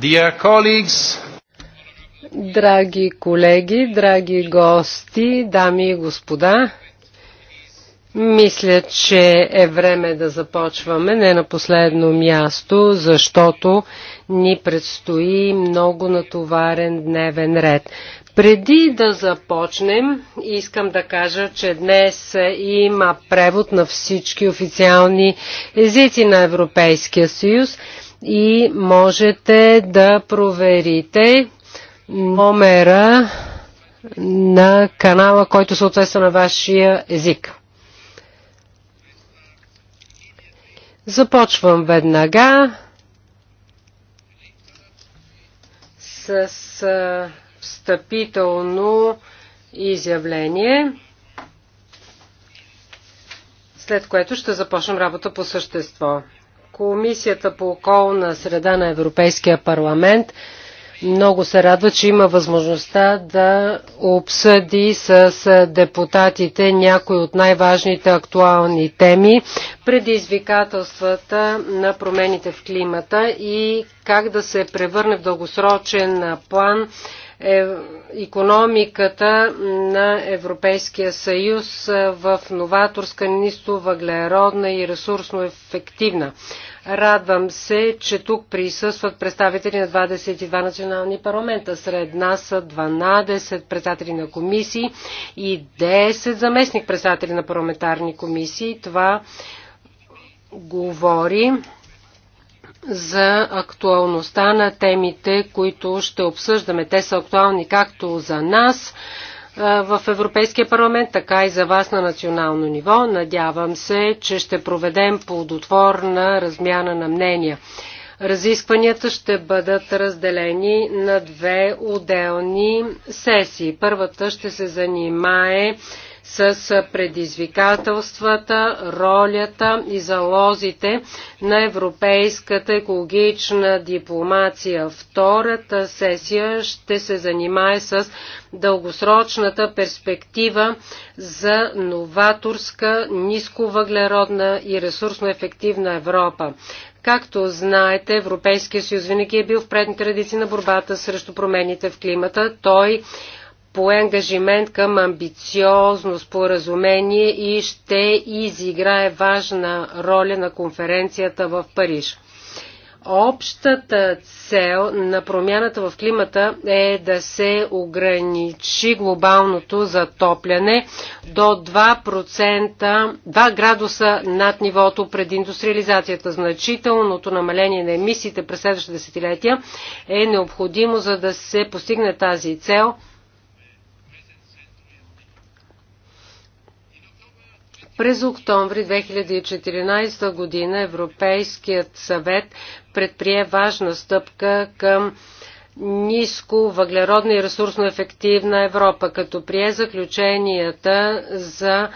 Dear colleagues, Драги колеги, драги гости, дами и господа, мисля, че е време да започваме, не на последно място, защото ни предстои много натоварен дневен ред. Преди да започнем, искам да кажа, че днес има превод на всички официални езици на Европейския съюз – и можете да проверите номера на канала, който съответства на вашия език. Започвам веднага с встъпително изявление, след което ще започнем работа по същество. Комисията по околна среда на Европейския парламент много се радва, че има възможността да обсъди с депутатите някои от най-важните актуални теми, предизвикателствата на промените в климата и как да се превърне в дългосрочен план е економиката на Европейския съюз в новаторска, нисто въглеродна и ресурсно ефективна. Радвам се, че тук присъстват представители на 22 национални парламента. Сред нас са 12 председатели на комисии и 10 заместник председатели на парламентарни комисии. Това говори за актуалността на темите, които ще обсъждаме. Те са актуални както за нас в Европейския парламент, така и за вас на национално ниво. Надявам се, че ще проведем плодотворна размяна на мнения. Разискванията ще бъдат разделени на две отделни сесии. Първата ще се занимае с предизвикателствата, ролята и залозите на европейската екологична дипломация. Втората сесия ще се занимае с дългосрочната перспектива за новаторска, нисковъглеродна и ресурсно ефективна Европа. Както знаете, Европейския съюз винаги е бил в предни традиции на борбата срещу промените в климата. Той пое ангажимент към амбициозно споразумение и ще изиграе важна роля на конференцията в Париж. Общата цел на промяната в климата е да се ограничи глобалното затопляне до 2%, 2 градуса над нивото пред индустриализацията. Значителното намаление на емисиите през следващите десетилетия е необходимо за да се постигне тази цел – През октомври 2014 година Европейският съвет предприе важна стъпка към ниско въглеродна и ресурсно ефективна Европа, като прие заключенията за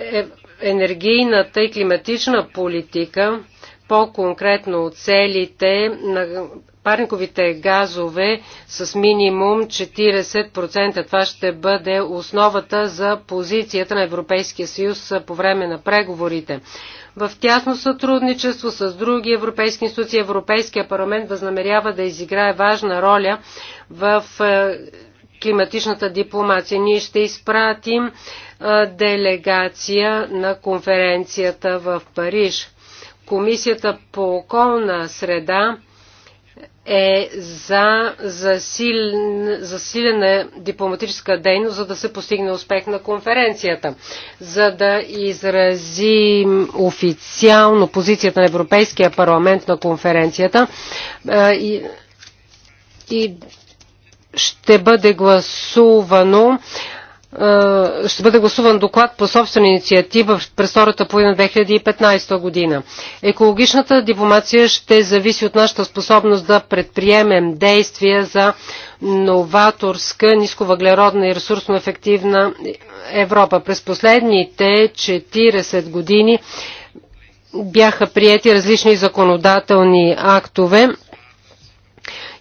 е, енергийната и климатична политика, по-конкретно целите на парниковите газове с минимум 40%. Това ще бъде основата за позицията на Европейския съюз по време на преговорите. В тясно сътрудничество с други европейски институции Европейския парламент възнамерява да изиграе важна роля в е, климатичната дипломация. Ние ще изпратим е, делегация на конференцията в Париж. Комисията по околна среда е за засилен, засилена дипломатическа дейност, за да се постигне успех на конференцията. За да изразим официално позицията на Европейския парламент на конференцията и, и ще бъде гласувано е, ще бъде гласуван доклад по собствена инициатива през втората половина 2015 година. Екологичната дипломация ще зависи от нашата способност да предприемем действия за новаторска, нисковъглеродна и ресурсно ефективна Европа. През последните 40 години бяха приети различни законодателни актове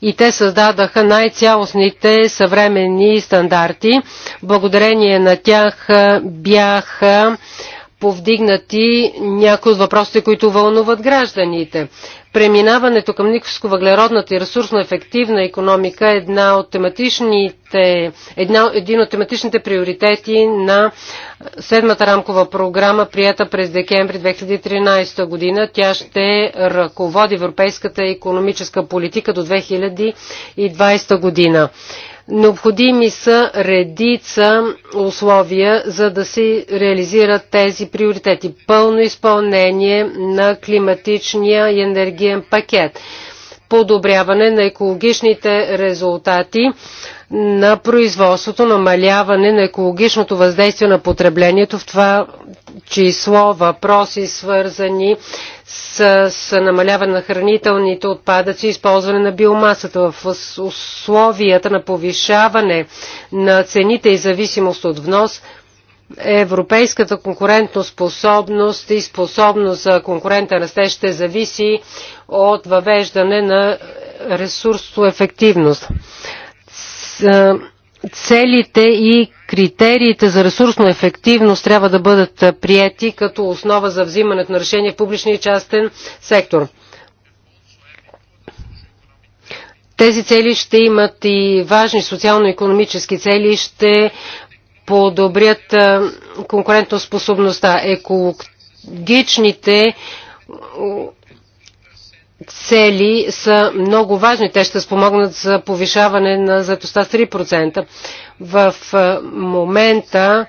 и те създадаха най-цялостните съвременни стандарти. Благодарение на тях бяха повдигнати някои от въпросите, които вълнуват гражданите. Преминаването към нисковъглеродната и ресурсно ефективна економика е една от тематичните, една, един от тематичните приоритети на седмата рамкова програма, прията през декември 2013 година. Тя ще ръководи европейската економическа политика до 2020 година. Необходими са редица условия, за да се реализират тези приоритети. Пълно изпълнение на климатичния и енергиен пакет, подобряване на екологичните резултати на производството, намаляване на екологичното въздействие на потреблението, в това число въпроси свързани с, с намаляване на хранителните отпадъци и използване на биомасата в условията на повишаване на цените и зависимост от внос, европейската конкурентоспособност и способност за конкурента растеж ще зависи от въвеждане на ресурсоефективност целите и критериите за ресурсно ефективност трябва да бъдат прияти като основа за взимането на решение в публичния и частен сектор. Тези цели ще имат и важни социално-економически цели, ще подобрят конкурентоспособността. Екологичните цели са много важни. Те ще спомогнат за повишаване на заетостта с 3%. В е, момента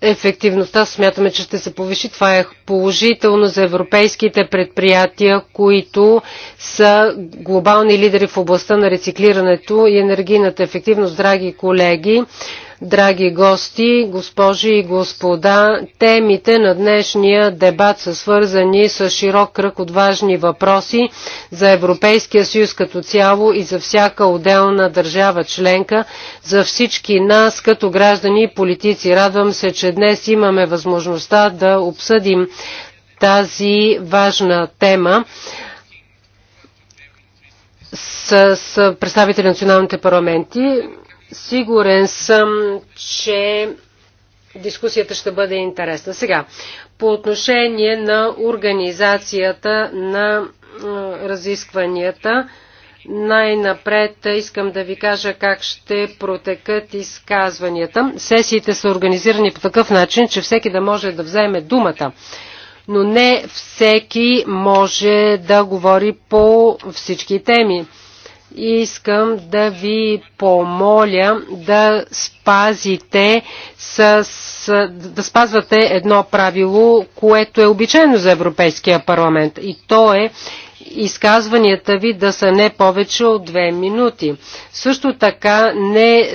ефективността смятаме, че ще се повиши. Това е положително за европейските предприятия, които са глобални лидери в областта на рециклирането и енергийната ефективност, драги колеги. Драги гости, госпожи и господа, темите на днешния дебат са свързани с широк кръг от важни въпроси за Европейския съюз като цяло и за всяка отделна държава членка, за всички нас като граждани и политици. Радвам се, че днес имаме възможността да обсъдим тази важна тема с, с представители на националните парламенти. Сигурен съм, че дискусията ще бъде интересна. Сега, по отношение на организацията на разискванията, най-напред искам да ви кажа как ще протекат изказванията. Сесиите са организирани по такъв начин, че всеки да може да вземе думата. Но не всеки може да говори по всички теми искам да ви помоля да спазите с, да спазвате едно правило, което е обичайно за Европейския парламент и то е изказванията ви да са не повече от две минути. Също така не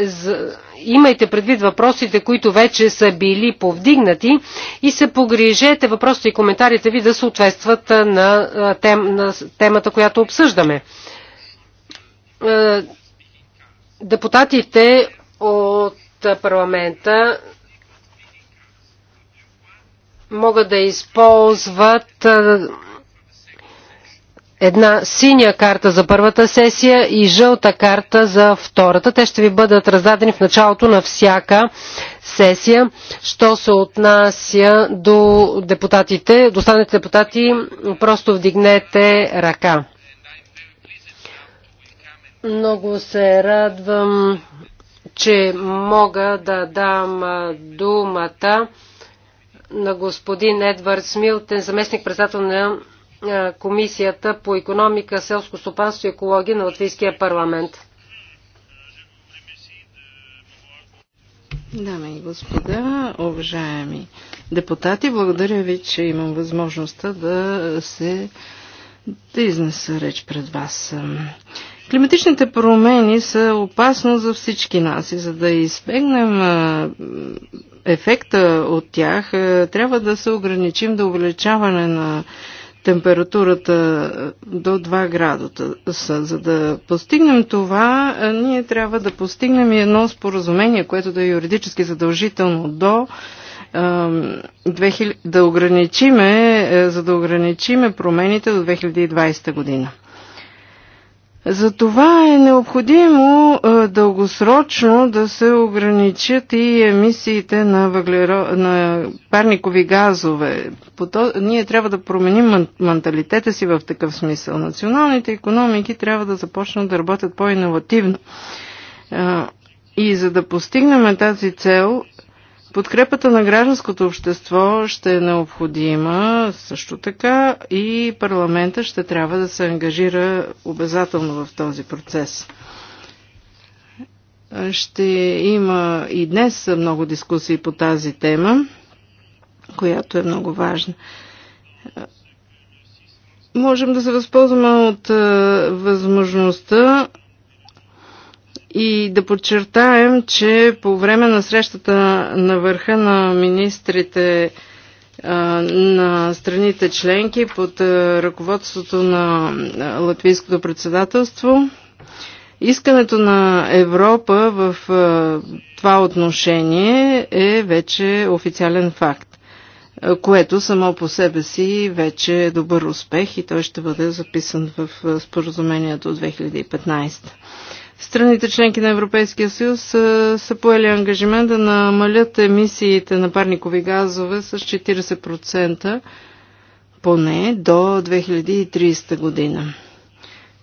имайте предвид въпросите, които вече са били повдигнати и се погрижете въпросите и коментарите ви да съответстват на, тем, на темата, която обсъждаме. Е, депутатите от парламента могат да използват е, една синя карта за първата сесия и жълта карта за втората. Те ще ви бъдат раздадени в началото на всяка сесия. Що се отнася до депутатите, до останалите депутати, просто вдигнете ръка. Много се радвам, че мога да дам думата на господин Едвард Смилтен, заместник председател на Комисията по економика, селско стопанство и екология на Латвийския парламент. Дами и господа, уважаеми депутати, благодаря ви, че имам възможността да се да изнеса реч пред вас. Климатичните промени са опасно за всички нас и за да избегнем ефекта от тях, трябва да се ограничим до увеличаване на температурата до 2 градуса. За да постигнем това, ние трябва да постигнем и едно споразумение, което да е юридически задължително до 2000, да ограничиме, е, за да ограничиме промените до 2020 година. Затова е необходимо дългосрочно да се ограничат и емисиите на, въглеро... на парникови газове. То... Ние трябва да променим менталитета си в такъв смисъл. Националните економики трябва да започнат да работят по-инновативно. И за да постигнем тази цел, Подкрепата на гражданското общество ще е необходима също така и парламента ще трябва да се ангажира обязателно в този процес. Ще има и днес много дискусии по тази тема, която е много важна. Можем да се възползваме от е, възможността и да подчертаем, че по време на срещата на върха на министрите на страните членки под ръководството на Латвийското председателство, искането на Европа в това отношение е вече официален факт, което само по себе си вече е добър успех и той ще бъде записан в споразумението от 2015. Страните членки на Европейския съюз са, са поели ангажимент да намалят емисиите на парникови газове с 40% поне до 2030 година.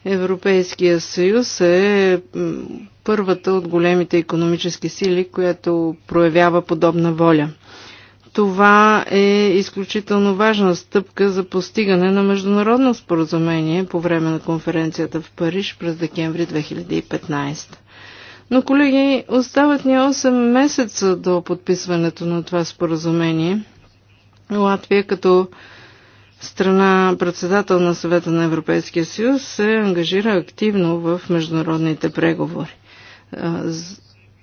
Европейския съюз е първата от големите економически сили, която проявява подобна воля. Това е изключително важна стъпка за постигане на международно споразумение по време на конференцията в Париж през декември 2015. Но, колеги, остават ни 8 месеца до подписването на това споразумение. Латвия като страна председател на съвета на Европейския съюз се ангажира активно в международните преговори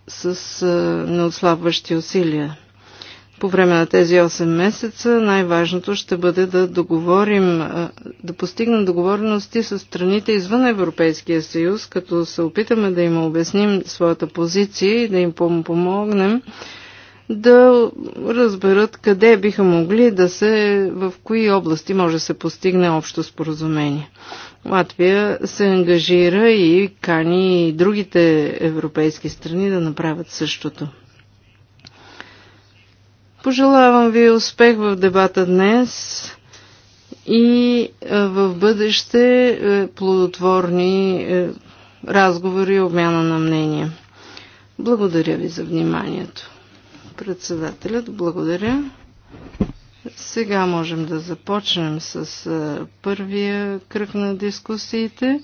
с неотслабващи усилия. По време на тези 8 месеца най-важното ще бъде да договорим, да постигнем договорености с страните извън Европейския съюз, като се опитаме да им обясним своята позиция и да им помогнем да разберат къде биха могли да се, в кои области може да се постигне общо споразумение. Латвия се ангажира и кани и другите европейски страни да направят същото. Пожелавам ви успех в дебата днес и е, в бъдеще е, плодотворни е, разговори и обмяна на мнения. Благодаря ви за вниманието. Председателят, благодаря. Сега можем да започнем с първия кръг на дискусиите.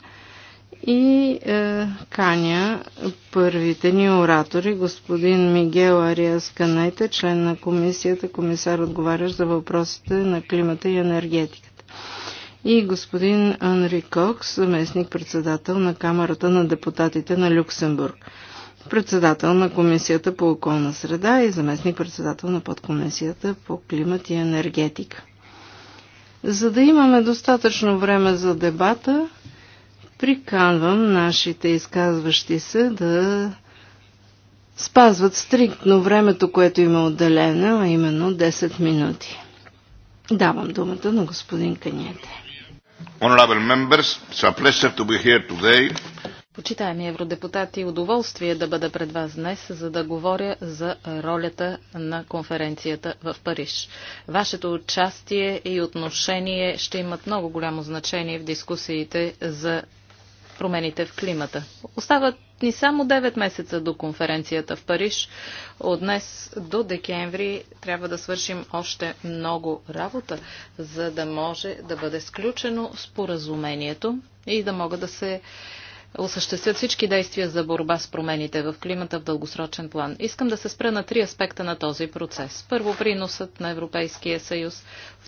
И е, каня първите ни оратори, господин Мигел Ариас Канайте, член на комисията, комисар отговарящ за въпросите на климата и енергетиката. И господин Анри Кокс, заместник председател на Камерата на депутатите на Люксембург. Председател на Комисията по околна среда и заместник председател на подкомисията по климат и енергетика. За да имаме достатъчно време за дебата, приканвам нашите изказващи се да спазват стриктно времето, което има е отделено, а именно 10 минути. Давам думата на господин Каниете. Почитаеми евродепутати, удоволствие да бъда пред вас днес, за да говоря за ролята на конференцията в Париж. Вашето участие и отношение ще имат много голямо значение в дискусиите за промените в климата. Остават ни само 9 месеца до конференцията в Париж. От днес до декември трябва да свършим още много работа, за да може да бъде сключено споразумението и да могат да се осъществят всички действия за борба с промените в климата в дългосрочен план. Искам да се спра на три аспекта на този процес. Първо, приносът на Европейския съюз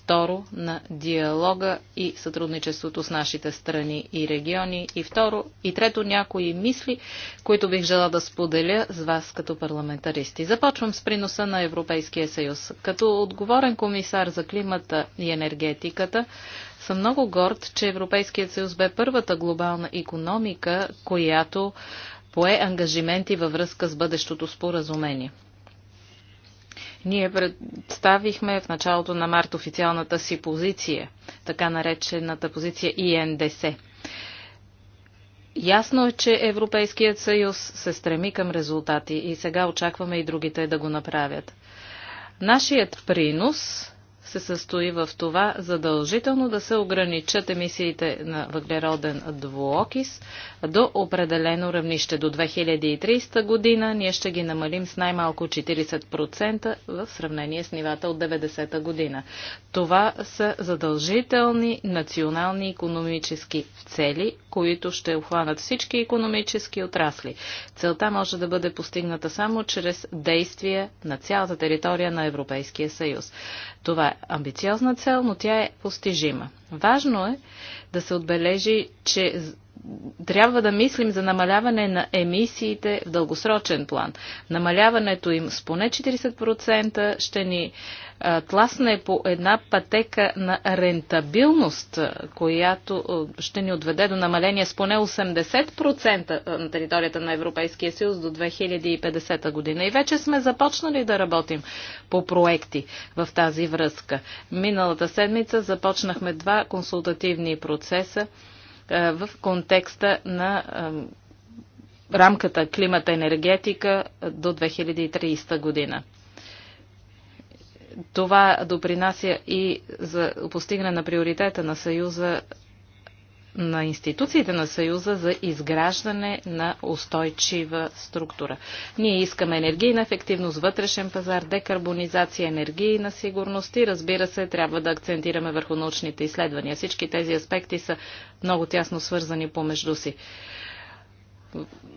второ на диалога и сътрудничеството с нашите страни и региони и второ и трето някои мисли, които бих желал да споделя с вас като парламентаристи. Започвам с приноса на Европейския съюз. Като отговорен комисар за климата и енергетиката, съм много горд, че Европейският съюз бе първата глобална економика, която пое ангажименти във връзка с бъдещото споразумение. Ние представихме в началото на март официалната си позиция, така наречената позиция ИНДС. Ясно е, че Европейският съюз се стреми към резултати и сега очакваме и другите да го направят. Нашият принос се състои в това задължително да се ограничат емисиите на въглероден двуокис до определено равнище. До 2030 година ние ще ги намалим с най-малко 40% в сравнение с нивата от 90-та година. Това са задължителни национални економически цели, които ще охванат всички економически отрасли. Целта може да бъде постигната само чрез действия на цялата територия на Европейския съюз. Това амбициозна цел, но тя е постижима. Важно е да се отбележи, че трябва да мислим за намаляване на емисиите в дългосрочен план. Намаляването им с поне 40% ще ни тласне по една пътека на рентабилност, която ще ни отведе до намаление с поне 80% на територията на Европейския съюз до 2050 година. И вече сме започнали да работим по проекти в тази връзка. Миналата седмица започнахме два консултативни процеса в контекста на рамката климата-енергетика до 2030 година. Това допринася и за постигане на приоритета на Съюза на институциите на Съюза за изграждане на устойчива структура. Ние искаме енергийна ефективност, вътрешен пазар, декарбонизация, енергийна сигурност и разбира се, трябва да акцентираме върху научните изследвания. Всички тези аспекти са много тясно свързани помежду си.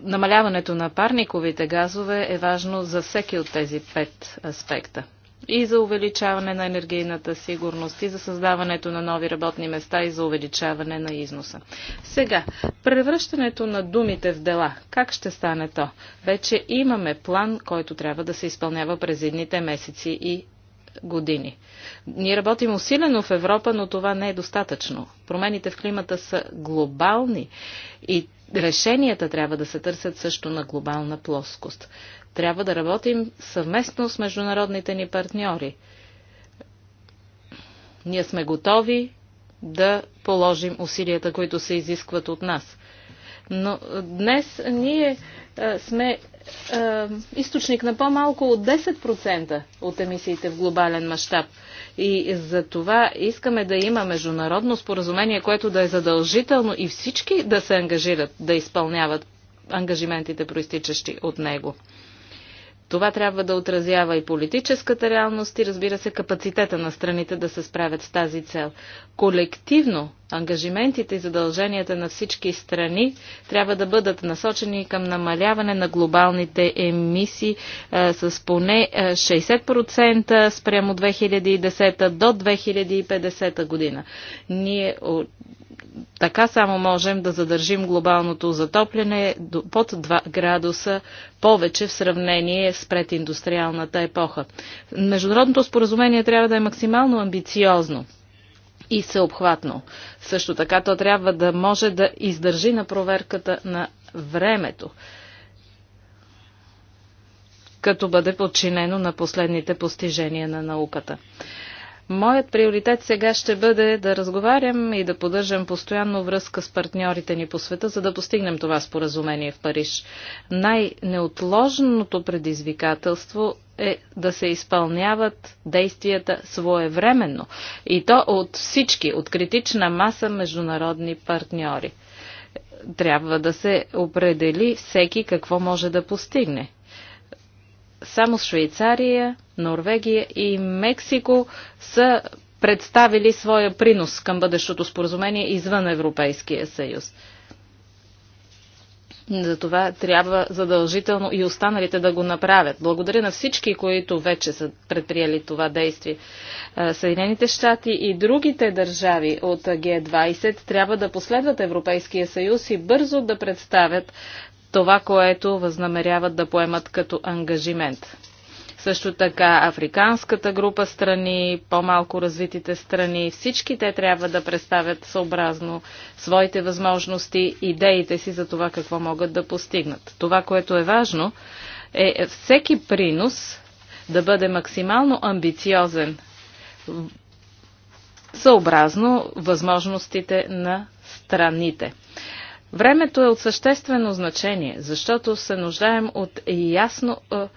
Намаляването на парниковите газове е важно за всеки от тези пет аспекта и за увеличаване на енергийната сигурност, и за създаването на нови работни места, и за увеличаване на износа. Сега, превръщането на думите в дела. Как ще стане то? Вече имаме план, който трябва да се изпълнява през едните месеци и години. Ние работим усилено в Европа, но това не е достатъчно. Промените в климата са глобални и решенията трябва да се търсят също на глобална плоскост. Трябва да работим съвместно с международните ни партньори. Ние сме готови да положим усилията, които се изискват от нас. Но днес ние а, сме а, източник на по-малко от 10% от емисиите в глобален мащаб. И за това искаме да има международно споразумение, което да е задължително и всички да се ангажират да изпълняват ангажиментите, проистичащи от него. Това трябва да отразява и политическата реалност и разбира се капацитета на страните да се справят с тази цел. Колективно ангажиментите и задълженията на всички страни трябва да бъдат насочени към намаляване на глобалните емисии а, с поне 60% спрямо 2010 до 2050 година. Ние така само можем да задържим глобалното затопляне под 2 градуса повече в сравнение с прединдустриалната епоха. Международното споразумение трябва да е максимално амбициозно и всеобхватно. Също така то трябва да може да издържи на проверката на времето като бъде подчинено на последните постижения на науката. Моят приоритет сега ще бъде да разговарям и да поддържам постоянно връзка с партньорите ни по света, за да постигнем това споразумение в Париж. Най-неотложното предизвикателство е да се изпълняват действията своевременно. И то от всички, от критична маса международни партньори. Трябва да се определи всеки какво може да постигне само Швейцария, Норвегия и Мексико са представили своя принос към бъдещото споразумение извън Европейския съюз. Затова трябва задължително и останалите да го направят. Благодаря на всички, които вече са предприели това действие. Съединените щати и другите държави от Г-20 трябва да последват Европейския съюз и бързо да представят това, което възнамеряват да поемат като ангажимент. Също така африканската група страни, по-малко развитите страни, всички те трябва да представят съобразно своите възможности, идеите си за това какво могат да постигнат. Това, което е важно, е всеки принос да бъде максимално амбициозен, съобразно възможностите на страните. Времето е от съществено значение, защото се нуждаем от ясно е,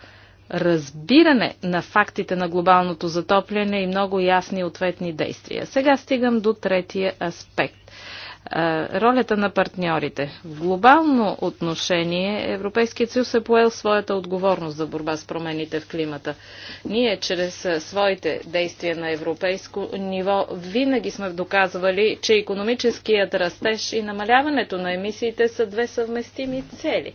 разбиране на фактите на глобалното затопляне и много ясни ответни действия. Сега стигам до третия аспект. Ролята на партньорите. В глобално отношение Европейският съюз е поел своята отговорност за борба с промените в климата. Ние чрез своите действия на европейско ниво винаги сме доказвали, че економическият растеж и намаляването на емисиите са две съвместими цели.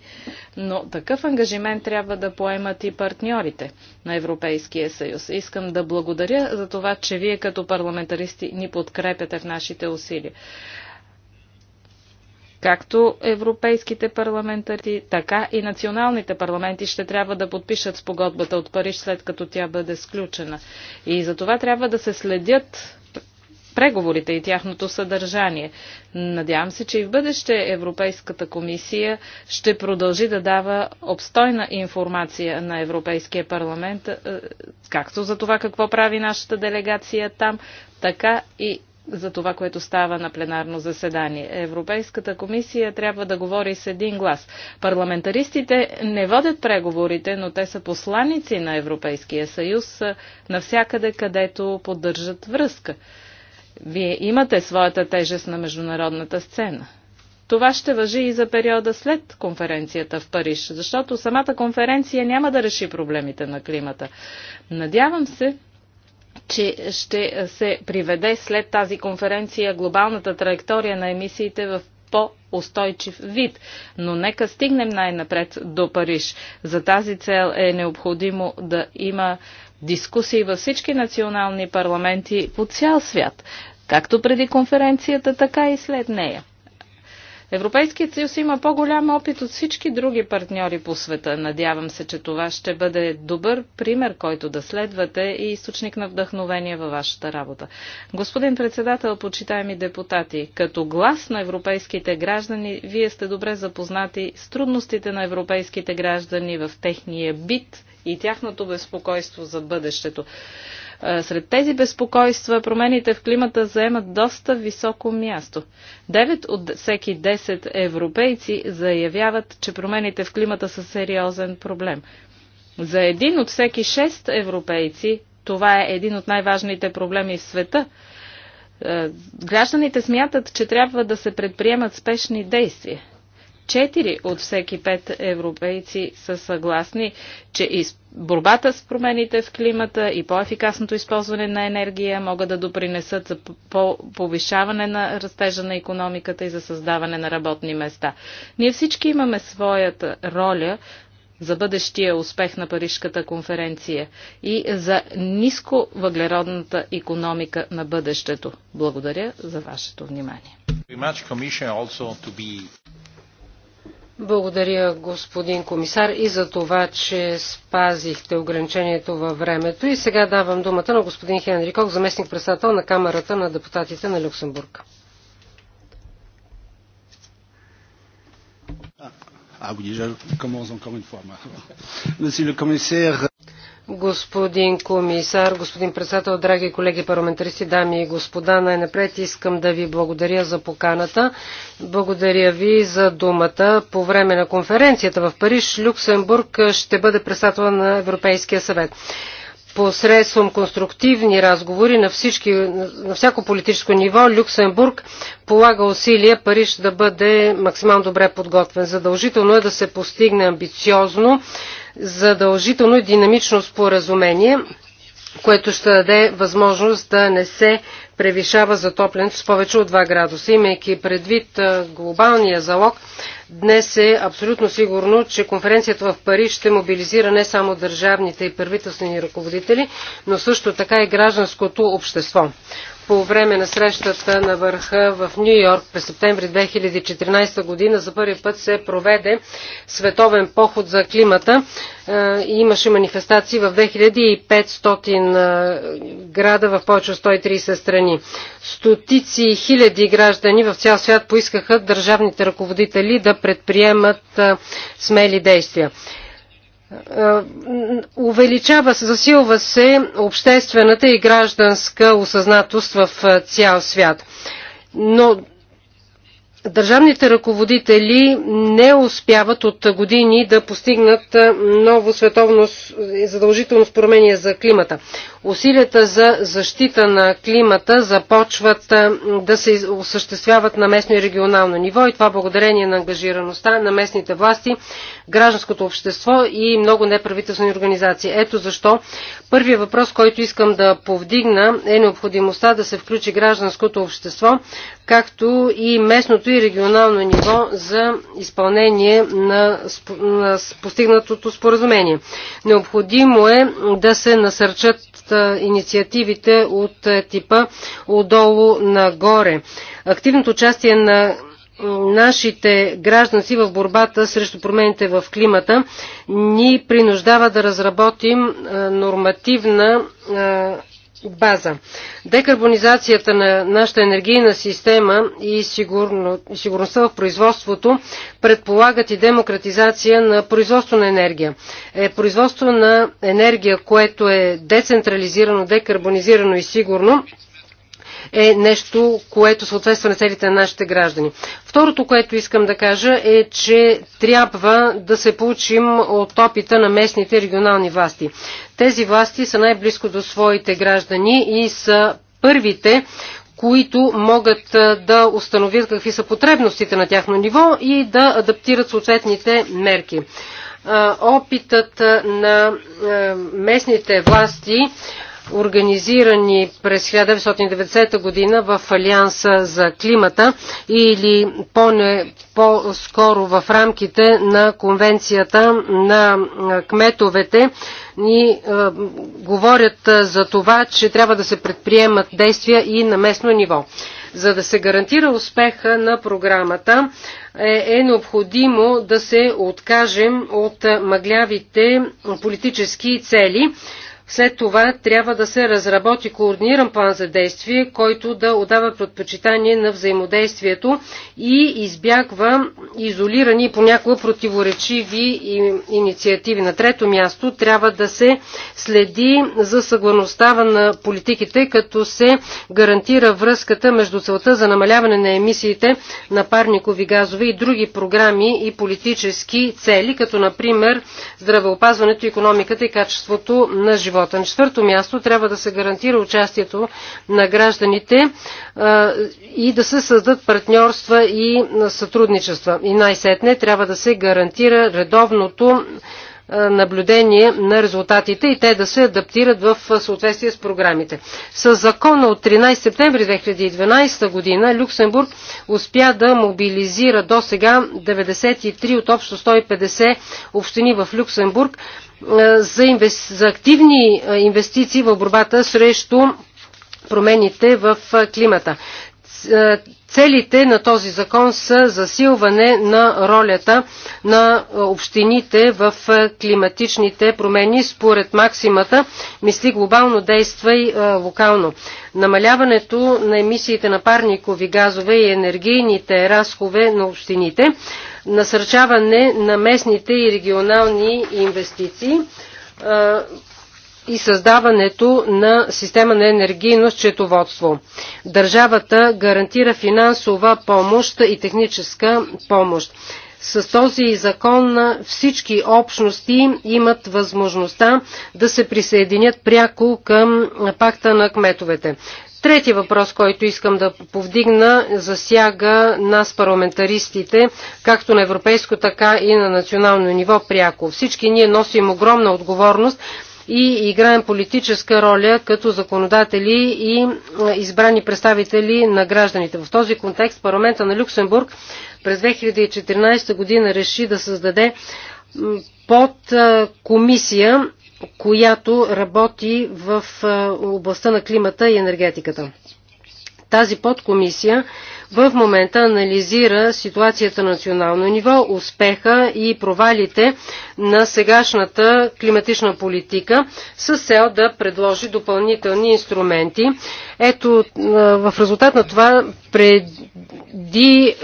Но такъв ангажимент трябва да поемат и партньорите на Европейския съюз. Искам да благодаря за това, че вие като парламентаристи ни подкрепяте в нашите усилия. Както европейските парламентари, така и националните парламенти ще трябва да подпишат спогодбата от Париж, след като тя бъде сключена. И за това трябва да се следят преговорите и тяхното съдържание. Надявам се, че и в бъдеще Европейската комисия ще продължи да дава обстойна информация на Европейския парламент, е, както за това какво прави нашата делегация там, така и за това, което става на пленарно заседание. Европейската комисия трябва да говори с един глас. Парламентаристите не водят преговорите, но те са посланици на Европейския съюз навсякъде, където поддържат връзка. Вие имате своята тежест на международната сцена. Това ще въжи и за периода след конференцията в Париж, защото самата конференция няма да реши проблемите на климата. Надявам се, че ще се приведе след тази конференция глобалната траектория на емисиите в по-устойчив вид. Но нека стигнем най-напред до Париж. За тази цел е необходимо да има дискусии във всички национални парламенти по цял свят, както преди конференцията, така и след нея. Европейският съюз има по-голям опит от всички други партньори по света. Надявам се, че това ще бъде добър пример, който да следвате и източник на вдъхновение във вашата работа. Господин председател, почитаеми депутати, като глас на европейските граждани, вие сте добре запознати с трудностите на европейските граждани в техния бит и тяхното безпокойство за бъдещето. Е, сред тези безпокойства промените в климата заемат доста високо място. Девет от всеки 10 европейци заявяват, че промените в климата са сериозен проблем. За един от всеки 6 европейци това е един от най-важните проблеми в света. Е, гражданите смятат, че трябва да се предприемат спешни действия. Четири от всеки пет европейци са съгласни, че и борбата с промените в климата и по-ефикасното използване на енергия могат да допринесат за по повишаване на растежа на економиката и за създаване на работни места. Ние всички имаме своята роля за бъдещия успех на Парижката конференция и за ниско въглеродната економика на бъдещето. Благодаря за вашето внимание. Благодаря, господин комисар, и за това, че спазихте ограничението във времето. И сега давам думата на господин Хенри Кок, заместник-председател на Камерата на депутатите на Люксембург. Ah oui, je commence encore une fois. Monsieur le commissaire. Господин комисар, господин председател, драги колеги парламентаристи, дами и господа, най-напред искам да ви благодаря за поканата. Благодаря ви за думата. По време на конференцията в Париж, Люксембург ще бъде председател на Европейския съвет посредством конструктивни разговори на, всички, на всяко политическо ниво, Люксембург полага усилия Париж да бъде максимално добре подготвен. Задължително е да се постигне амбициозно задължително и динамично споразумение, което ще даде възможност да не се превишава затоплянето с повече от 2 градуса. Имайки предвид глобалния залог, днес е абсолютно сигурно, че конференцията в Париж ще мобилизира не само държавните и правителствени ръководители, но също така и гражданското общество по време на срещата на върха в Нью Йорк през септември 2014 година за първи път се проведе световен поход за климата. и е, Имаше манифестации в 2500 е, града в повече от 130 страни. Стотици хиляди граждани в цял свят поискаха държавните ръководители да предприемат е, смели действия. Е, увеличава се, засилва се обществената и гражданска осъзнатост в е, цял свят. Но държавните ръководители не успяват от години да постигнат е, ново световно задължително споразумение за климата. Усилията за защита на климата започват да се осъществяват на местно и регионално ниво и това благодарение на ангажираността на местните власти, гражданското общество и много неправителствени организации. Ето защо първият въпрос, който искам да повдигна е необходимостта да се включи гражданското общество, както и местното и регионално ниво за изпълнение на, на постигнатото споразумение. Необходимо е да се насърчат инициативите от е, типа отдолу нагоре. Активното участие на нашите гражданци в борбата срещу промените в климата ни принуждава да разработим нормативна база. Декарбонизацията на нашата енергийна система и, сигурно, и сигурността в производството предполагат и демократизация на производство на енергия. Е, производство на енергия, което е децентрализирано, декарбонизирано и сигурно, е нещо, което съответства на целите на нашите граждани. Второто, което искам да кажа е, че трябва да се получим от опита на местните регионални власти. Тези власти са най-близко до своите граждани и са първите, които могат да установят какви са потребностите на тяхно ниво и да адаптират съответните мерки. Опитът на местните власти организирани през 1990 година в Алианса за климата или по-скоро в рамките на конвенцията на кметовете ни говорят за това, че трябва да се предприемат действия и на местно ниво. За да се гарантира успеха на програмата е, е необходимо да се откажем от мъглявите политически цели след това трябва да се разработи координиран план за действие, който да отдава предпочитание на взаимодействието и избягва изолирани и понякога противоречиви инициативи. На трето място трябва да се следи за съгласността на политиките, като се гарантира връзката между целта за намаляване на емисиите на парникови газове и други програми и политически цели, като например здравеопазването, економиката и качеството на живота живота. На четвърто място трябва да се гарантира участието на гражданите и да се създадат партньорства и сътрудничества. И най-сетне трябва да се гарантира редовното наблюдение на резултатите и те да се адаптират в съответствие с програмите. С закона от 13 септември 2012 година Люксембург успя да мобилизира до сега 93 от общо 150 общини в Люксембург е, за, инвес... за активни е, инвестиции в борбата срещу промените в е, климата. Целите на този закон са засилване на ролята на общините в климатичните промени според максимата мисли глобално, действа и локално. Намаляването на емисиите на парникови газове и енергийните разхове на общините насърчаване на местните и регионални инвестиции и създаването на система на енергийно счетоводство. Държавата гарантира финансова помощ и техническа помощ. С този закон всички общности имат възможността да се присъединят пряко към пакта на кметовете. Трети въпрос, който искам да повдигна, засяга нас парламентаристите, както на европейско, така и на национално ниво пряко. Всички ние носим огромна отговорност и играем политическа роля като законодатели и избрани представители на гражданите. В този контекст парламента на Люксембург през 2014 година реши да създаде под комисия която работи в областта на климата и енергетиката. Тази подкомисия в момента анализира ситуацията на национално ниво, успеха и провалите на сегашната климатична политика с цел да предложи допълнителни инструменти. Ето, в резултат на това преди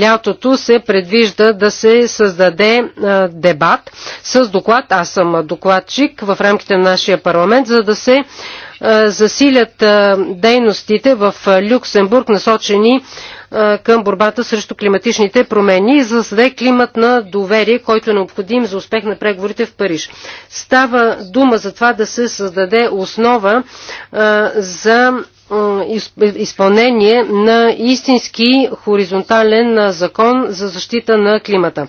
лятото се предвижда да се създаде дебат с доклад. Аз съм докладчик в рамките на нашия парламент, за да се засилят дейностите в Люксембург, насочени към борбата срещу климатичните промени и за да създаде климат на доверие, който е необходим за успех на преговорите в Париж. Става дума за това да се създаде основа за изпълнение на истински хоризонтален закон за защита на климата.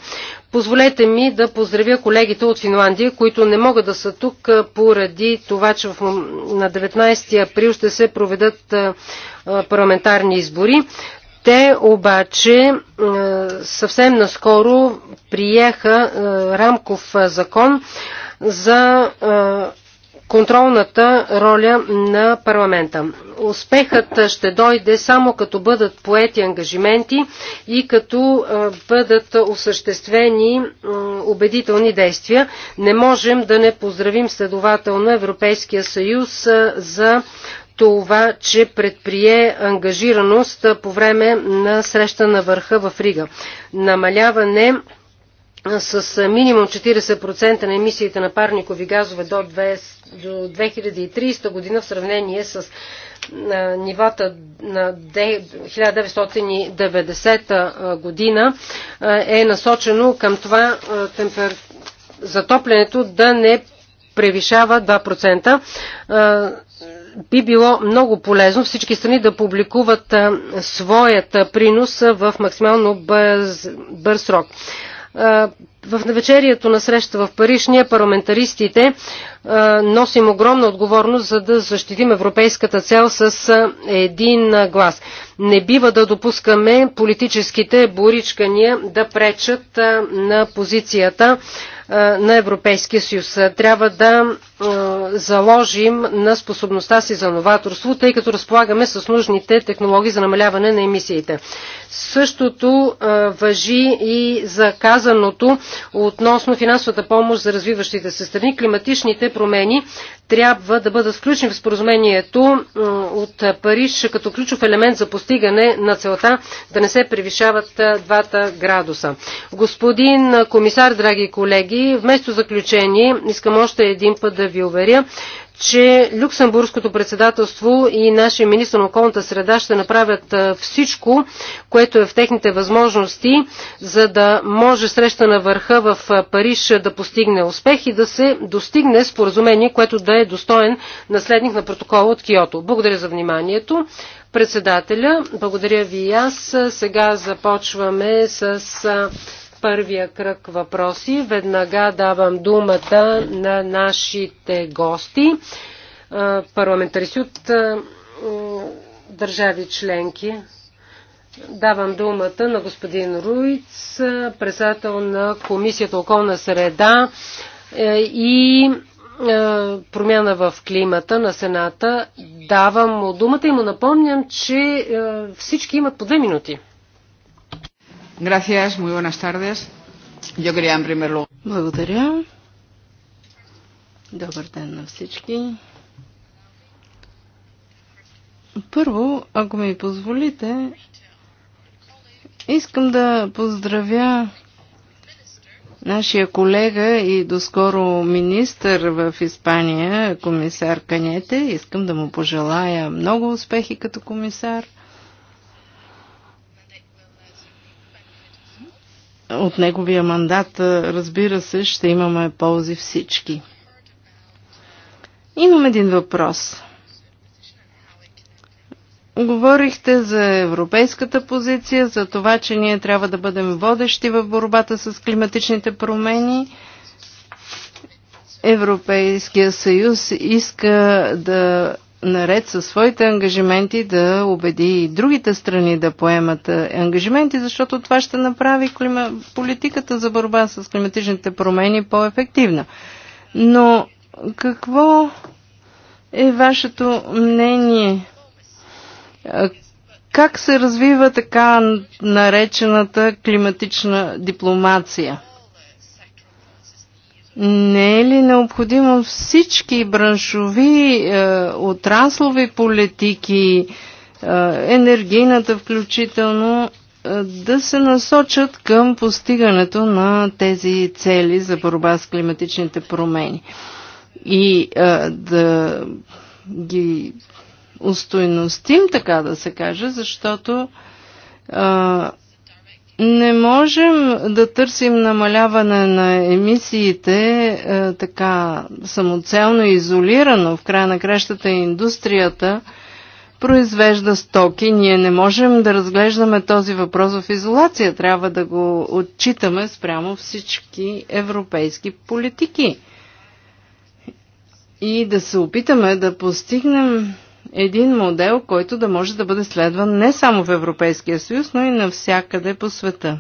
Позволете ми да поздравя колегите от Финландия, които не могат да са тук поради това, че на 19 април ще се проведат парламентарни избори. Те обаче съвсем наскоро приеха рамков закон за контролната роля на парламента. Успехът ще дойде само като бъдат поети ангажименти и като е, бъдат осъществени убедителни действия. Не можем да не поздравим следователно Европейския съюз е, за това, че предприе ангажираност по време на среща на върха в Рига. Намаляване с минимум 40% на емисиите на парникови газове до 2030 година в сравнение с нивата на 1990 година е насочено към това темпер... затоплянето да не превишава 2%. Би било много полезно всички страни да публикуват своят принос в максимално бърз, бърз срок. Е, в навечерието на среща в Париж ние парламентаристите е, носим огромна отговорност за да защитим европейската цел с е, един глас. Не бива да допускаме политическите боричкания да пречат на позицията на Европейския съюз. Трябва да заложим на способността си за новаторство, тъй като разполагаме с нужните технологии за намаляване на емисиите. Същото а, въжи и за казаното относно финансовата помощ за развиващите се страни. Климатичните промени трябва да бъдат включени в споразумението от Париж като ключов елемент за постигане на целта да не се превишават двата градуса. Господин комисар, драги колеги, вместо заключение искам още един път да ви уверя, че Люксембургското председателство и нашия министр на околната среда ще направят всичко, което е в техните възможности, за да може среща на върха в Париж да постигне успех и да се достигне споразумение, което да е достоен наследник на протокола от Киото. Благодаря за вниманието. Председателя, благодаря ви и аз. Сега започваме с първия кръг въпроси. Веднага давам думата на нашите гости, парламентаристи от държави членки. Давам думата на господин Руиц, председател на Комисията околна среда е, и е, промяна в климата на Сената. Давам му думата и му напомням, че е, всички имат по две минути. Gracias, muy buenas tardes. Yo quería en primer lugar. Благодаря. Добър ден на всички. Първо, ако ми позволите, искам да поздравя нашия колега и доскоро министър в Испания, комисар Канете. Искам да му пожелая много успехи като комисар – от неговия мандат, разбира се, ще имаме ползи всички. Имам един въпрос. Говорихте за европейската позиция, за това, че ние трябва да бъдем водещи в борбата с климатичните промени. Европейския съюз иска да наред със своите ангажименти да убеди и другите страни да поемат е, ангажименти, защото това ще направи клима... политиката за борба с климатичните промени по-ефективна. Но какво е вашето мнение? Как се развива така наречената климатична дипломация? не е ли необходимо всички браншови е, отраслови политики, е, енергийната включително, е, да се насочат към постигането на тези цели за борба с климатичните промени и е, да ги устойностим, така да се каже, защото е, не можем да търсим намаляване на емисиите е, така самоцелно и изолирано. В края на кращата индустрията произвежда стоки. Ние не можем да разглеждаме този въпрос в изолация. Трябва да го отчитаме спрямо всички европейски политики. И да се опитаме да постигнем един модел, който да може да бъде следван не само в Европейския съюз, но и навсякъде по света.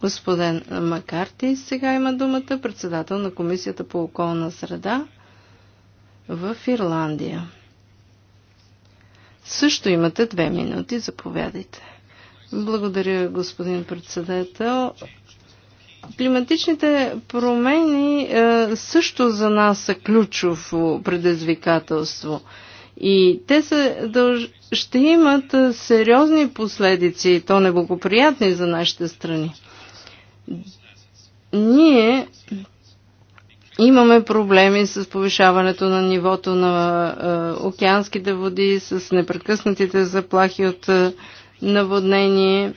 Господин Макарти сега има думата, председател на Комисията по околна среда в Ирландия. Също имате две минути, заповядайте. Благодаря, господин председател. Климатичните промени е, също за нас са ключово предизвикателство. И те се дълж... ще имат сериозни последици, и то неблагоприятни за нашите страни. Ние имаме проблеми с повишаването на нивото на океанските води, с непрекъснатите заплахи от наводнение.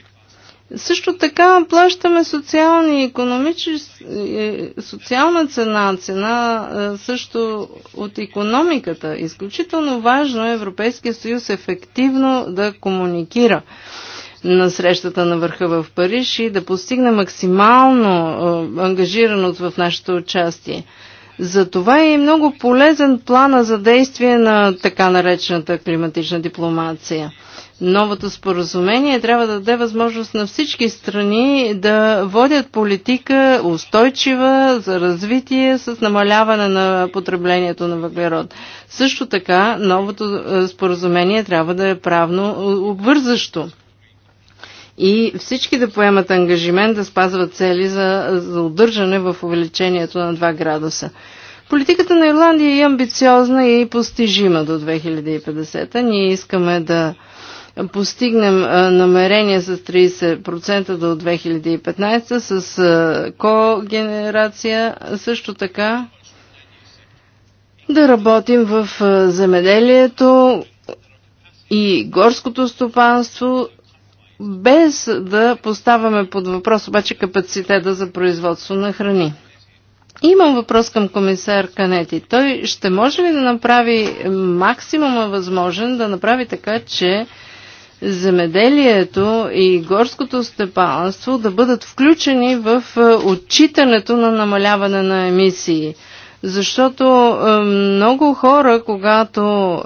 Също така плащаме социални и економически, социална цена, цена е, също от економиката. Изключително важно е Европейския съюз ефективно да комуникира на срещата на върха в Париж и да постигне максимално е, ангажираност в нашето участие. Затова е и много полезен плана за действие на така наречената климатична дипломация. Новото споразумение трябва да даде възможност на всички страни да водят политика устойчива за развитие с намаляване на потреблението на въглерод. Също така, новото е, споразумение трябва да е правно е, обвързащо и всички да поемат ангажимент да спазват цели за, за удържане в увеличението на 2 градуса. Политиката на Ирландия е амбициозна и постижима до 2050. Ние искаме да постигнем намерение с 30% до 2015 с когенерация. Също така да работим в земеделието и горското стопанство без да поставяме под въпрос обаче капацитета за производство на храни. Имам въпрос към комисар Канети. Той ще може ли да направи максимума възможен да направи така, че земеделието и горското степанство да бъдат включени в е, отчитането на намаляване на емисии – защото е, много хора, когато е,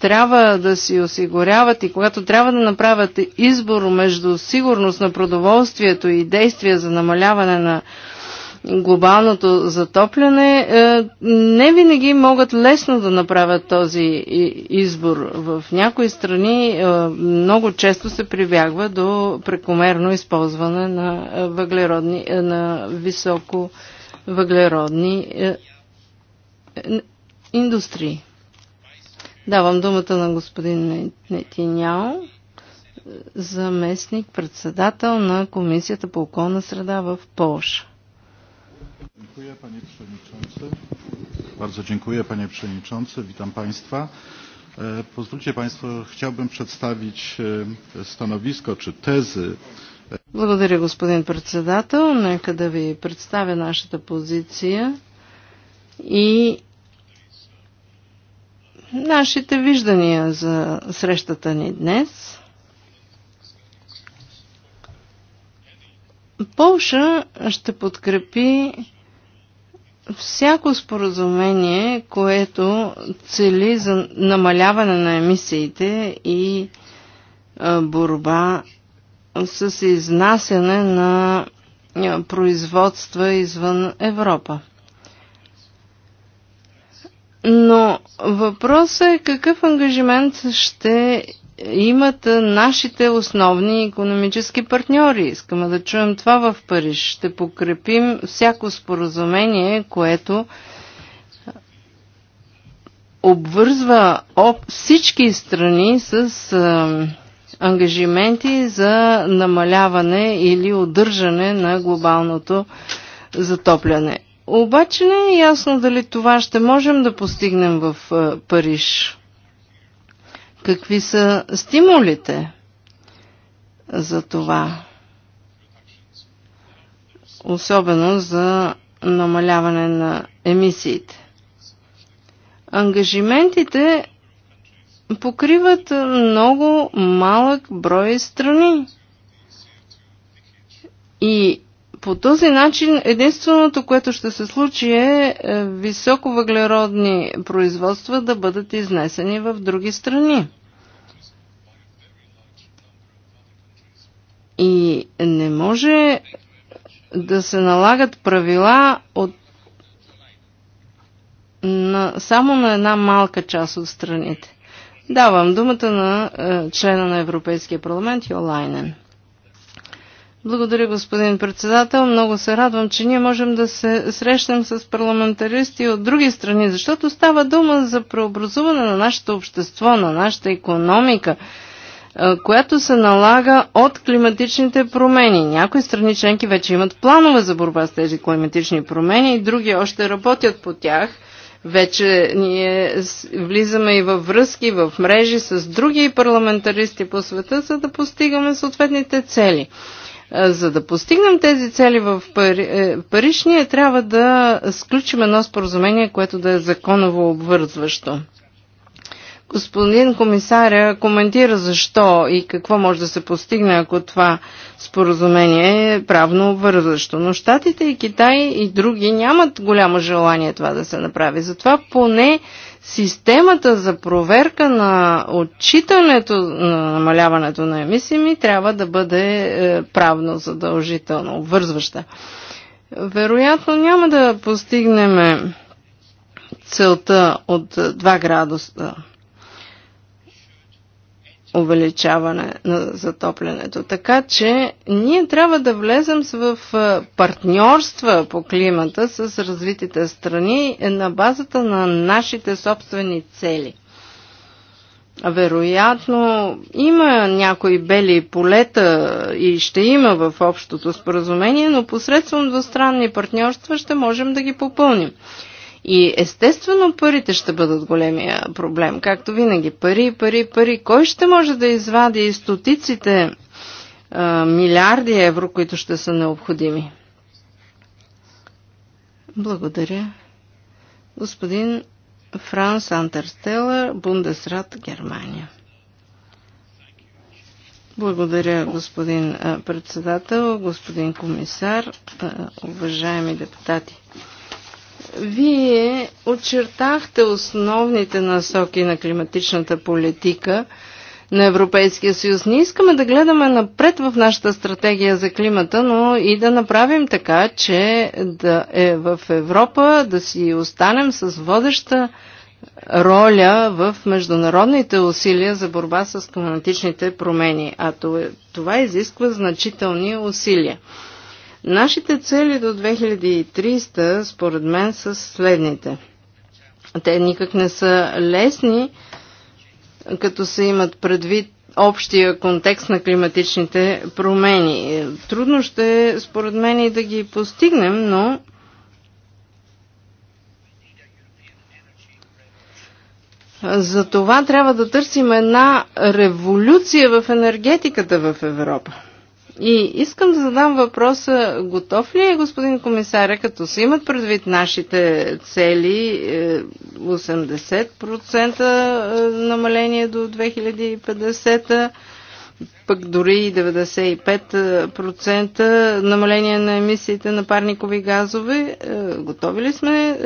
трябва да си осигуряват и когато трябва да направят избор между сигурност на продоволствието и действия за намаляване на глобалното затопляне, е, не винаги могат лесно да направят този избор. В някои страни много често се прибягва до прекомерно използване на, въглеродни, на високо въглеродни индустрии. Давам думата на господин Нетиняо, заместник председател на Комисията по околна среда в Полша. Dziękuję panie przewodniczący. Bardzo dziękuję panie przewodniczący. Witam państwa. E, pozwólcie państwo, chciałbym przedstawić e, stanowisko czy tezy. Благодаря, господин председател. Нека да ви представя нашата позиция и нашите виждания за срещата ни днес. Полша ще подкрепи всяко споразумение, което цели за намаляване на емисиите и борба с изнасяне на производства извън Европа. Но въпросът е какъв ангажимент ще имат нашите основни економически партньори. Искаме да чуем това в Париж. Ще покрепим всяко споразумение, което обвързва всички страни с ангажименти за намаляване или удържане на глобалното затопляне. Обаче не е ясно дали това ще можем да постигнем в е, Париж. Какви са стимулите за това? Особено за намаляване на емисиите. Ангажиментите покриват много малък брой страни. И по този начин единственото, което ще се случи е, е високовъглеродни производства да бъдат изнесени в други страни. И не може да се налагат правила от на, само на една малка част от страните. Давам думата на е, члена на Европейския парламент Йолайнен. Благодаря, господин председател. Много се радвам, че ние можем да се срещнем с парламентаристи от други страни, защото става дума за преобразуване на нашето общество, на нашата економика, е, която се налага от климатичните промени. Някои страни членки вече имат планове за борба с тези климатични промени и други още работят по тях. Вече ние влизаме и във връзки, в мрежи с други парламентаристи по света, за да постигаме съответните цели. Е, за да постигнем тези цели в Пари, е, Париж, ние трябва да сключим едно споразумение, което да е законово обвързващо. Господин комисаря коментира защо и какво може да се постигне, ако това споразумение е правно обвързващо. Но Штатите и Китай и други нямат голямо желание това да се направи. Затова поне системата за проверка на отчитането на намаляването на емисии ми трябва да бъде е, правно задължително, обвързваща. Вероятно няма да постигнем целта от 2 градуса увеличаване на затоплянето. Така че ние трябва да влезем в партньорства по климата с развитите страни на базата на нашите собствени цели. Вероятно има някои бели полета и ще има в общото споразумение, но посредством двустранни партньорства ще можем да ги попълним. И естествено парите ще бъдат големия проблем. Както винаги, пари, пари, пари. Кой ще може да извади стотиците а, милиарди евро, които ще са необходими? Благодаря. Господин Франс Антерстелър, Бундесрат, Германия. Благодаря, господин председател, господин комисар, уважаеми депутати. Вие очертахте основните насоки на климатичната политика на Европейския съюз. Не искаме да гледаме напред в нашата стратегия за климата, но и да направим така, че да е в Европа да си останем с водеща роля в международните усилия за борба с климатичните промени. А е- това изисква значителни усилия. Нашите цели до 2300, според мен, са следните. Те никак не са лесни, като се имат предвид общия контекст на климатичните промени. Трудно ще е, според мен, и да ги постигнем, но за това трябва да търсим една революция в енергетиката в Европа. И искам да задам въпроса, готов ли е господин комисаря, като се имат предвид нашите цели, 80% е, е, намаление до 2050, пък дори 95% намаление на емисиите на парникови газове, е, готови ли сме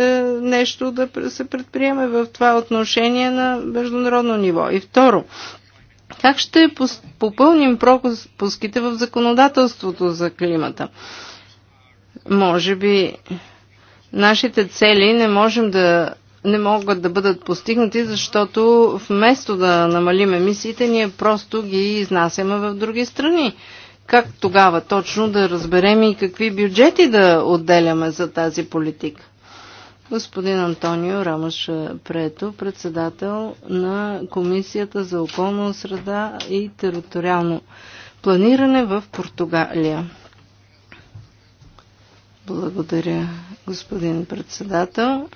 нещо да се предприеме в това отношение на международно ниво? И второ, как ще попълним пропуските в законодателството за климата? Може би нашите цели не можем да не могат да бъдат постигнати, защото вместо да намалим емисиите, ние просто ги изнасяме в други страни. Как тогава точно да разберем и какви бюджети да отделяме за тази политика? господин Антонио Рамаш Прето, председател на Комисията за околна среда и териториално планиране в Португалия. Благодаря, господин председател.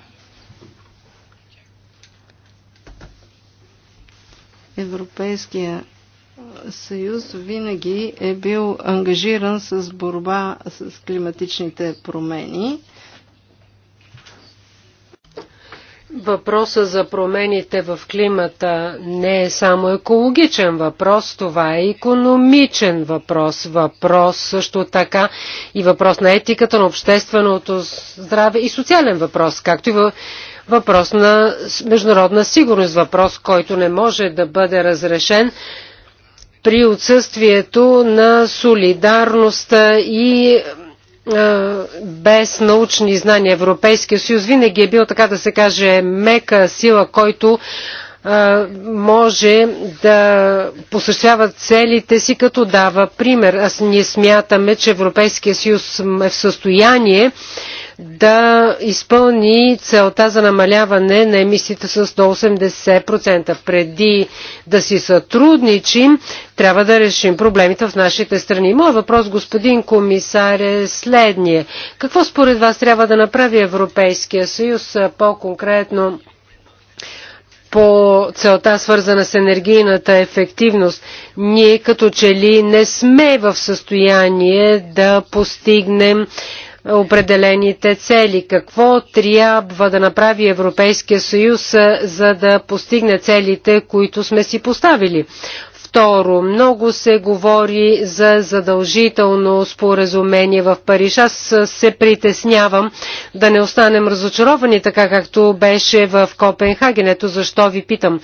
Европейския съюз винаги е бил ангажиран с борба с климатичните промени Въпросът за промените в климата не е само екологичен въпрос, това е економичен въпрос, въпрос също така и въпрос на етиката, на общественото здраве и социален въпрос, както и въпрос на международна сигурност, въпрос, който не може да бъде разрешен при отсъствието на солидарността и без научни знания. Европейския съюз винаги е бил, така да се каже, мека сила, който може да посъщава целите си, като дава пример. Аз ние смятаме, че Европейския съюз е в състояние да изпълни целта за намаляване на емисиите с до 80%. Преди да си сътрудничим, трябва да решим проблемите в нашите страни. Моят въпрос, господин комисар, е следния. Какво според вас трябва да направи Европейския съюз по-конкретно по целта свързана с енергийната ефективност, ние като че ли не сме в състояние да постигнем определените цели. Какво трябва да направи Европейския съюз, за да постигне целите, които сме си поставили? Второ, много се говори за задължително споразумение в Париж. Аз се притеснявам да не останем разочаровани, така както беше в Копенхаген. Ето защо ви питам.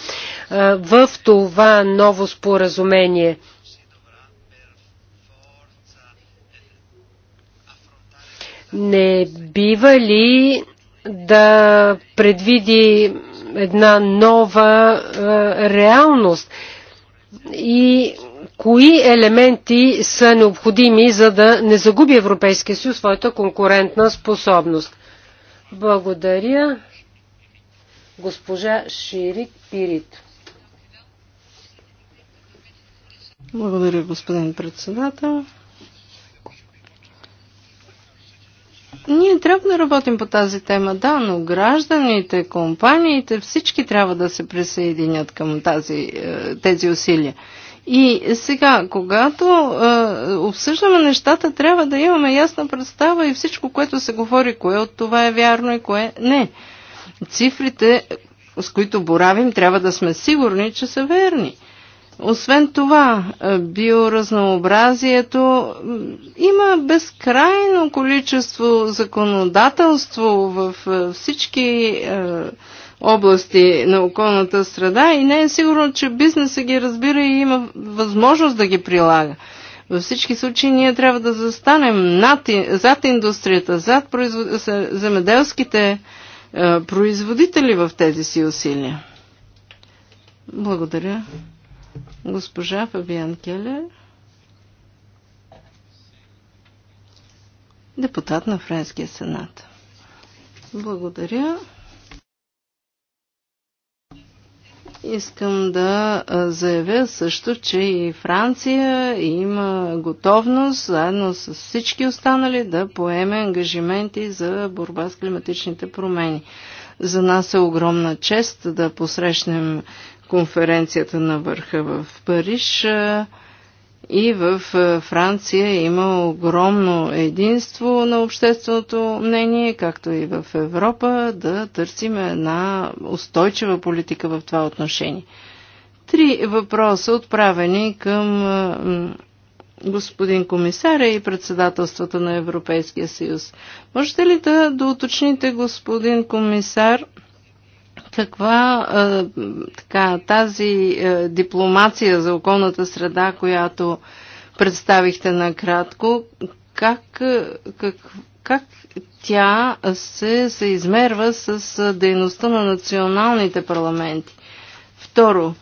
В това ново споразумение – Не бива ли да предвиди една нова е, реалност и кои елементи са необходими, за да не загуби Европейския съюз своята конкурентна способност. Благодаря госпожа Ширик Пирит. Благодаря, господин председател. Ние трябва да работим по тази тема, да, но гражданите, компаниите, всички трябва да се присъединят към тази, е, тези усилия. И сега, когато е, обсъждаме нещата, трябва да имаме ясна представа и всичко, което се говори, кое от това е вярно и кое не. Цифрите, с които боравим, трябва да сме сигурни, че са верни. Освен това, е, биоразнообразието има безкрайно количество законодателство в е, всички е, области на околната среда и не е сигурно, че бизнесът ги разбира и има възможност да ги прилага. Във всички случаи ние трябва да застанем над, зад индустрията, зад производ... земеделските е, производители в тези си усилия. Благодаря. Госпожа Фабиан Келер, депутат на Френския сенат. Благодаря. Искам да заявя също, че и Франция има готовност, заедно с всички останали, да поеме ангажименти за борба с климатичните промени. За нас е огромна чест да посрещнем конференцията на върха в Париж. И в Франция има огромно единство на общественото мнение, както и в Европа, да търсим една устойчива политика в това отношение. Три въпроса отправени към господин комисаря и председателството на Европейския съюз. Можете ли да доуточните, господин комисар, каква а, е, така, тази а, е, дипломация за околната среда, която представихте накратко, как, е, как, как тя се, се измерва с дейността на националните парламенти? Второ,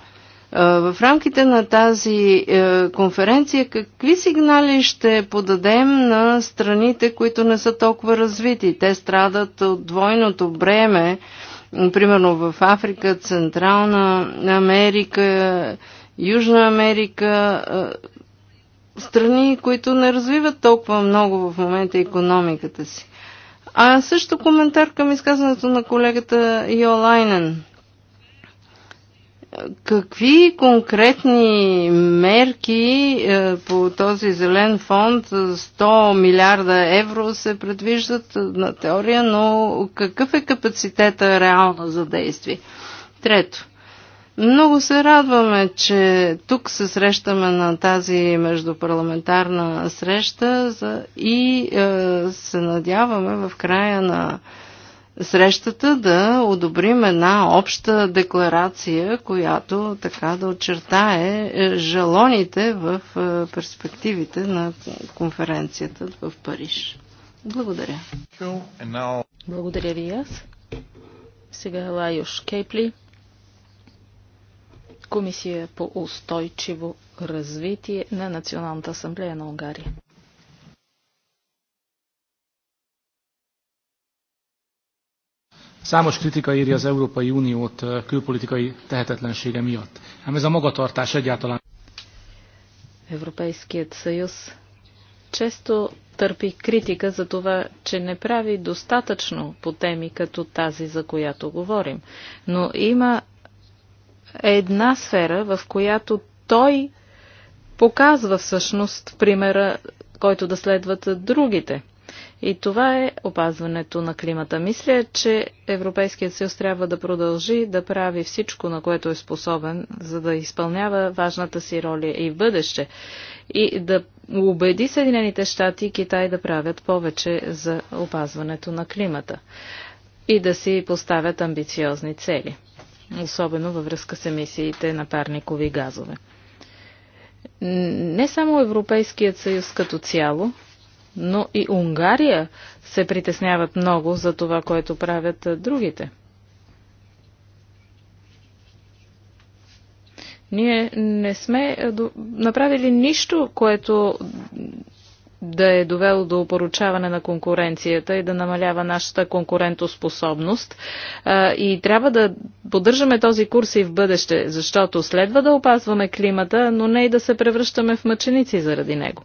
в рамките на тази конференция какви сигнали ще подадем на страните, които не са толкова развити? Те страдат от двойното бреме примерно в Африка, Централна Америка, Южна Америка, страни, които не развиват толкова много в момента економиката си. А също коментар към изказването на колегата Йолайнен. Какви конкретни мерки е, по този зелен фонд 100 е, милиарда евро се предвиждат е, на теория, но какъв е капацитета реална за действие? Трето. Много се радваме, че тук се срещаме на тази междупарламентарна среща и се надяваме в края на срещата да одобрим една обща декларация, която така да очертае е, жалоните в е, перспективите на конференцията в Париж. Благодаря. Благодаря ви аз. Сега Лайош Кейпли. Комисия по устойчиво развитие на Националната асамблея на Унгария. Számos kritika éri az Európai Uniót külpolitikai tehetetlensége miatt. Ám ez a magatartás egyáltalán... Европейският съюз често търпи критика за това, че не прави достатъчно по теми като тази, за която говорим. Но има една сфера, в която той показва всъщност примера, който да следват другите – и това е опазването на климата. Мисля, че Европейският съюз трябва да продължи да прави всичко, на което е способен, за да изпълнява важната си роля и в бъдеще. И да убеди Съединените щати и Китай да правят повече за опазването на климата. И да си поставят амбициозни цели. Особено във връзка с емисиите на парникови газове. Не само Европейският съюз като цяло, но и Унгария се притесняват много за това, което правят другите. Ние не сме направили нищо, което да е довело до поручаване на конкуренцията и да намалява нашата конкурентоспособност. И трябва да поддържаме този курс и в бъдеще, защото следва да опазваме климата, но не и да се превръщаме в мъченици заради него.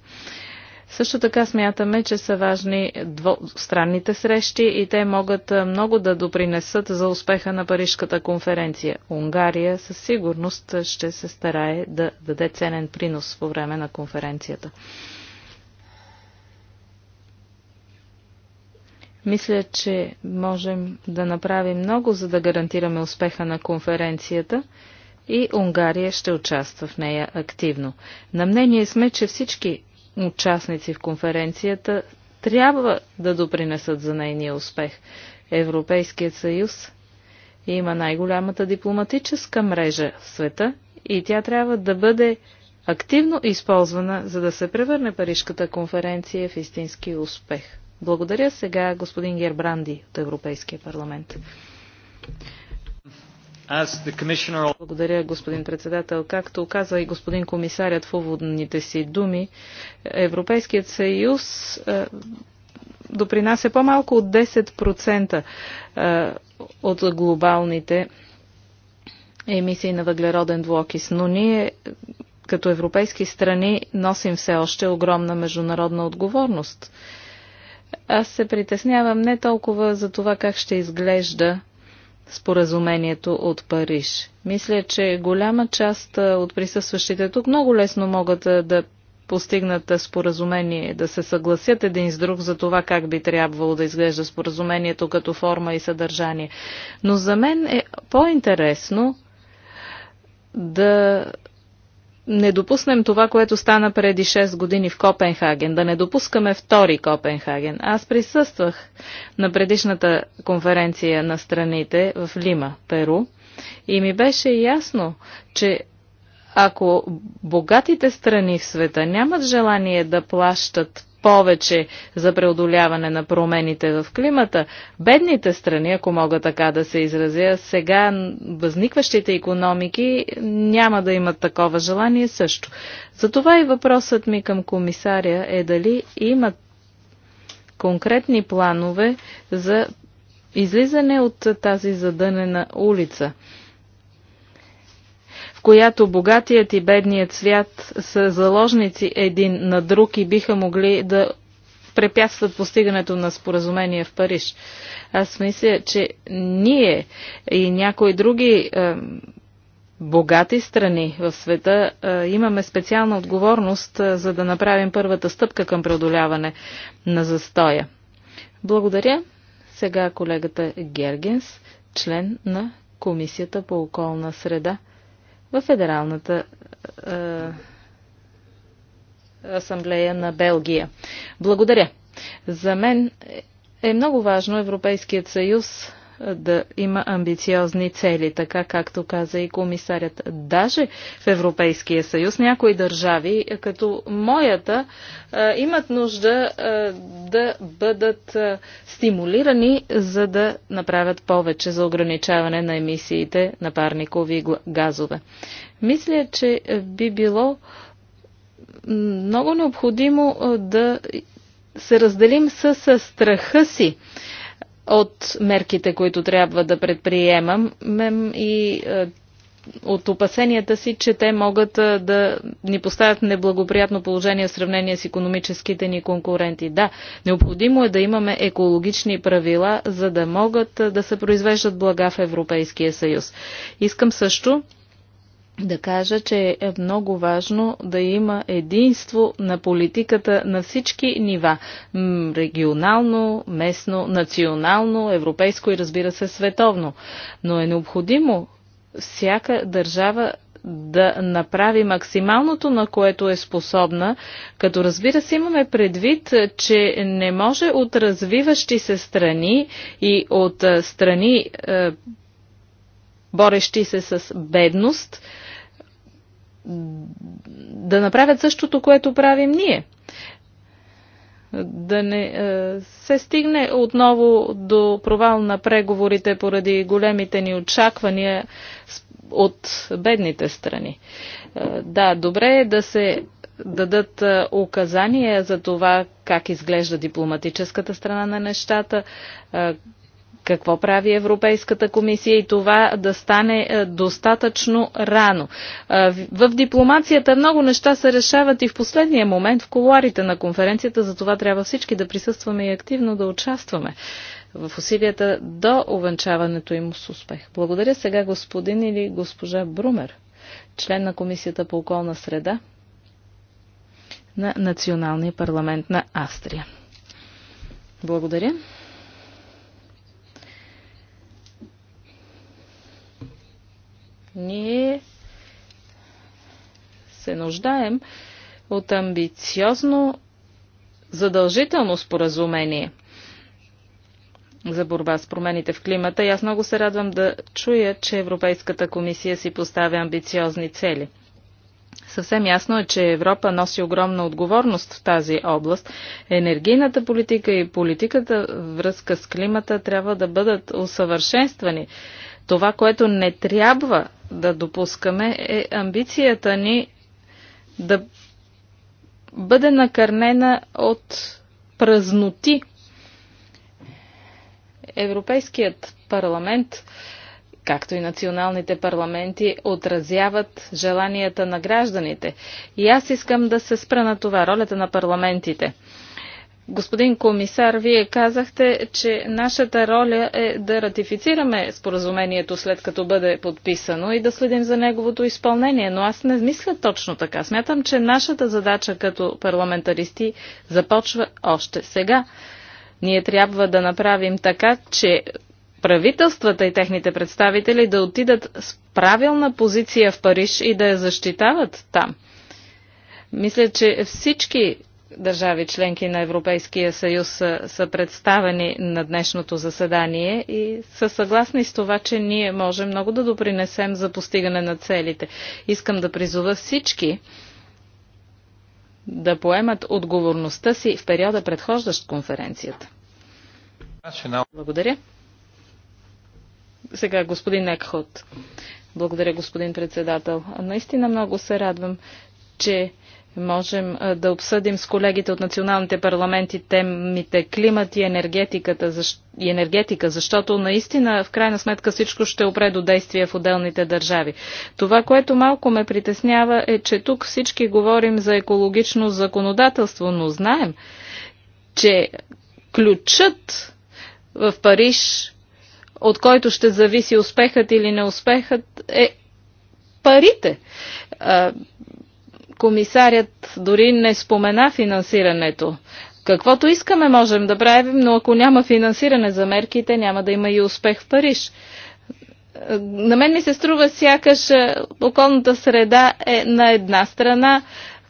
Също така смятаме, че са важни двустранните срещи и те могат много да допринесат за успеха на Парижката конференция. Унгария със сигурност ще се старае да даде ценен принос по време на конференцията. Мисля, че можем да направим много, за да гарантираме успеха на конференцията и Унгария ще участва в нея активно. На мнение сме, че всички участници в конференцията трябва да допринесат за нейния успех. Европейският съюз има най-голямата дипломатическа мрежа в света и тя трябва да бъде активно използвана, за да се превърне Парижката конференция в истински успех. Благодаря сега господин Гербранди от Европейския парламент. Благодаря, господин председател. Както каза и господин комисарят в уводните си думи, Европейският съюз е, допринася по-малко от 10% е, от глобалните емисии на въглероден двуокис. Но ние като европейски страни носим все още огромна международна отговорност. Аз се притеснявам не толкова за това как ще изглежда споразумението от Париж. Мисля, че голяма част от присъстващите тук много лесно могат да постигнат споразумение, да се съгласят един с друг за това как би трябвало да изглежда споразумението като форма и съдържание. Но за мен е по-интересно да не допуснем това, което стана преди 6 години в Копенхаген, да не допускаме втори Копенхаген. Аз присъствах на предишната конференция на страните в Лима, Перу, и ми беше ясно, че ако богатите страни в света нямат желание да плащат повече за преодоляване на промените в климата, бедните страни, ако мога така да се изразя, сега възникващите економики няма да имат такова желание също. Затова и въпросът ми към комисаря е дали имат конкретни планове за излизане от тази задънена улица която богатият и бедният свят са заложници един на друг и биха могли да препятстват постигането на споразумение в Париж. Аз мисля, че ние и някои други е, богати страни в света е, имаме специална отговорност, е, за да направим първата стъпка към преодоляване на застоя. Благодаря. Сега колегата Гергенс, член на Комисията по околна среда в Федералната е, асамблея на Белгия. Благодаря. За мен е много важно Европейският съюз да има амбициозни цели, така както каза и комисарят. Даже в Европейския съюз някои държави, като моята, имат нужда да бъдат стимулирани, за да направят повече за ограничаване на емисиите на парникови газове. Мисля, че би било много необходимо да се разделим с страха си от мерките, които трябва да предприемам и е, от опасенията си, че те могат е, да ни поставят неблагоприятно положение в сравнение с економическите ни конкуренти. Да, необходимо е да имаме екологични правила, за да могат е, да се произвеждат блага в Европейския съюз. Искам също да кажа, че е много важно да има единство на политиката на всички нива регионално, местно, национално, европейско и разбира се световно. Но е необходимо всяка държава да направи максималното, на което е способна, като разбира се имаме предвид, че не може от развиващи се страни и от страни борещи се с бедност, да направят същото, което правим ние. Да не е, се стигне отново до провал на преговорите поради големите ни очаквания от бедните страни. Е, да, добре е да се дадат е, указания за това как изглежда дипломатическата страна на нещата, какво прави Европейската комисия и това да стане е, достатъчно рано. Е, в дипломацията много неща се решават и в последния момент в коларите на конференцията, за това трябва всички да присъстваме и активно да участваме в усилията до увенчаването им с успех. Благодаря сега господин или госпожа Брумер, член на Комисията по околна среда на Националния парламент на Австрия. Благодаря. Ние се нуждаем от амбициозно задължително споразумение за борба с промените в климата и аз много се радвам да чуя, че Европейската комисия си поставя амбициозни цели. Съвсем ясно е, че Европа носи огромна отговорност в тази област. Енергийната политика и политиката връзка с климата трябва да бъдат усъвършенствани това, което не трябва да допускаме, е амбицията ни да бъде накърнена от празноти. Европейският парламент, както и националните парламенти, отразяват желанията на гражданите. И аз искам да се спра на това, ролята на парламентите. Господин комисар, вие казахте, че нашата роля е да ратифицираме споразумението след като бъде подписано и да следим за неговото изпълнение, но аз не мисля точно така. Смятам, че нашата задача като парламентаристи започва още сега. Ние трябва да направим така, че правителствата и техните представители да отидат с правилна позиция в Париж и да я защитават там. Мисля, че всички държави членки на Европейския съюз са, са представени на днешното заседание и са съгласни с това, че ние можем много да допринесем за постигане на целите. Искам да призова всички да поемат отговорността си в периода предхождащ конференцията. Благодаря. Сега господин Екхот. Благодаря, господин председател. Наистина много се радвам, че можем да обсъдим с колегите от националните парламенти темите климат и енергетиката, защ... и енергетика, защото наистина в крайна сметка всичко ще опре до действия в отделните държави. Това, което малко ме притеснява е, че тук всички говорим за екологично законодателство, но знаем, че ключът в Париж, от който ще зависи успехът или неуспехът, е парите комисарят дори не спомена финансирането. Каквото искаме можем да правим, но ако няма финансиране за мерките, няма да има и успех в Париж. На мен ми се струва сякаш е, околната среда е на една страна,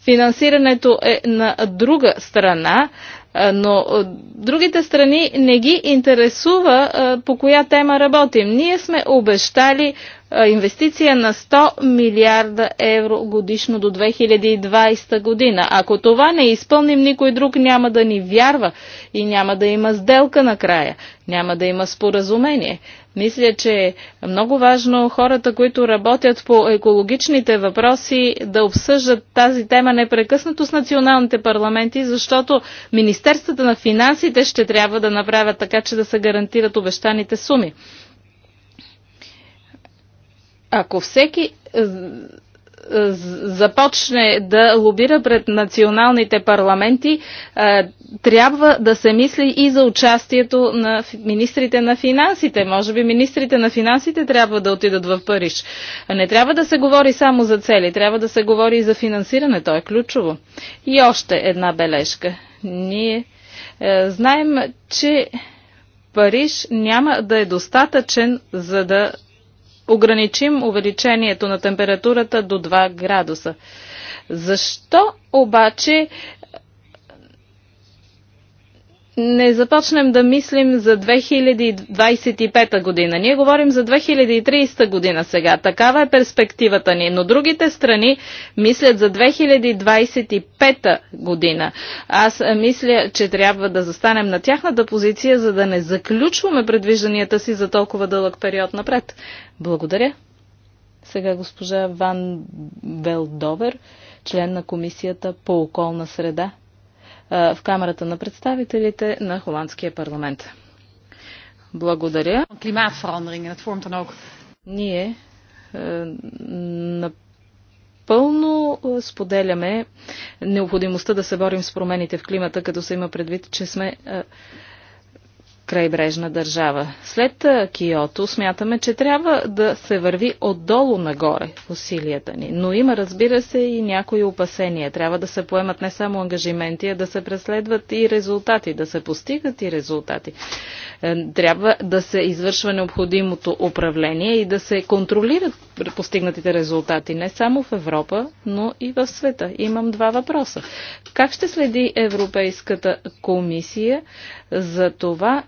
финансирането е на друга страна. Но другите страни не ги интересува по коя тема работим. Ние сме обещали инвестиция на 100 милиарда евро годишно до 2020 година. Ако това не изпълним, никой друг няма да ни вярва и няма да има сделка накрая, няма да има споразумение. Мисля, че е много важно хората, които работят по екологичните въпроси, да обсъждат тази тема непрекъснато с националните парламенти, защото Министерствата на финансите ще трябва да направят така, че да се гарантират обещаните суми. Ако всеки започне да лобира пред националните парламенти, е, трябва да се мисли и за участието на министрите на финансите. Може би министрите на финансите трябва да отидат в Париж. Не трябва да се говори само за цели, трябва да се говори и за финансиране. То е ключово. И още една бележка. Ние е, знаем, че Париж няма да е достатъчен, за да ограничим увеличението на температурата до 2 градуса. Защо обаче не започнем да мислим за 2025 година. Ние говорим за 2030 година сега. Такава е перспективата ни. Но другите страни мислят за 2025 година. Аз мисля, че трябва да застанем на тяхната позиция, за да не заключваме предвижданията си за толкова дълъг период напред. Благодаря. Сега госпожа Ван Велдовер, член на Комисията по околна среда е, в Камерата на представителите на Холандския парламент. Благодаря. Klimaatveranderingen, het vormt dan ook. Ние е, напълно е, споделяме необходимостта да се борим с промените в климата, като се има предвид, че сме крайбрежна държава. След Киото смятаме, че трябва да се върви отдолу нагоре усилията ни. Но има, разбира се, и някои опасения. Трябва да се поемат не само ангажименти, а да се преследват и резултати, да се постигат и резултати. Е, трябва да се извършва необходимото управление и да се контролират постигнатите резултати не само в Европа, но и в света. Имам два въпроса. Как ще следи Европейската комисия за това,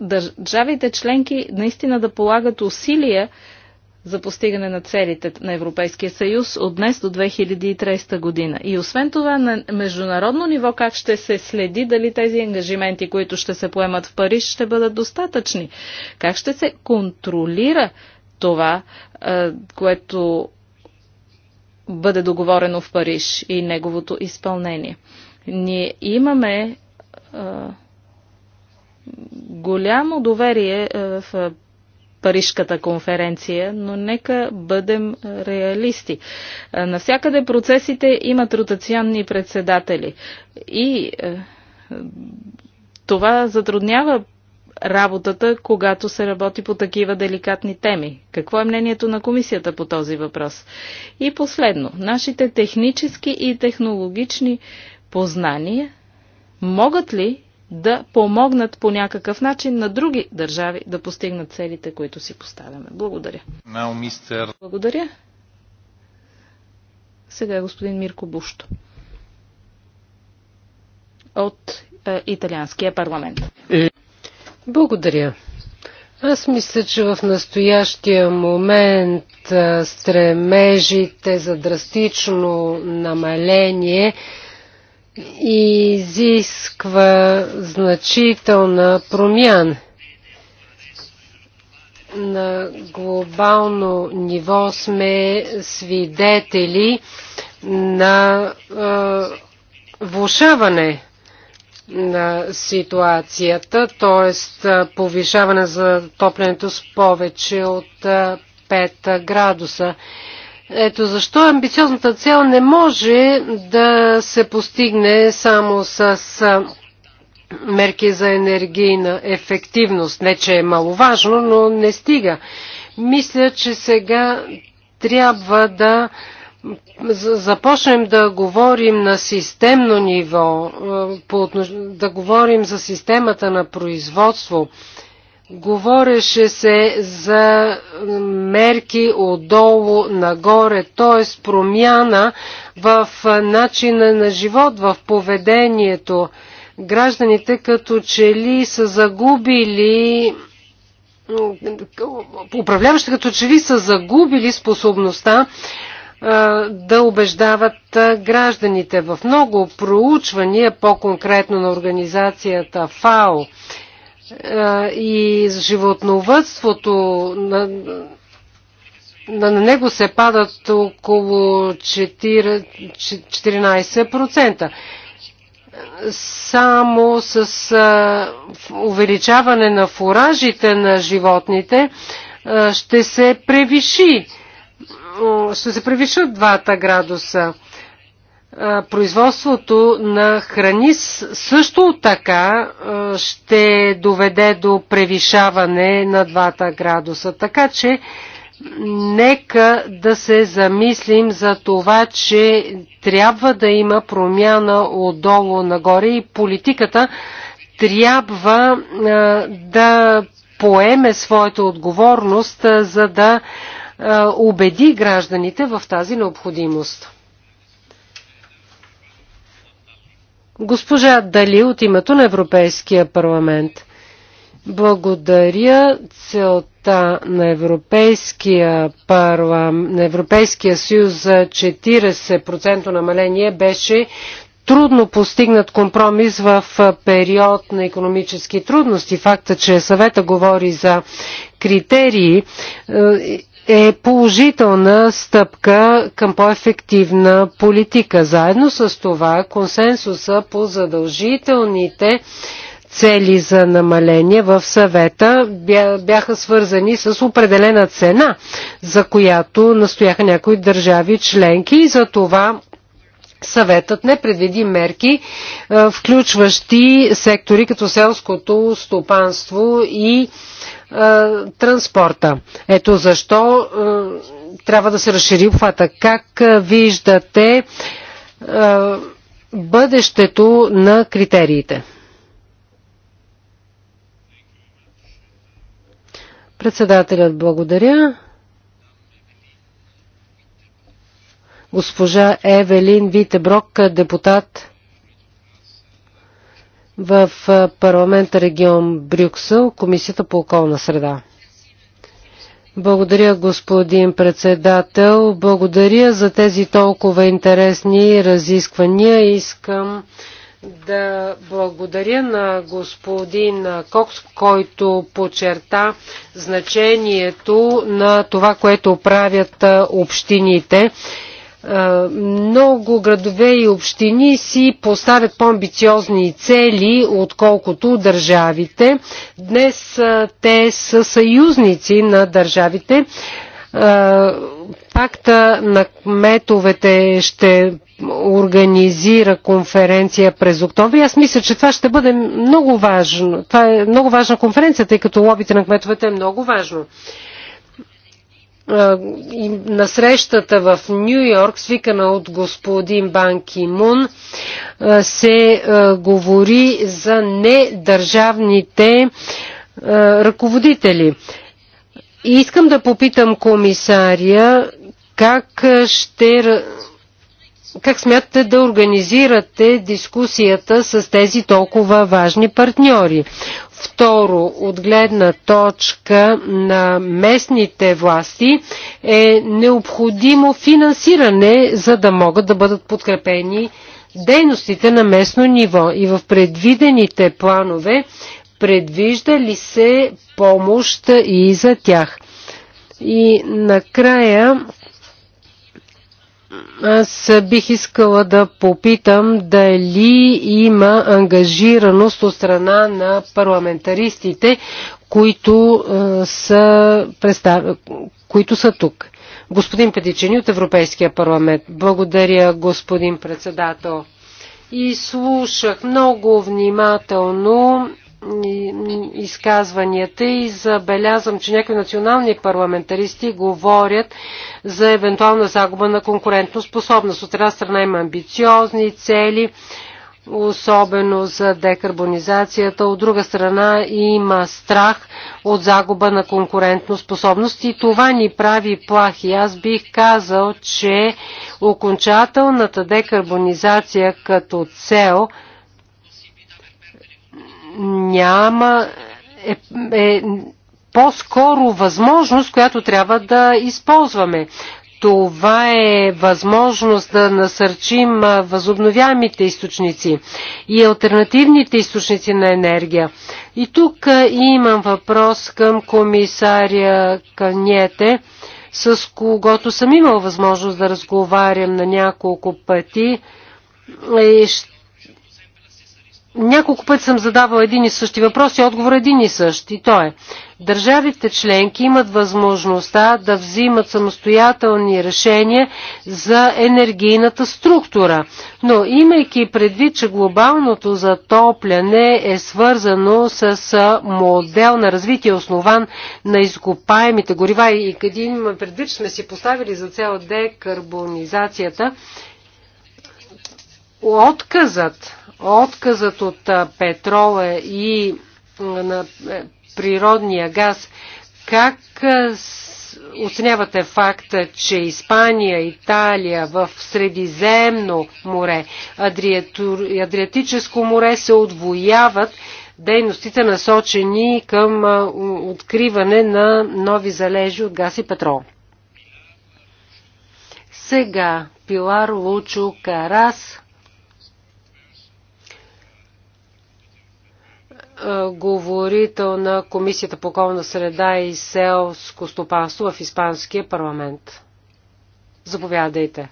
държавите членки наистина да полагат усилия за постигане на целите на Европейския съюз от днес до 2030 година. И освен това, на международно ниво как ще се следи дали тези ангажименти, които ще се поемат в Париж, ще бъдат достатъчни? Как ще се контролира това, което бъде договорено в Париж и неговото изпълнение? Ние имаме голямо доверие е, в Парижката конференция, но нека бъдем е, реалисти. Е, навсякъде процесите имат ротационни председатели и това затруднява работата, когато се работи по такива деликатни теми. Какво е мнението на комисията по този въпрос? И последно, нашите технически и технологични познания могат ли да помогнат по някакъв начин на други държави да постигнат целите, които си поставяме. Благодаря. Now, мистер... Благодаря. Сега е господин Мирко Бушто от е, Италианския парламент. Е. Благодаря. Аз мисля, че в настоящия момент е, стремежите за драстично намаление изисква значителна промяна на глобално ниво сме свидетели на е, влушаване на ситуацията, т.е. повишаване за топлянето с повече от 5 градуса. Ето защо амбициозната цел не може да се постигне само с мерки за енергийна ефективност. Не, че е маловажно, но не стига. Мисля, че сега трябва да започнем да говорим на системно ниво, да говорим за системата на производство, Говореше се за мерки отдолу нагоре, т.е. промяна в начина на живот, в поведението. Гражданите като че ли са загубили управляващите като че ли са загубили способността да убеждават гражданите. В много проучвания, по-конкретно на организацията ФАО и животновътството на, на него се падат около 4, 14%. Само с увеличаване на фуражите на животните ще се превиши ще се превишат двата градуса производството на храни също така ще доведе до превишаване на двата градуса. Така че нека да се замислим за това, че трябва да има промяна отдолу нагоре и политиката трябва да поеме своята отговорност, за да убеди гражданите в тази необходимост. Госпожа Дали от името на Европейския парламент. Благодаря. Целта на Европейския, парла, на Европейския съюз за 40% намаление беше трудно постигнат компромис в период на економически трудности. Факта, че съвета говори за критерии е, е положителна стъпка към по-ефективна политика. Заедно с това консенсуса по задължителните цели за намаление в съвета бяха свързани с определена цена, за която настояха някои държави членки и за това съветът не предвиди мерки, е, включващи сектори като селското стопанство и е, транспорта. Ето защо е, трябва да се разшири обхвата. Как е, виждате бъдещето на критериите? Председателят благодаря. Госпожа Евелин Витеброк, депутат в парламент регион Брюксел, Комисията по околна среда. Благодаря, господин председател. Благодаря за тези толкова интересни разисквания. Искам да благодаря на господин Кокс, който подчерта значението на това, което правят общините е, много градове и общини си поставят по-амбициозни цели, отколкото държавите. Днес е, те са съюзници на държавите. Е, пакта на кметовете ще организира конференция през октомври. Аз мисля, че това ще бъде много важно. Това е много важна конференция, тъй като лобите на кметовете е много важно на срещата в Нью Йорк, свикана от господин Бан Ки Мун, се говори за недържавните ръководители. И искам да попитам комисария как ще как смятате да организирате дискусията с тези толкова важни партньори? Второ, от гледна точка на местните власти е необходимо финансиране, за да могат да бъдат подкрепени дейностите на местно ниво. И в предвидените планове предвижда ли се помощ и за тях? И накрая аз бих искала да попитам дали има ангажираност от страна на парламентаристите, които, е, са, представ... които са тук. Господин Петичени от Европейския парламент. Благодаря, господин председател. И слушах много внимателно изказванията и забелязвам, че някои национални парламентаристи говорят за евентуална загуба на конкурентно способност. От една страна има амбициозни цели, особено за декарбонизацията. От друга страна има страх от загуба на конкурентно способност и това ни прави плахи. Аз бих казал, че окончателната декарбонизация като цел – няма е, е по-скоро възможност, която трябва да използваме. Това е възможност да насърчим възобновяемите източници и альтернативните източници на енергия. И тук имам въпрос към комисаря Каньете, с когото съм имал възможност да разговарям на няколко пъти. Е, ще няколко пъти съм задавал един и същи въпрос и отговор е един и същ. И то е, държавите членки имат възможността да взимат самостоятелни решения за енергийната структура. Но имайки предвид, че глобалното затопляне е свързано с модел на развитие, основан на изкопаемите горива и къде имаме предвид, че сме си поставили за цел декарбонизацията, отказът Отказът от петрола и на е, природния газ, как оценявате факта, че Испания, Италия в Средиземно море, Адриатическо море се отвояват дейностите насочени към откриване на нови залежи от газ и петрол. Сега Пилар Лучо Карас говорител на Комисията по околна среда и селско стопанство в Испанския парламент. Заповядайте.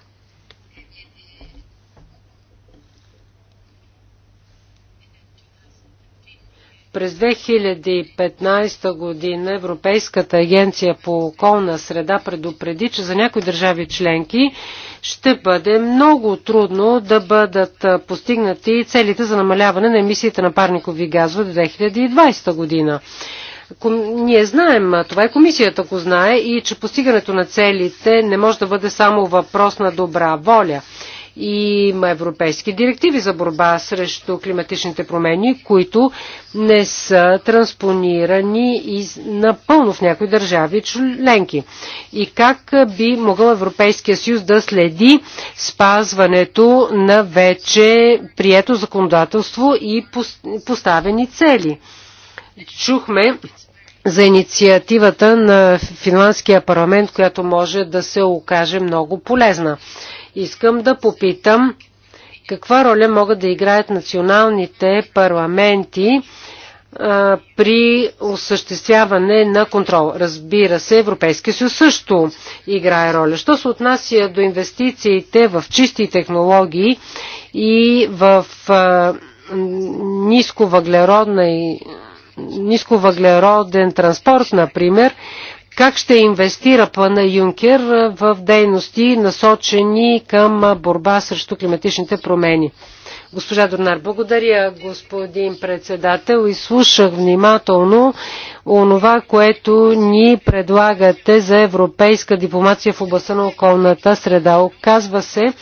През 2015 година Европейската агенция по околна среда предупреди, че за някои държави членки ще бъде много трудно да бъдат постигнати целите за намаляване на емисиите на парникови газове до 2020 година. Ние знаем, това е комисията ако знае и че постигането на целите не може да бъде само въпрос на добра воля. И има европейски директиви за борба срещу климатичните промени, които не са транспонирани и напълно в някои държави членки. И как би могъл Европейския съюз да следи спазването на вече прието законодателство и поставени цели? Чухме за инициативата на финландския парламент, която може да се окаже много полезна. Искам да попитам каква роля могат да играят националните парламенти а, при осъществяване на контрол. Разбира се, Европейския съюз също играе роля. Що се отнася до инвестициите в чисти технологии и в а, нисковъглеродна и нисковъглероден транспорт, например, как ще инвестира плана Юнкер в дейности насочени към борба срещу климатичните промени. Госпожа Дорнар, благодаря, господин председател. Изслушах внимателно онова, което ни предлагате за европейска дипломация в областта на околната среда. Оказва се,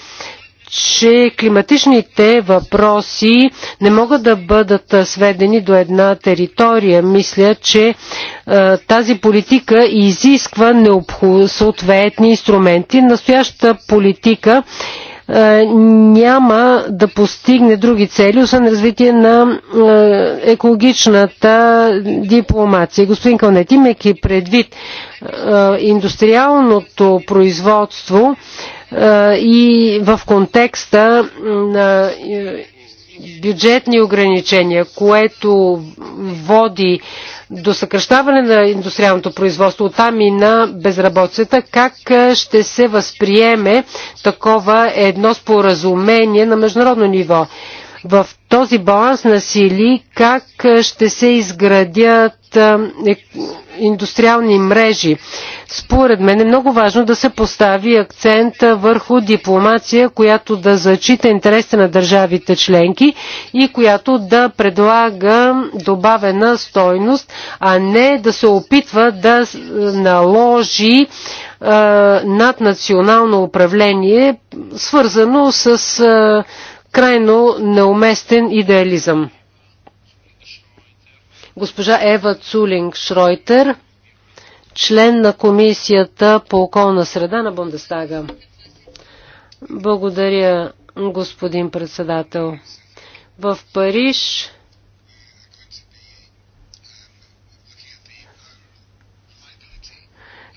че климатичните въпроси не могат да бъдат сведени до една територия. Мисля, че е, тази политика изисква съответни инструменти. Настоящата политика е, няма да постигне други цели, освен развитие на е, екологичната дипломация. Господин Кълнет, имайки предвид индустриалното производство, е, и в контекста на е, бюджетни ограничения, което води до съкръщаване на индустриалното производство, там и на безработицата, как е, ще се възприеме такова едно споразумение на международно ниво? В този баланс на сили как ще се изградят индустриални мрежи. Според мен е много важно да се постави акцент върху дипломация, която да зачита интересите на държавите членки и която да предлага добавена стойност, а не да се опитва да наложи наднационално управление, свързано с крайно неуместен идеализъм госпожа Ева Цулинг Шройтер, член на Комисията по околна среда на Бундестага. Благодаря, господин председател. В Париж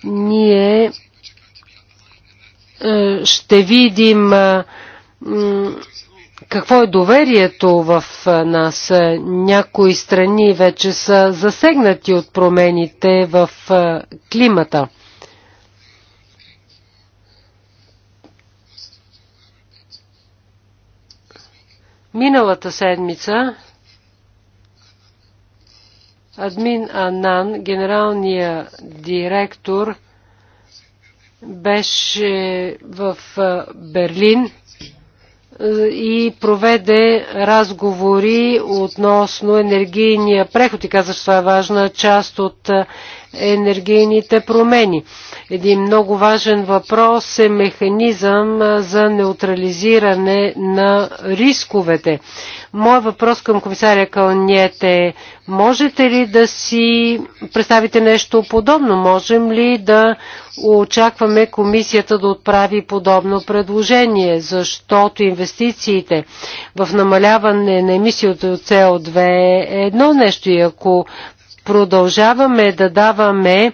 ние е, ще видим какво е доверието в нас. Някои страни вече са засегнати от промените в климата. Миналата седмица Админ Анан, генералния директор, беше в Берлин е, и проведе разговори относно енергийния преход и каза, че това е важна част от е, енергийните промени. Един много важен въпрос е механизъм за неутрализиране на рисковете. Моят въпрос към комисаря Кълниет е, можете ли да си представите нещо подобно? Можем ли да очакваме комисията да отправи подобно предложение, защото инвестициите в намаляване на емисията от СО2 е едно нещо и ако Продължаваме да даваме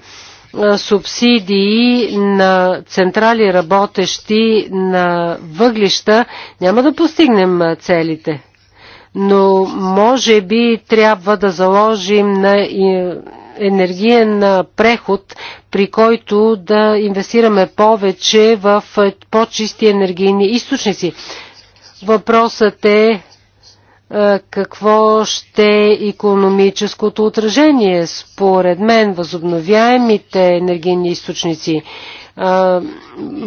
субсидии на централи работещи на въглища, няма да постигнем целите. Но може би трябва да заложим на енергиен преход, при който да инвестираме повече в по-чисти енергийни източници. Въпросът е е, какво ще е економическото отражение. Според мен възобновяемите енергийни източници е,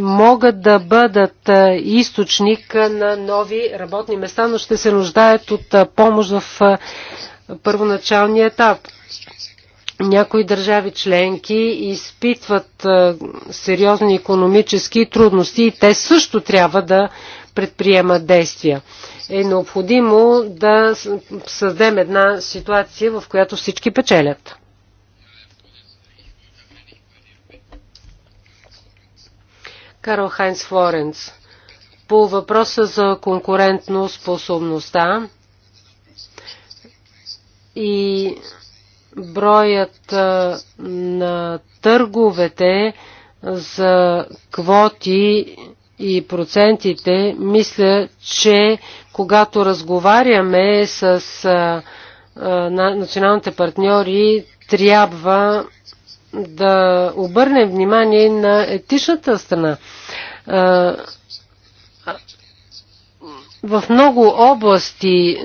могат да бъдат е, източник на нови работни места, но ще се нуждаят от помощ в първоначалния етап. Някои държави членки изпитват сериозни економически трудности и те също трябва да предприемат действия е необходимо да създадем една ситуация, в която всички печелят. Карл Хайнц Флоренц. По въпроса за конкурентно способността и броят на търговете за квоти и процентите, мисля, че когато разговаряме с националните партньори, трябва да обърнем внимание на етичната страна. В много области,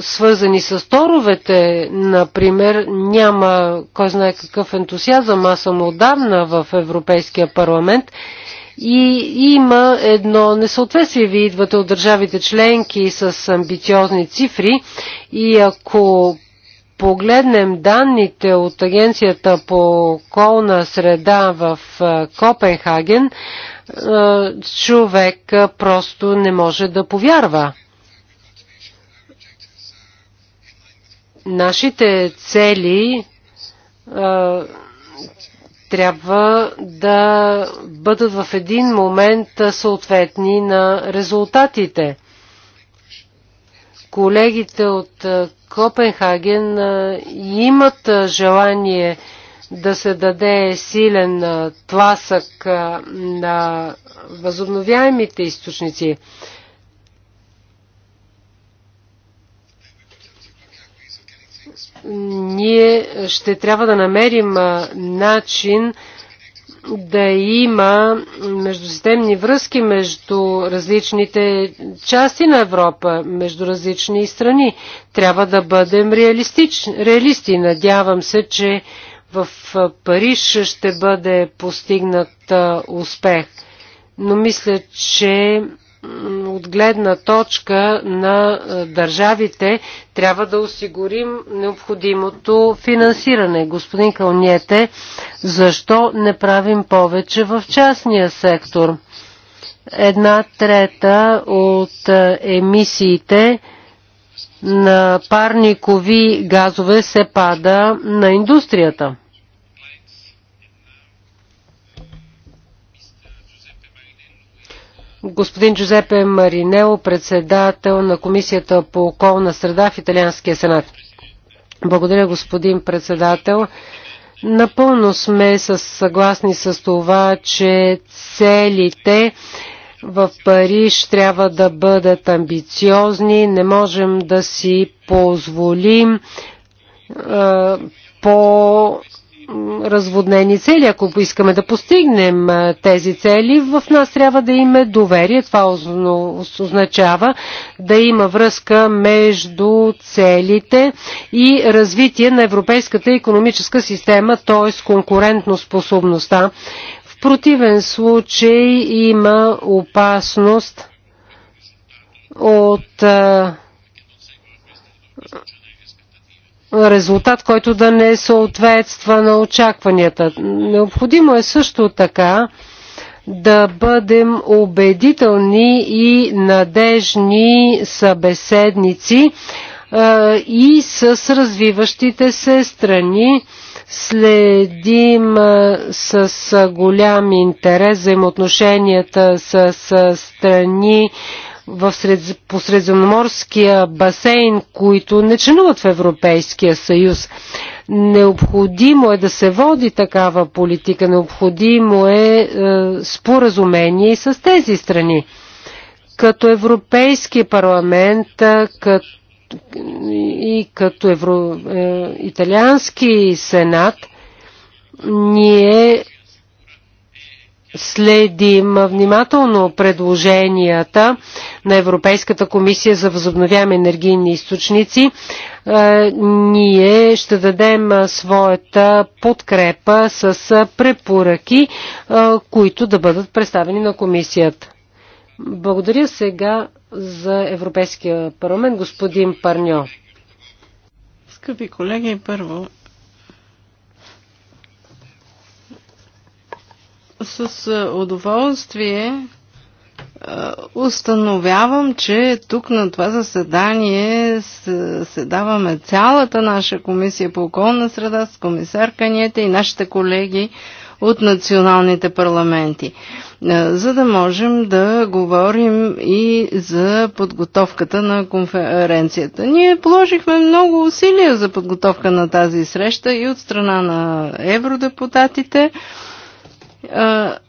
свързани с торовете, например, няма кой знае какъв ентусиазъм. Аз съм отдавна в Европейския парламент и има едно несъответствие. Вие идвате от държавите членки с амбициозни цифри и ако погледнем данните от Агенцията по околна среда в е, Копенхаген, е, човек просто не може да повярва. Нашите цели е, трябва да бъдат в един момент съответни на резултатите. Колегите от Копенхаген имат желание да се даде силен тласък на възобновяемите източници. ние ще трябва да намерим начин да има междусистемни връзки между различните части на Европа, между различни страни. Трябва да бъдем реалисти. Надявам се, че в Париж ще бъде постигнат успех. Но мисля, че от гледна точка на държавите трябва да осигурим необходимото финансиране. Господин Калниете, защо не правим повече в частния сектор? Една трета от емисиите на парникови газове се пада на индустрията. господин Джузепе Маринело, председател на Комисията по околна среда в Италианския сенат. Благодаря, господин председател. Напълно сме съгласни с това, че целите в Париж трябва да бъдат амбициозни. Не можем да си позволим по разводнени цели. Ако искаме да постигнем тези цели, в нас трябва да има доверие. Това означава да има връзка между целите и развитие на европейската економическа система, т.е. конкурентно способността. В противен случай има опасност от резултат, който да не съответства на очакванията. Необходимо е също така да бъдем убедителни и надежни събеседници и с развиващите се страни следим с голям интерес взаимоотношенията с страни, в сред, посредземноморския басейн, които не членуват в Европейския съюз. Необходимо е да се води такава политика, необходимо е, е споразумение и с тези страни. Като Европейски парламент, като, и като евро, е, Италиански сенат, ние следим внимателно предложенията на Европейската комисия за възобновяеми енергийни източници, е, ние ще дадем своята подкрепа с препоръки, е, които да бъдат представени на комисията. Благодаря сега за Европейския парламент, господин Парньо. Скъпи колеги, първо с удоволствие установявам, че тук на това заседание се даваме цялата наша комисия по околна среда с комисарка Каниете и нашите колеги от националните парламенти, за да можем да говорим и за подготовката на конференцията. Ние положихме много усилия за подготовка на тази среща и от страна на евродепутатите,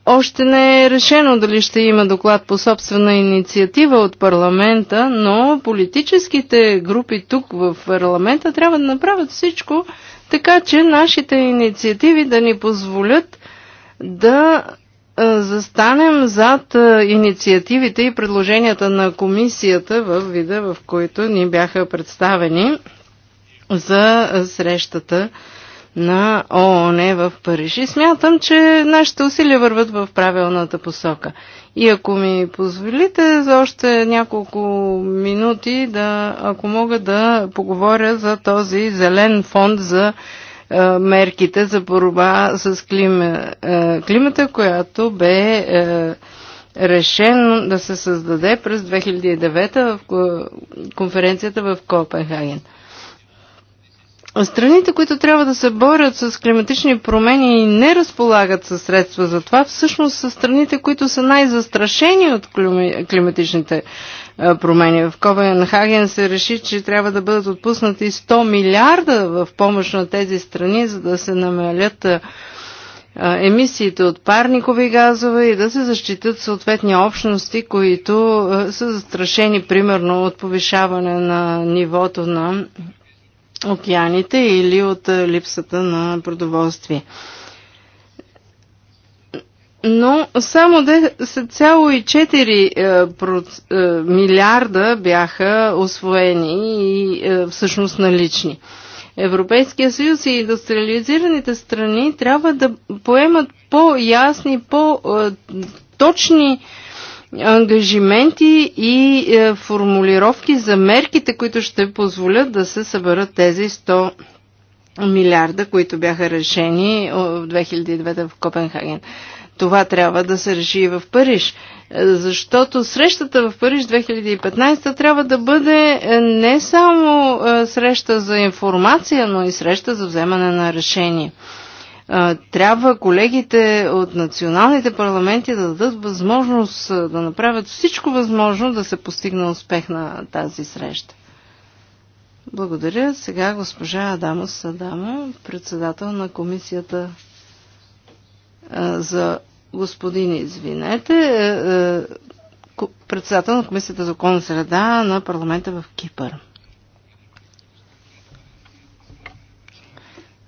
още не е решено дали ще има доклад по собствена инициатива от парламента, но политическите групи тук в парламента трябва да направят всичко, така че нашите инициативи да ни позволят да застанем зад инициативите и предложенията на комисията в вида, в който ни бяха представени за срещата на ООН в Париж. И смятам, че нашите усилия върват в правилната посока. И ако ми позволите за още няколко минути, да, ако мога да поговоря за този зелен фонд за е, мерките за борба с клима, е, климата, която бе е, решено да се създаде през 2009 в конференцията в Копенхаген. Страните, които трябва да се борят с климатични промени и не разполагат със средства за това, всъщност са страните, които са най-застрашени от климатичните е, промени. В Копенхаген се реши, че трябва да бъдат отпуснати 100 милиарда в помощ на тези страни, за да се намалят е, е, емисиите от парникови газове и да се защитят съответни общности, които са застрашени примерно от повишаване на нивото на океаните или от е, липсата на продоволствие. Но само 10,4 е, е, милиарда бяха освоени и всъщност налични. Европейския съюз и индустриализираните страни трябва да поемат по-ясни, по-точни ангажименти и е, формулировки за мерките, които ще позволят да се съберат тези 100 милиарда, които бяха решени в 2009 в Копенхаген. Това трябва да се реши и в Париж, е, защото срещата в Париж 2015 трябва да бъде е, не само среща за информация, но и среща за вземане на решение трябва колегите от националните парламенти да дадат възможност да направят всичко възможно да се постигне успех на тази среща. Благодаря. Сега госпожа Адамос Садама, председател на комисията за господин, извинете, председател на комисията за околна среда на парламента в Кипър.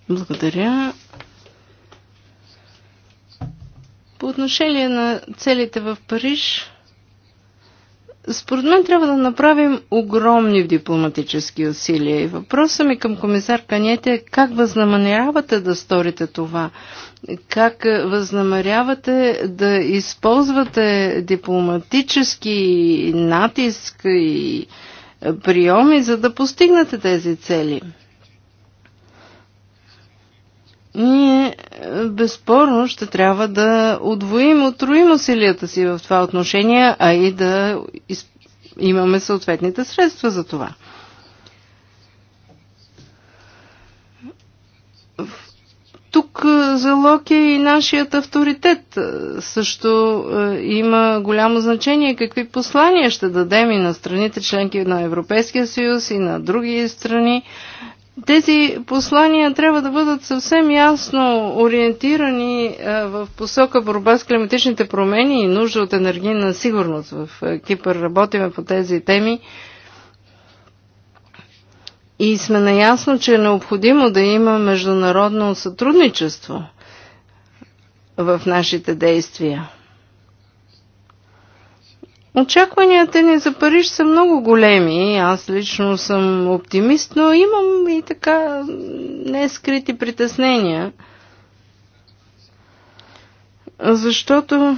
Благодаря. По отношение на целите в Париж, според мен трябва да направим огромни дипломатически усилия. И въпросът ми към комисар Канете е как възнамерявате да сторите това? Как възнамерявате да използвате дипломатически натиск и приеми, за да постигнете тези цели? Ние е, безспорно ще трябва да отвоим, отруим усилията си в това отношение, а и да имаме съответните средства за това. Тук е, залог е и нашият авторитет. Е, също има голямо значение какви послания ще дадем и на страните членки на Европейския съюз и на други страни тези послания трябва да бъдат съвсем ясно ориентирани е, в посока борба с климатичните промени и нужда от енергийна сигурност. В е, Кипър работиме по тези теми и сме наясно, че е необходимо да има международно сътрудничество в нашите действия. Очакванията ни за Париж са много големи. Аз лично съм оптимист, но имам и така нескрити притеснения. Защото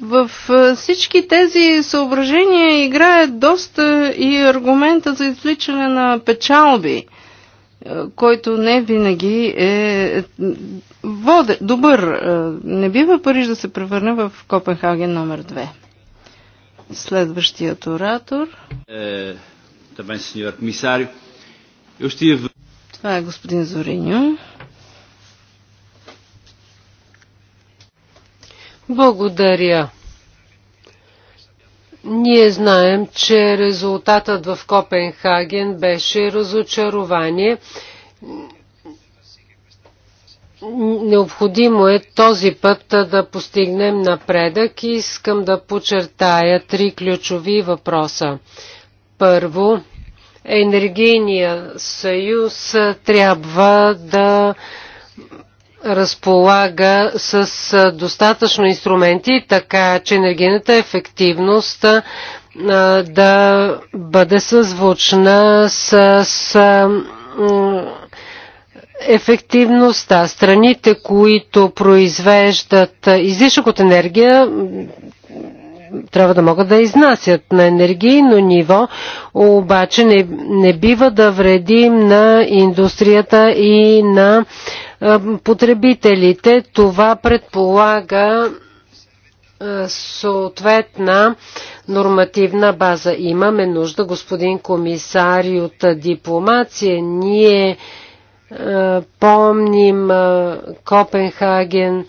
в всички тези съображения играят доста и аргумента за извличане на печалби който не винаги е воде, добър. Е, не бива Париж да се превърне в Копенхаген номер 2. Следващият оратор. Е, е това е господин Зориньо. Благодаря. Ние знаем, че резултатът в Копенхаген беше разочарование. Необходимо е този път да постигнем напредък и искам да подчертая три ключови въпроса. Първо, енергийния съюз трябва да разполага с достатъчно инструменти, така че енергийната ефективност да бъде съзвучна с ефективността. Страните, които произвеждат излишък от енергия, трябва да могат да изнасят на енергийно ниво, обаче не, не бива да вредим на индустрията и на потребителите. Това предполага съответна нормативна база. Имаме нужда, господин комисар, от дипломация. Ние а, помним а, Копенхаген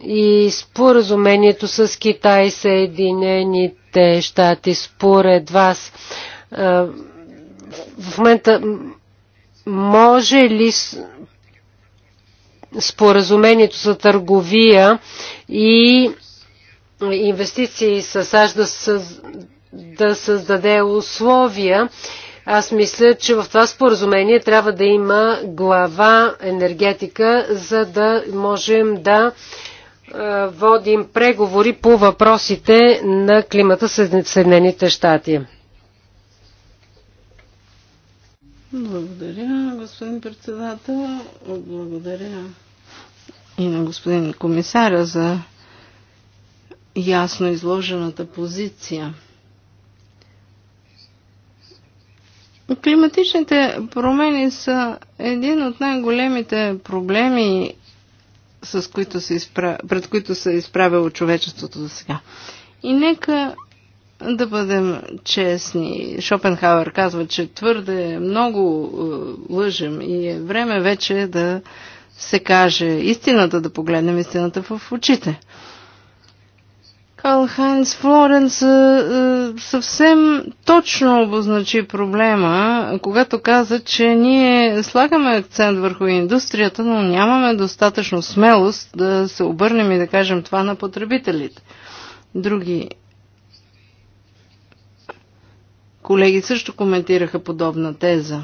и споразумението с Китай Съединените щати. Според вас, в момента може ли споразумението за търговия и инвестиции с САЩ да, съз... да създаде условия. Аз мисля, че в това споразумение трябва да има глава енергетика, за да можем да е, водим преговори по въпросите на климата с Съединените щати. Благодаря, господин председател. Благодаря и на господин комисаря за ясно изложената позиция. Климатичните промени са един от най-големите проблеми с които се изправ... пред които се е изправило човечеството до сега. И нека да бъдем честни. Шопенхауер казва, че твърде много лъжим е, лъжем и е време вече да се каже истината, да погледнем истината в очите. Карл Хайнц Флоренс е, е, съвсем точно обозначи проблема, когато каза, че ние слагаме акцент върху индустрията, но нямаме достатъчно смелост да се обърнем и да кажем това на потребителите. Други колеги също коментираха подобна теза.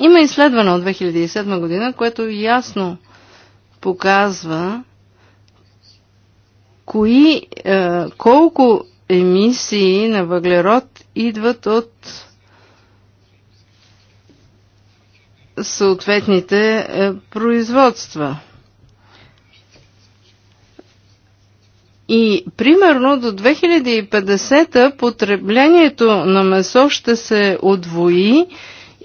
Има изследване от 2007 година, което ясно показва, кои, е, колко емисии на въглерод идват от съответните е, производства. И примерно до 2050 потреблението на месо ще се отвои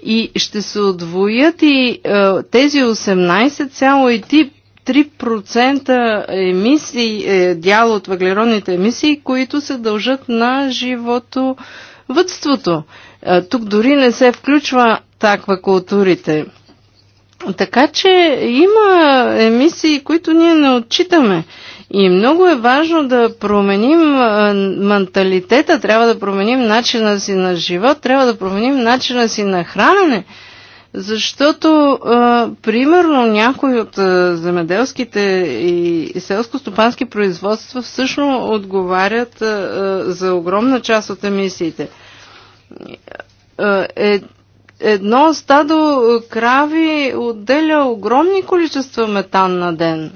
и ще се отвоят и е, тези 18,3 3% емисии, е, дял от въглеродните емисии, които се дължат на Е, Тук дори не се включва таквакултурите. Така че има емисии, които ние не отчитаме. И много е важно да променим е, менталитета, трябва да променим начина си на живот, трябва да променим начина си на хранене. Защото, а, примерно, някои от а, земеделските и, и селско-стопански производства всъщност отговарят а, а, за огромна част от емисиите. А, е, едно стадо крави отделя огромни количества метан на ден.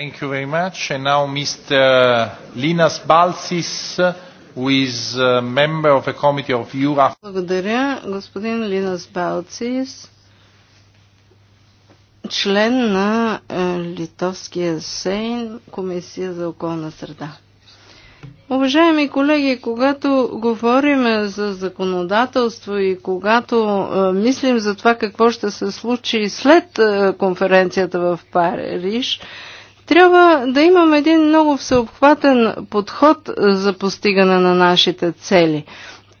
Thank you very much. And now Mr. Linas Balsis a member of a committee of Благодаря, господин Линас Балцис, член на е, Литовския сейн, Комисия за околна среда. Уважаеми колеги, когато говорим за законодателство и когато е, мислим за това какво ще се случи след е, конференцията в Париж, трябва да имаме един много всеобхватен подход за постигане на нашите цели.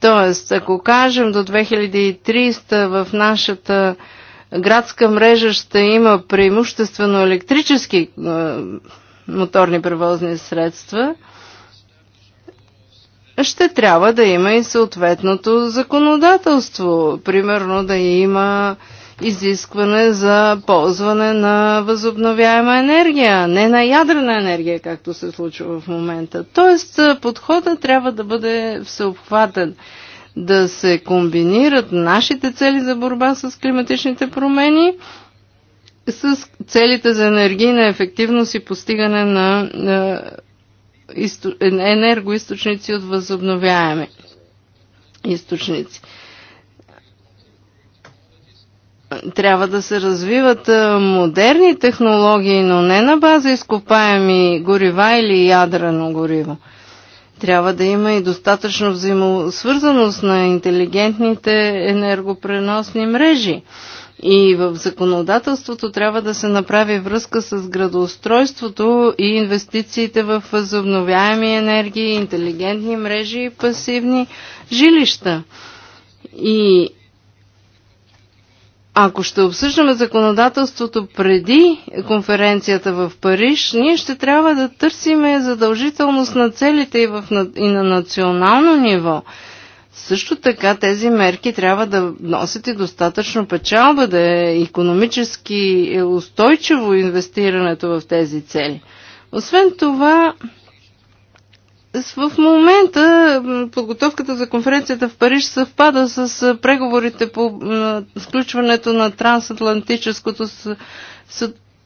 Тоест, ако кажем до 2300 в нашата градска мрежа ще има преимуществено електрически е, моторни превозни средства, ще трябва да има и съответното законодателство. Примерно да има изискване за ползване на възобновяема енергия, не на ядрена енергия, както се случва в момента. Тоест, подходът трябва да бъде всеобхватен, да се комбинират нашите цели за борба с климатичните промени с целите за енергийна ефективност и постигане на е, енергоисточници от възобновяеми източници трябва да се развиват модерни технологии, но не на база изкопаеми горива или ядрено гориво. Трябва да има и достатъчно взаимосвързаност на интелигентните енергопреносни мрежи. И в законодателството трябва да се направи връзка с градоустройството и инвестициите в възобновяеми енергии, интелигентни мрежи и пасивни жилища. И ако ще обсъждаме законодателството преди конференцията в Париж, ние ще трябва да търсиме задължителност на целите и, в, и на национално ниво. Също така тези мерки трябва да носят и достатъчно печалба, да е економически устойчиво инвестирането в тези цели. Освен това, в момента подготовката за конференцията в Париж съвпада с преговорите по включването на трансатлантическото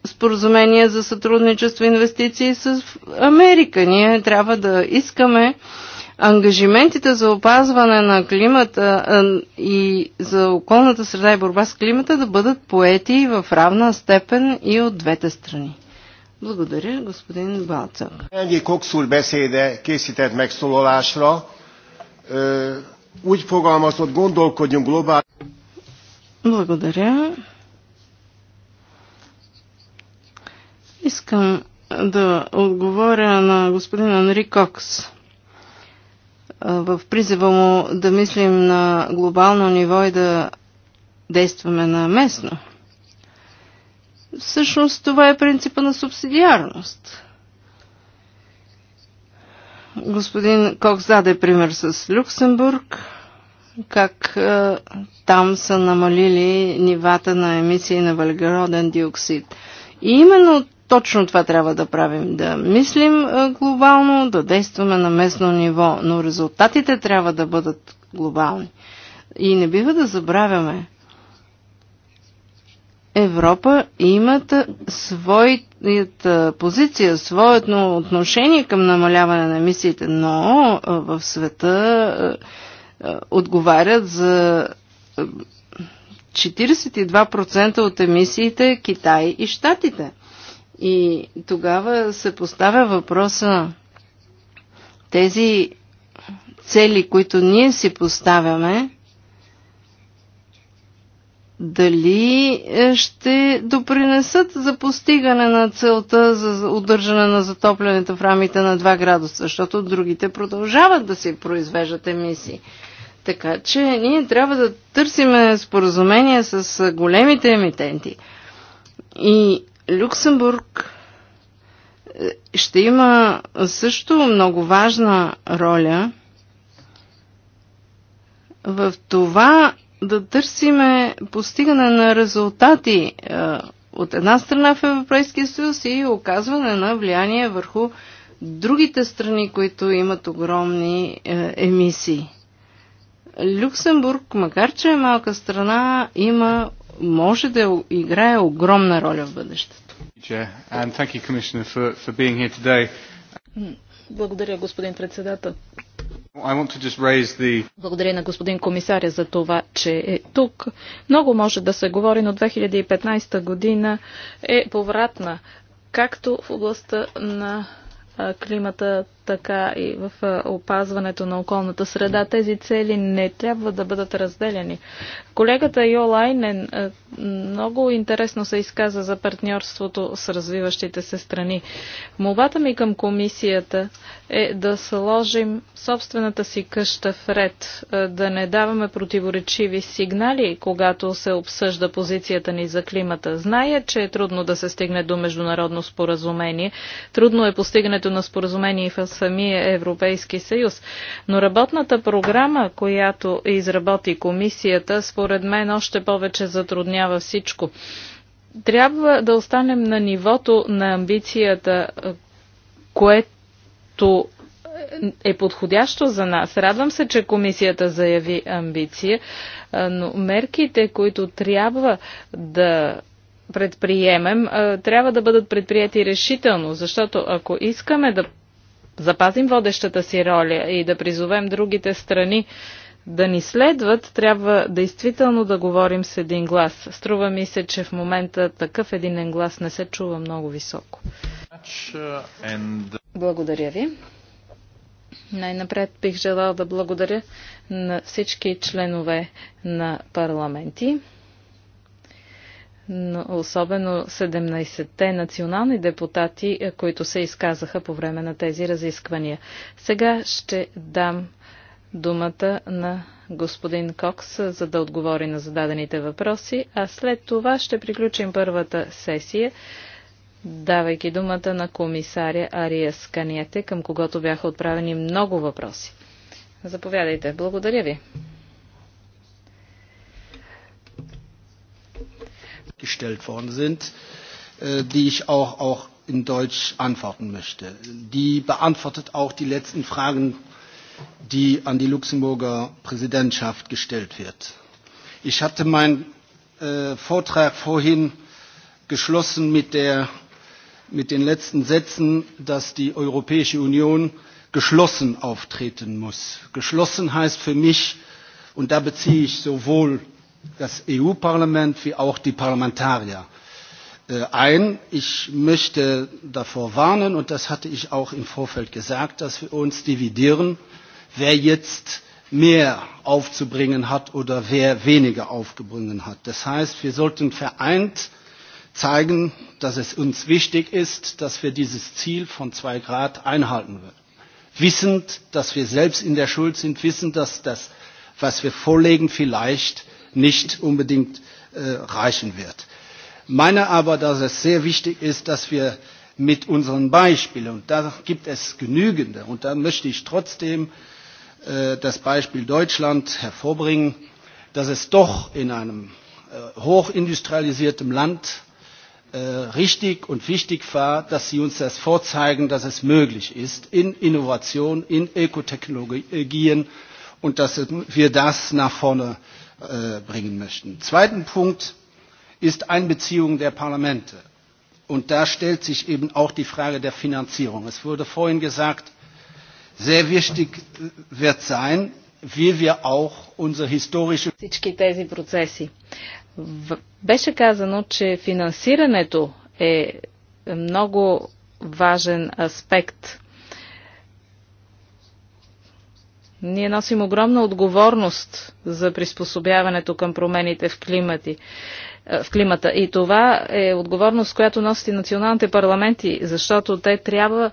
споразумение за сътрудничество и инвестиции с Америка. Ние трябва да искаме ангажиментите за опазване на климата и за околната среда и борба с климата да бъдат поети в равна степен и от двете страни. Благодаря, господин Балцак. Egyik Coxul beszéde készített megszólalásra úgy fogalmazott, gondolkodjunk globál. Благодаря. Искам да отговоря на господин Анри Кокс в призива му да мислим на глобално ниво и да действаме на местно. Всъщност това е принципа на субсидиарност. Господин Кокс, даде пример с Люксембург, как е, там са намалили нивата на емисии на въглероден диоксид. И именно точно това трябва да правим. Да мислим е, глобално, да действаме на местно ниво, но резултатите трябва да бъдат глобални. И не бива да забравяме – Европа имат своята позиция, своето отношение към намаляване на емисиите, но в света отговарят за 42% от емисиите Китай и Штатите. И тогава се поставя въпроса тези цели, които ние си поставяме, дали е, ще допринесат за постигане на целта за удържане на затоплянето в рамите на 2 градуса, защото другите продължават да си произвеждат емисии. Така че ние трябва да търсиме споразумение с е, големите емитенти. И Люксембург е, ще има също много важна роля в това да търсиме постигане на резултати е, от една страна в Европейския съюз и оказване на влияние върху другите страни, които имат огромни е, емисии. Люксембург, макар че е малка страна, има, може да играе огромна роля в бъдещето. Благодаря, господин председател. Благодаря на господин комисаря за това, че е тук. Много може да се говори, но 2015 година е повратна, както в областта на климата, така и в опазването на околната среда. Тези цели не трябва да бъдат разделени. Колегата Йолайнен много интересно се изказа за партньорството с развиващите се страни. Молбата ми към комисията е да сложим собствената си къща в ред, да не даваме противоречиви сигнали, когато се обсъжда позицията ни за климата. Зная, че е трудно да се стигне до международно споразумение. Трудно е постигането на споразумение в самия Европейски съюз. Но работната програма, която изработи комисията, според мен още повече затруднява всичко. Трябва да останем на нивото на амбицията, което е подходящо за нас. Радвам се, че комисията заяви амбиция, но мерките, които трябва да предприемем, трябва да бъдат предприяти решително, защото ако искаме да запазим водещата си роля и да призовем другите страни да ни следват, трябва действително да говорим с един глас. Струва ми се, че в момента такъв един глас не се чува много високо. Благодаря ви. Най-напред бих желал да благодаря на всички членове на парламенти особено 17-те национални депутати, е, които се изказаха по време на тези разисквания. Сега ще дам думата на господин Кокс, е, за да отговори на зададените въпроси, а след това ще приключим първата сесия, давайки думата на комисаря Ария Сканиете, към когото бяха отправени много въпроси. Заповядайте. Благодаря ви. gestellt worden sind, die ich auch, auch in Deutsch antworten möchte. Die beantwortet auch die letzten Fragen, die an die Luxemburger Präsidentschaft gestellt wird. Ich hatte meinen äh, Vortrag vorhin geschlossen mit, der, mit den letzten Sätzen, dass die Europäische Union geschlossen auftreten muss. Geschlossen heißt für mich, und da beziehe ich sowohl das EU Parlament wie auch die Parlamentarier ein. Ich möchte davor warnen, und das hatte ich auch im Vorfeld gesagt, dass wir uns dividieren, wer jetzt mehr aufzubringen hat oder wer weniger aufgebrungen hat. Das heißt, wir sollten vereint zeigen, dass es uns wichtig ist, dass wir dieses Ziel von zwei Grad einhalten wollen. Wissend, dass wir selbst in der Schuld sind, wissend, dass das, was wir vorlegen, vielleicht nicht unbedingt reichen wird. Ich meine aber, dass es sehr wichtig ist, dass wir mit unseren Beispielen, und da gibt es genügende, und da möchte ich trotzdem das Beispiel Deutschland hervorbringen, dass es doch in einem hochindustrialisierten Land richtig und wichtig war, dass Sie uns das vorzeigen, dass es möglich ist in Innovation, in Ökotechnologien und dass wir das nach vorne bringen möchten. Zweiten Punkt ist Einbeziehung der Parlamente. Und da stellt sich eben auch die Frage der Finanzierung. Es wurde vorhin gesagt, sehr wichtig wird sein, wie wir auch unsere historische Беше казано, че финансирането е много важен аспект Ние носим огромна отговорност за приспособяването към промените в, климати, е, в климата. И това е отговорност, която носят и националните парламенти, защото те трябва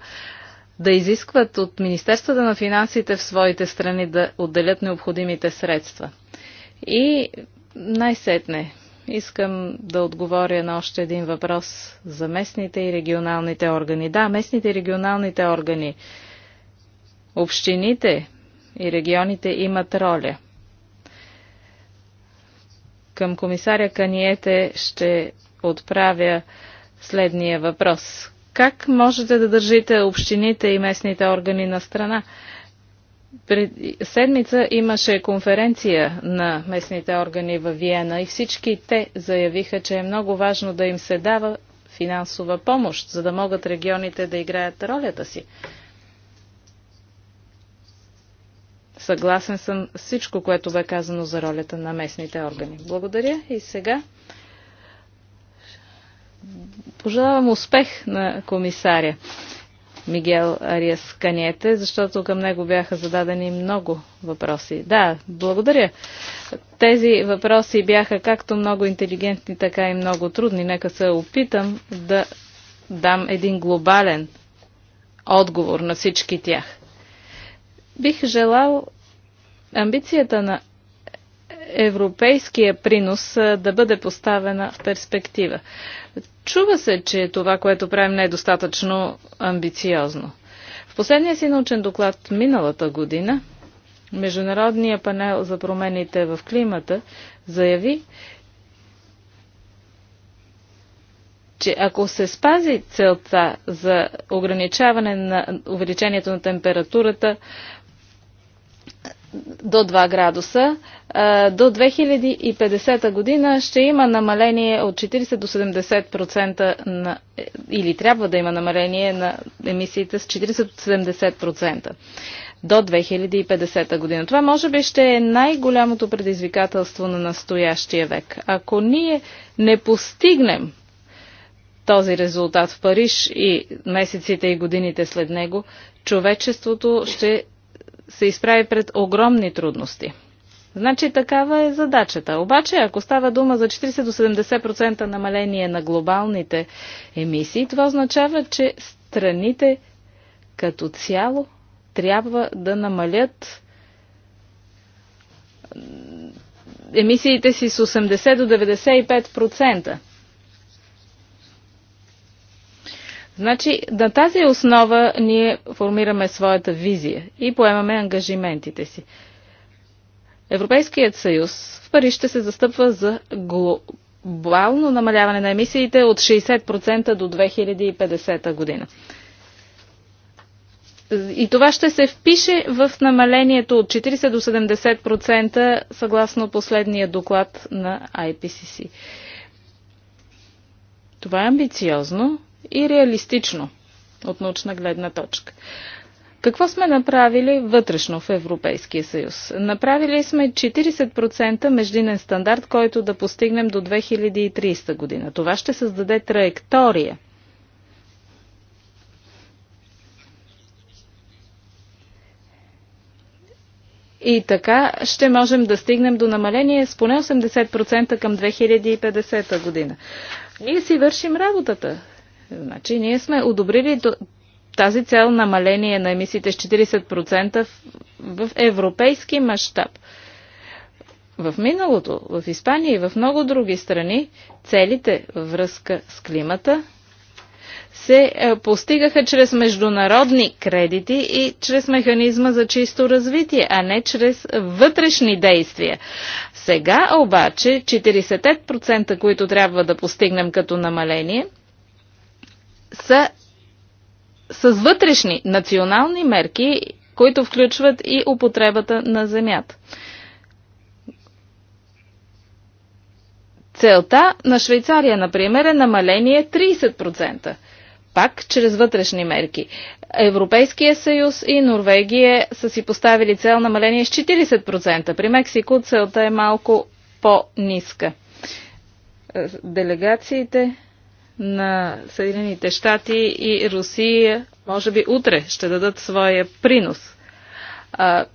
да изискват от Министерствата на финансите в своите страни да отделят необходимите средства. И най-сетне искам да отговоря на още един въпрос за местните и регионалните органи. Да, местните и регионалните органи, общините, и регионите имат роля. Към комисаря Каниете ще отправя следния въпрос. Как можете да държите общините и местните органи на страна? Пред седмица имаше конференция на местните органи в Виена и всички те заявиха, че е много важно да им се дава финансова помощ, за да могат регионите да играят ролята си. Съгласен съм с всичко, което бе казано за ролята на местните органи. Благодаря и сега пожелавам успех на комисаря Мигел Ариас Каниете, защото към него бяха зададени много въпроси. Да, благодаря. Тези въпроси бяха както много интелигентни, така и много трудни. Нека се опитам да дам един глобален отговор на всички тях. Бих желал амбицията на европейския принос да бъде поставена в перспектива. Чува се, че това, което правим, не е достатъчно амбициозно. В последния си научен доклад миналата година Международния панел за промените в климата заяви, че ако се спази целта за ограничаване на увеличението на температурата до 2 градуса. До 2050 година ще има намаление от 40 до 70% на, е, или трябва да има намаление на емисиите с 40 до 70% до 2050 година. Това може би ще е най-голямото предизвикателство на настоящия век. Ако ние не постигнем този резултат в Париж и месеците и годините след него, човечеството ще се изправи пред огромни трудности. Значи такава е задачата. Обаче, ако става дума за 40 до 70% намаление на глобалните емисии, това означава, че страните като цяло трябва да намалят емисиите си с 80 до 95%. Значи на тази основа ние формираме своята визия и поемаме ангажиментите си. Европейският съюз в Париж ще се застъпва за глобално намаляване на емисиите от 60% до 2050 година. И това ще се впише в намалението от 40 до 70% съгласно последния доклад на IPCC. Това е амбициозно, и реалистично от научна гледна точка. Какво сме направили вътрешно в Европейския съюз? Направили сме 40% междинен стандарт, който да постигнем до 2030 година. Това ще създаде траектория И така ще можем да стигнем до намаление с поне 80% към 2050 година. Ние си вършим работата. Значи ние сме одобрили тази цел намаление на емисиите с 40% в европейски мащаб. В миналото, в Испания и в много други страни, целите във връзка с климата се е, постигаха чрез международни кредити и чрез механизма за чисто развитие, а не чрез вътрешни действия. Сега обаче 40%, които трябва да постигнем като намаление – са с вътрешни национални мерки, които включват и употребата на земята. Целта на Швейцария, например, е намаление 30%. Пак чрез вътрешни мерки. Европейския съюз и Норвегия са си поставили цел намаление с 40%. При Мексико целта е малко по-ниска. Делегациите на Съединените щати и Русия, може би утре ще дадат своя принос а,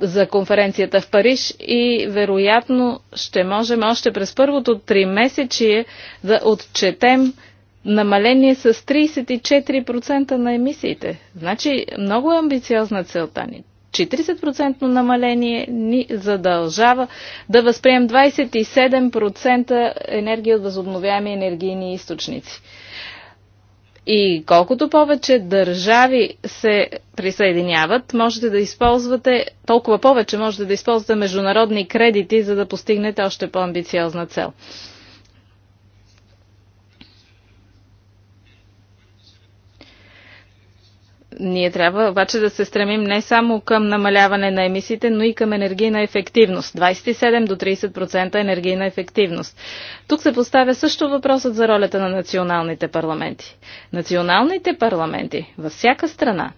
за конференцията в Париж и вероятно ще можем още през първото три месечие да отчетем намаление с 34% на емисиите. Значи много е амбициозна целта ни. 40% намаление ни задължава да възприем 27% енергия от възобновяеми енергийни източници. И колкото повече държави се присъединяват, можете да използвате, толкова повече можете да използвате международни кредити, за да постигнете още по-амбициозна цел. Ние трябва обаче да се стремим не само към намаляване на емисиите, но и към енергийна ефективност. 27 до 30% енергийна ефективност. Тук се поставя също въпросът за ролята на националните парламенти. Националните парламенти във всяка страна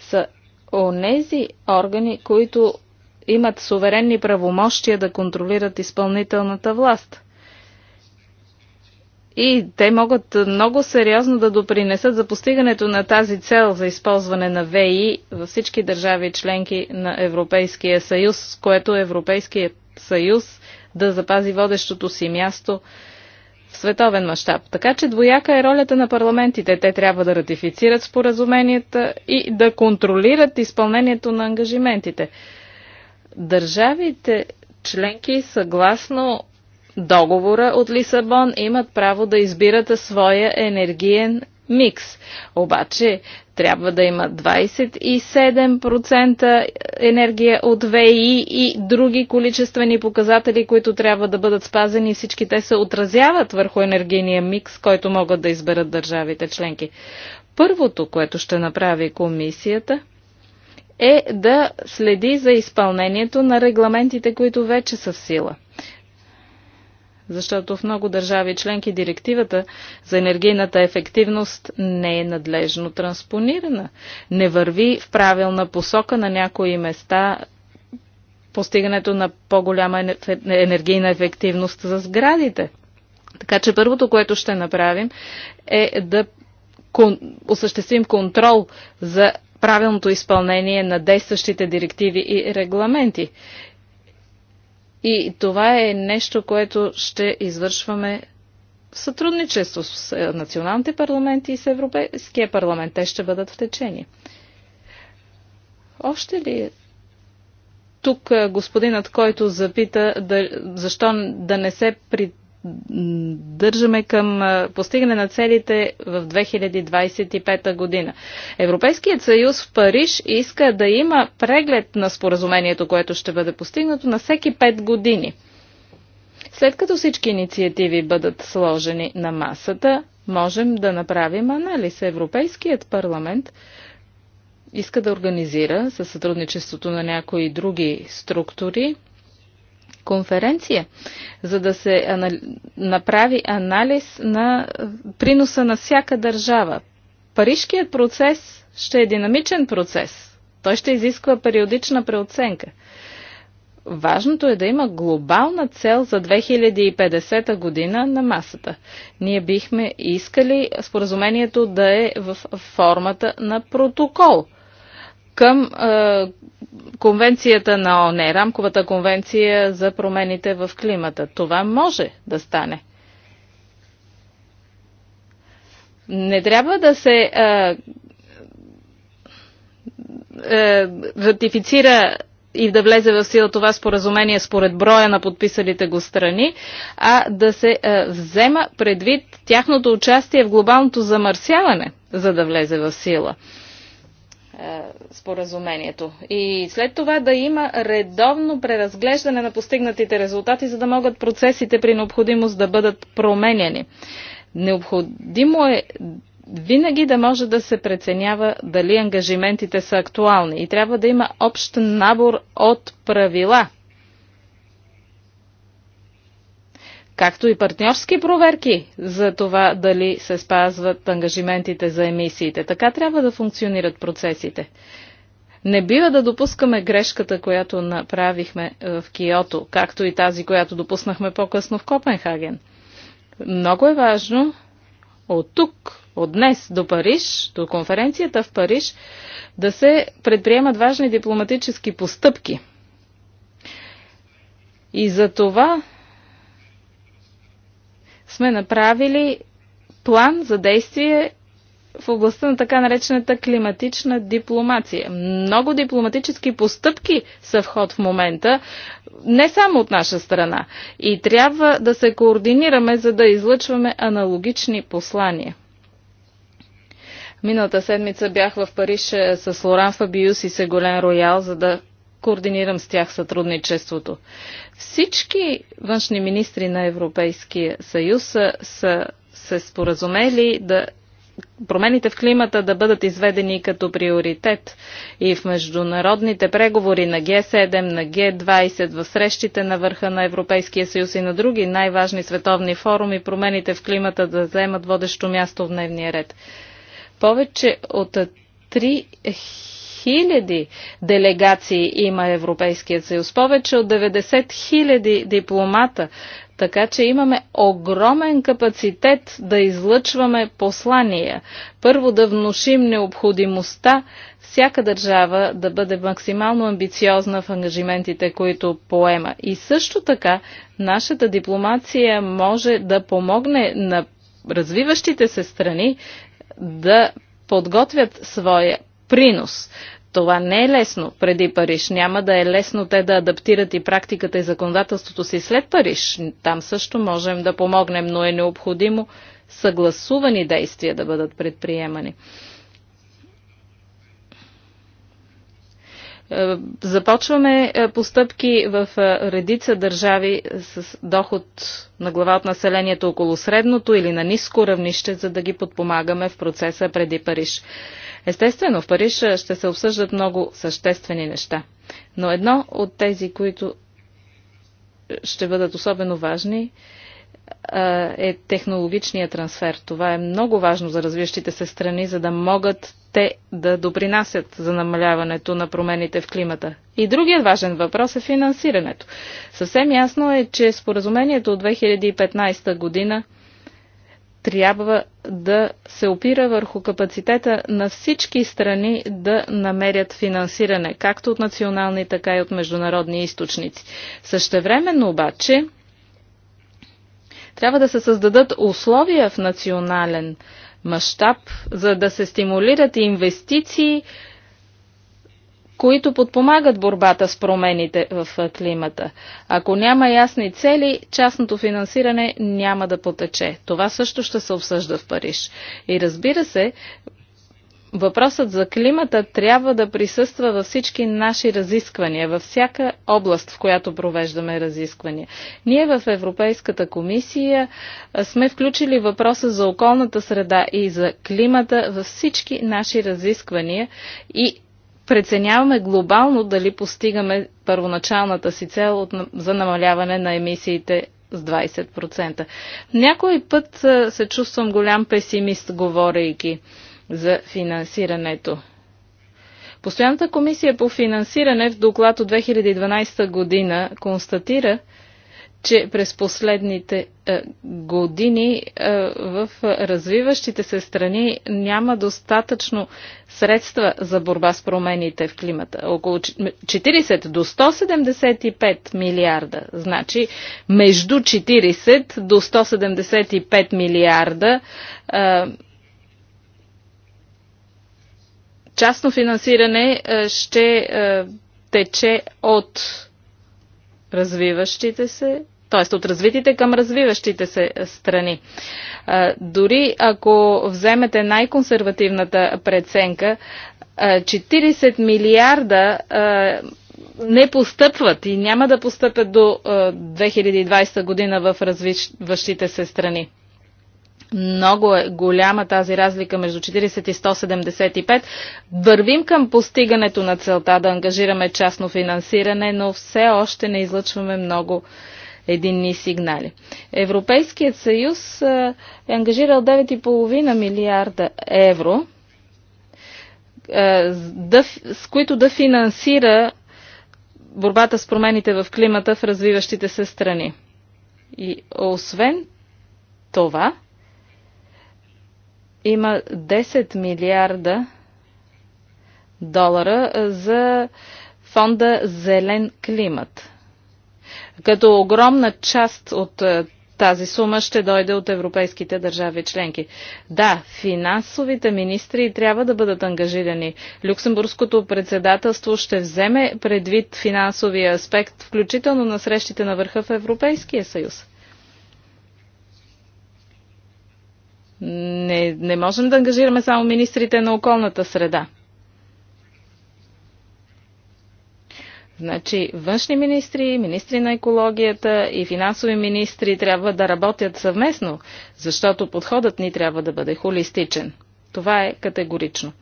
са онези органи, които имат суверенни правомощия да контролират изпълнителната власт – и те могат много сериозно да допринесат за постигането на тази цел за използване на ВИ във всички държави членки на Европейския съюз, с което Европейския съюз да запази водещото си място в световен мащаб. Така че двояка е ролята на парламентите. Те трябва да ратифицират споразуменията и да контролират изпълнението на ангажиментите. Държавите членки, съгласно договора от Лисабон имат право да избират своя енергиен микс. Обаче трябва да има 27% енергия от ВИ и други количествени показатели, които трябва да бъдат спазени. Всички те се отразяват върху енергийния микс, който могат да изберат държавите членки. Първото, което ще направи комисията, е да следи за изпълнението на регламентите, които вече са в сила защото в много държави членки директивата за енергийната ефективност не е надлежно транспонирана. Не върви в правилна посока на някои места постигането на по-голяма енергийна ефективност за сградите. Така че първото, което ще направим е да осъществим контрол за правилното изпълнение на действащите директиви и регламенти. И това е нещо, което ще извършваме в сътрудничество с е, националните парламенти и с Европейския парламент. Те ще бъдат в течение. Още ли е тук е, господинът, който запита да, защо да не се при държаме към постигане на целите в 2025 година. Европейският съюз в Париж иска да има преглед на споразумението, което ще бъде постигнато на всеки 5 години. След като всички инициативи бъдат сложени на масата, можем да направим анализ. Европейският парламент иска да организира със сътрудничеството на някои други структури конференция, за да се анали... направи анализ на приноса на всяка държава. Парижкият процес ще е динамичен процес. Той ще изисква периодична преоценка. Важното е да има глобална цел за 2050 година на масата. Ние бихме искали споразумението да е в формата на протокол към е, конвенцията на ОНЕ, рамковата конвенция за промените в климата. Това може да стане. Не трябва да се е, е, ратифицира и да влезе в сила това споразумение според броя на подписалите го страни, а да се е, взема предвид тяхното участие в глобалното замърсяване, за да влезе в сила. Е, споразумението. И след това да има редовно преразглеждане на постигнатите резултати, за да могат процесите при необходимост да бъдат променени. Необходимо е винаги да може да се преценява дали ангажиментите са актуални и трябва да има общ набор от правила, както и партньорски проверки за това дали се спазват ангажиментите за емисиите. Така трябва да функционират процесите. Не бива да допускаме грешката, която направихме е, в Киото, както и тази, която допуснахме по-късно в Копенхаген. Много е важно от тук, от днес до Париж, до конференцията в Париж, да се предприемат важни дипломатически постъпки. И за това сме направили план за действие в областта на така наречената климатична дипломация. Много дипломатически постъпки са в ход в момента, не само от наша страна. И трябва да се координираме, за да излъчваме аналогични послания. Миналата седмица бях в Париж е, с Лоран Фабиус и Сеголен Роял, за да координирам с тях сътрудничеството. Всички външни министри на Европейския съюз са, са се споразумели да промените в климата да бъдат изведени като приоритет и в международните преговори на Г7, на Г20, в срещите на върха на Европейския съюз и на други най-важни световни форуми, промените в климата да вземат водещо място в дневния ред. Повече от хиляди делегации има Европейският съюз, повече от 90 хиляди дипломата, така че имаме огромен капацитет да излъчваме послания. Първо да внушим необходимостта всяка държава да бъде максимално амбициозна в ангажиментите, които поема. И също така нашата дипломация може да помогне на развиващите се страни да подготвят своя принос това не е лесно преди Париж. Няма да е лесно те да адаптират и практиката и законодателството си след Париж. Там също можем да помогнем, но е необходимо съгласувани действия да бъдат предприемани. Е, започваме е, постъпки в е, редица държави с доход на глава от населението около средното или на ниско равнище, за да ги подпомагаме в процеса преди Париж. Естествено, в Париж ще се обсъждат много съществени неща. Но едно от тези, които ще бъдат особено важни, е технологичния трансфер. Това е много важно за развиващите се страни, за да могат те да допринасят за намаляването на промените в климата. И другият важен въпрос е финансирането. Съвсем ясно е, че споразумението от 2015 година трябва да се опира върху капацитета на всички страни да намерят финансиране, както от национални, така и от международни източници. Същевременно обаче трябва да се създадат условия в национален мащаб, за да се стимулират инвестиции които подпомагат борбата с промените в климата. Ако няма ясни цели, частното финансиране няма да потече. Това също ще се обсъжда в Париж. И разбира се, Въпросът за климата трябва да присъства във всички наши разисквания, във всяка област, в която провеждаме разисквания. Ние в Европейската комисия сме включили въпроса за околната среда и за климата във всички наши разисквания и преценяваме глобално дали постигаме първоначалната си цел от, за намаляване на емисиите с 20%. Някой път се чувствам голям песимист, говорейки за финансирането. Постоянната комисия по финансиране в доклад от 2012 година констатира, че през последните е, години е, в развиващите се страни няма достатъчно средства за борба с промените в климата. Около 40 до 175 милиарда. Значи между 40 до 175 милиарда е, частно финансиране ще тече от развиващите се т.е. от развитите към развиващите се страни. Дори ако вземете най-консервативната преценка, 40 милиарда не постъпват и няма да постъпят до 2020 година в развиващите се страни. Много е голяма тази разлика между 40 и 175. Вървим към постигането на целта да ангажираме частно финансиране, но все още не излъчваме много единни сигнали. Европейският съюз е ангажирал 9,5 милиарда евро, с които да финансира борбата с промените в климата в развиващите се страни. И освен това, има 10 милиарда долара за фонда Зелен климат като огромна част от е, тази сума ще дойде от европейските държави членки. Да, финансовите министри трябва да бъдат ангажирани. Люксембургското председателство ще вземе предвид финансовия аспект, включително на срещите на върха в Европейския съюз. Не, не можем да ангажираме само министрите на околната среда. Значи външни министри, министри на екологията и финансови министри трябва да работят съвместно, защото подходът ни трябва да бъде холистичен. Това е категорично.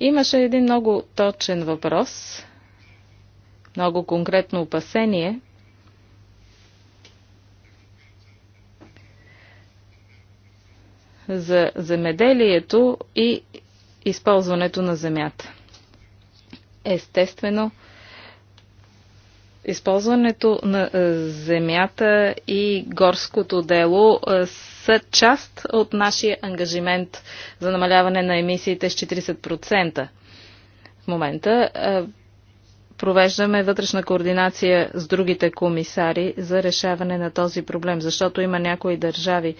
Имаше един много точен въпрос, много конкретно опасение. за земеделието и използването на земята. Естествено, използването на е, земята и горското дело е, са част от нашия ангажимент за намаляване на емисиите с 40%. В момента е, провеждаме вътрешна координация с другите комисари за решаване на този проблем, защото има някои държави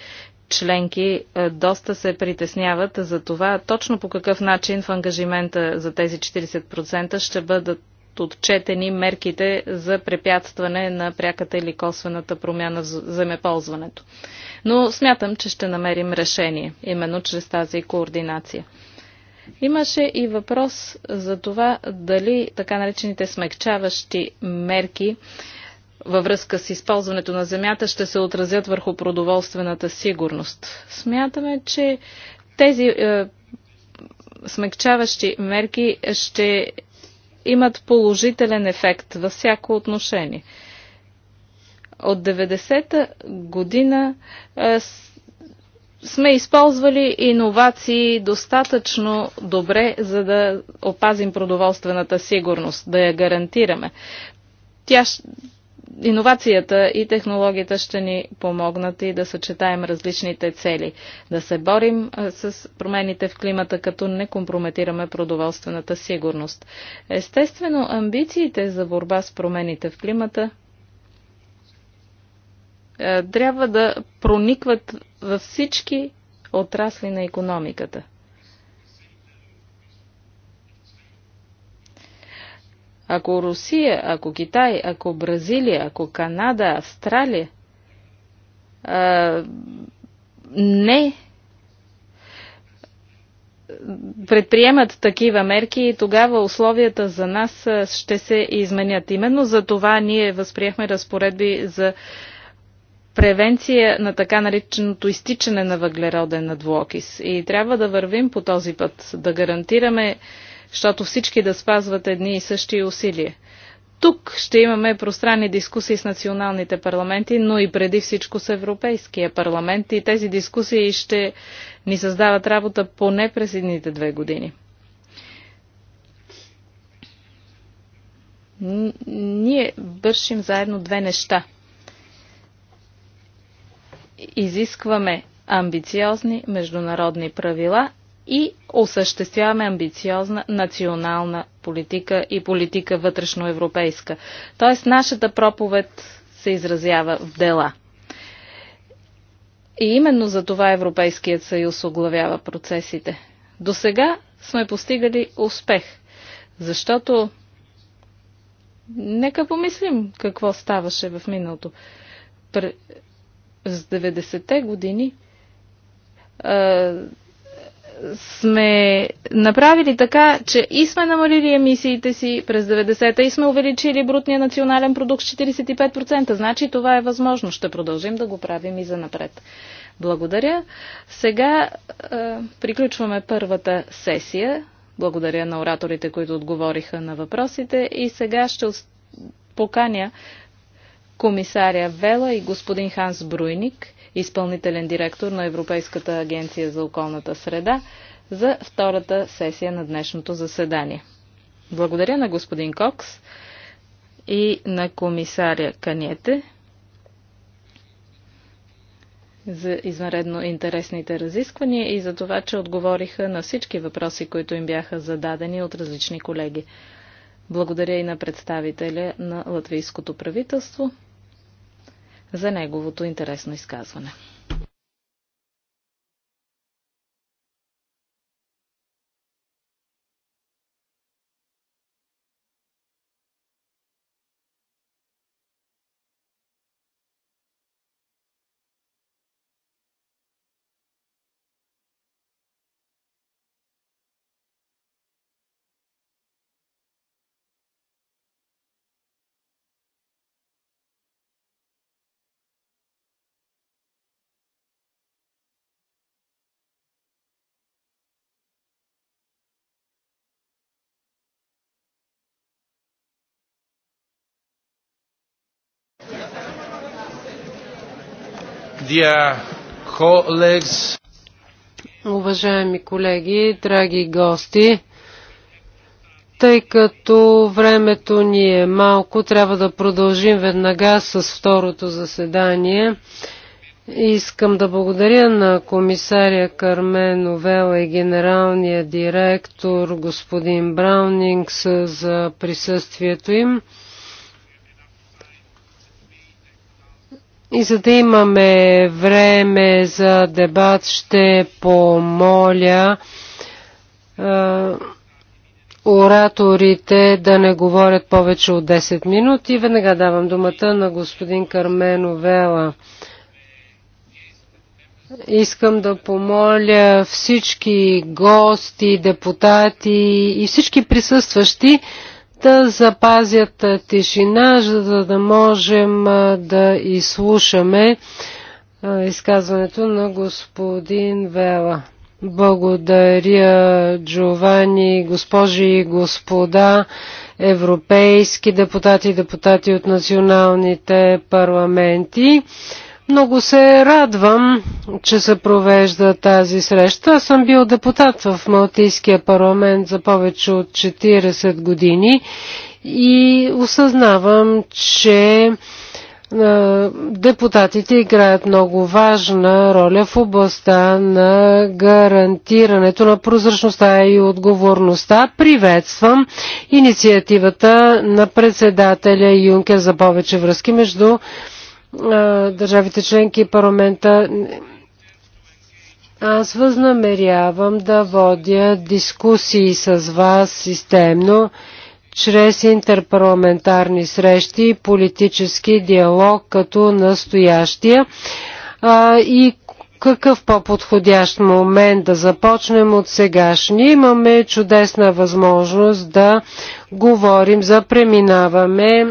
членки доста се притесняват за това точно по какъв начин в ангажимента за тези 40% ще бъдат отчетени мерките за препятстване на пряката или косвената промяна в земеползването. Но смятам, че ще намерим решение, именно чрез тази координация. Имаше и въпрос за това дали така наречените смекчаващи мерки във връзка с използването на земята ще се отразят върху продоволствената сигурност. Смятаме, че тези е, смекчаващи мерки ще имат положителен ефект във всяко отношение. От 90-та година е, сме използвали иновации достатъчно добре, за да опазим продоволствената сигурност, да я гарантираме. Тя иновацията и технологията ще ни помогнат и да съчетаем различните цели. Да се борим с промените в климата, като не компрометираме продоволствената сигурност. Естествено, амбициите за борба с промените в климата трябва да проникват във всички отрасли на економиката – Ако Русия, ако Китай, ако Бразилия, ако Канада, Австралия а, не предприемат такива мерки и тогава условията за нас ще се изменят. Именно за това ние възприехме разпоредби за превенция на така нареченото изтичане на въглероден двуокис. И трябва да вървим по този път, да гарантираме защото всички да спазват едни и същи усилия. Тук ще имаме пространни дискусии с националните парламенти, но и преди всичко с Европейския парламент и тези дискусии ще ни създават работа поне през едните две години. Ние вършим заедно две неща. Изискваме амбициозни международни правила и осъществяваме амбициозна национална политика и политика вътрешноевропейска. Тоест нашата проповед се изразява в дела. И именно за това Европейският съюз оглавява процесите. До сега сме постигали успех, защото нека помислим какво ставаше в миналото. През 90-те години сме направили така, че и сме намалили емисиите си през 90-та и сме увеличили брутния национален продукт с 45%. Значи това е възможно. Ще продължим да го правим и за напред. Благодаря. Сега е, приключваме първата сесия. Благодаря на ораторите, които отговориха на въпросите. И сега ще поканя комисаря Вела и господин Ханс Бруйник – изпълнителен директор на Европейската агенция за околната среда, за втората сесия на днешното заседание. Благодаря на господин Кокс и на комисаря Каниете за извънредно интересните разисквания и за това, че отговориха на всички въпроси, които им бяха зададени от различни колеги. Благодаря и на представителя на латвийското правителство за неговото интересно изказване. Уважаеми колеги, драги гости, тъй като времето ни е малко, трябва да продължим веднага с второто заседание. Искам да благодаря на комисаря Кармен Новела и генералния директор господин Браунингс за присъствието им. И за да имаме време за дебат, ще помоля е, ораторите да не говорят повече от 10 минути. Веднага давам думата на господин Кармено Вела. Искам да помоля всички гости, депутати и всички присъстващи да запазят тишина, за да можем да изслушаме изказването на господин Вела. Благодаря, Джовани, госпожи и господа, европейски депутати и депутати от националните парламенти. Много се радвам, че се провежда тази среща. Аз съм бил депутат в Малтийския парламент за повече от 40 години и осъзнавам, че депутатите играят много важна роля в областта на гарантирането на прозрачността и отговорността. Приветствам инициативата на председателя Юнкер за повече връзки между държавите членки и парламента. Аз възнамерявам да водя дискусии с вас системно, чрез интерпарламентарни срещи и политически диалог като настоящия. А, и какъв по-подходящ момент да започнем от сегашни? Имаме чудесна възможност да говорим за преминаваме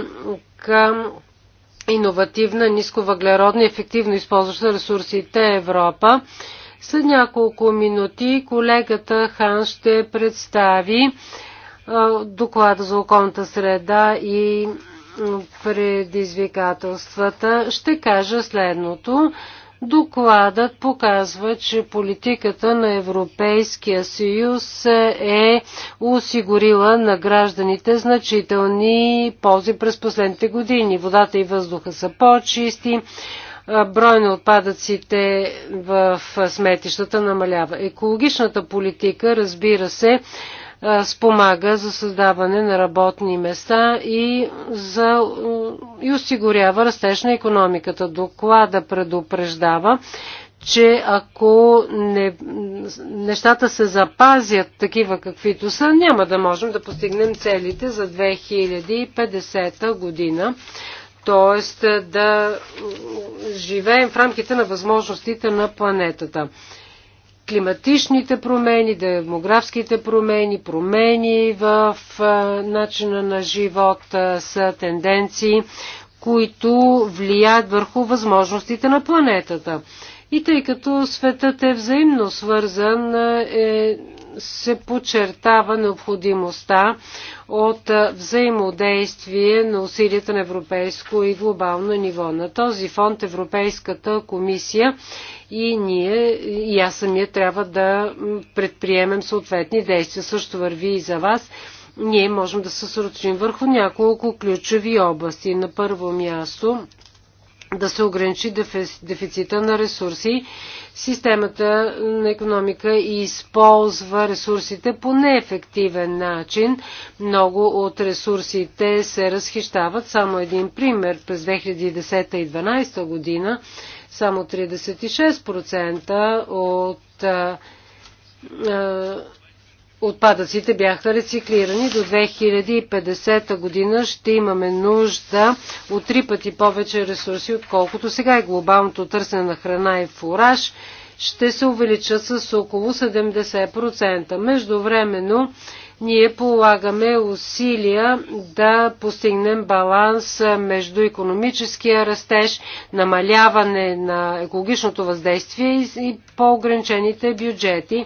към иновативна, нисковъглеродна и ефективно използваща ресурсите Европа. След няколко минути колегата Хан ще представи доклада за околната среда и предизвикателствата. Ще кажа следното. Докладът показва, че политиката на Европейския съюз е осигурила на гражданите значителни ползи през последните години. Водата и въздуха са по-чисти, брой на отпадъците в сметищата намалява. Екологичната политика, разбира се, спомага за създаване на работни места и, за, и осигурява растеж на економиката. Доклада предупреждава, че ако не, нещата се запазят такива каквито са, няма да можем да постигнем целите за 2050 година. т.е. да живеем в рамките на възможностите на планетата климатичните промени, демографските промени, промени в начина на живот са тенденции, които влияят върху възможностите на планетата. И тъй като светът е взаимно свързан, е се подчертава необходимостта от взаимодействие на усилията на европейско и глобално ниво. На този фонд Европейската комисия и ние, и аз самия трябва да предприемем съответни действия. Също върви и за вас. Ние можем да се съсредоточим върху няколко ключови области. На първо място да се ограничи дефицита на ресурси. Системата на економика използва ресурсите по неефективен начин. Много от ресурсите се разхищават. Само един пример. През 2010 и 2012 година само 36% от отпадъците бяха рециклирани. До 2050 година ще имаме нужда от три пъти повече ресурси, отколкото сега и е глобалното търсене на храна и фураж ще се увеличат с около 70%. Междувременно ние полагаме усилия да постигнем баланс между економическия растеж, намаляване на екологичното въздействие и по-ограничените бюджети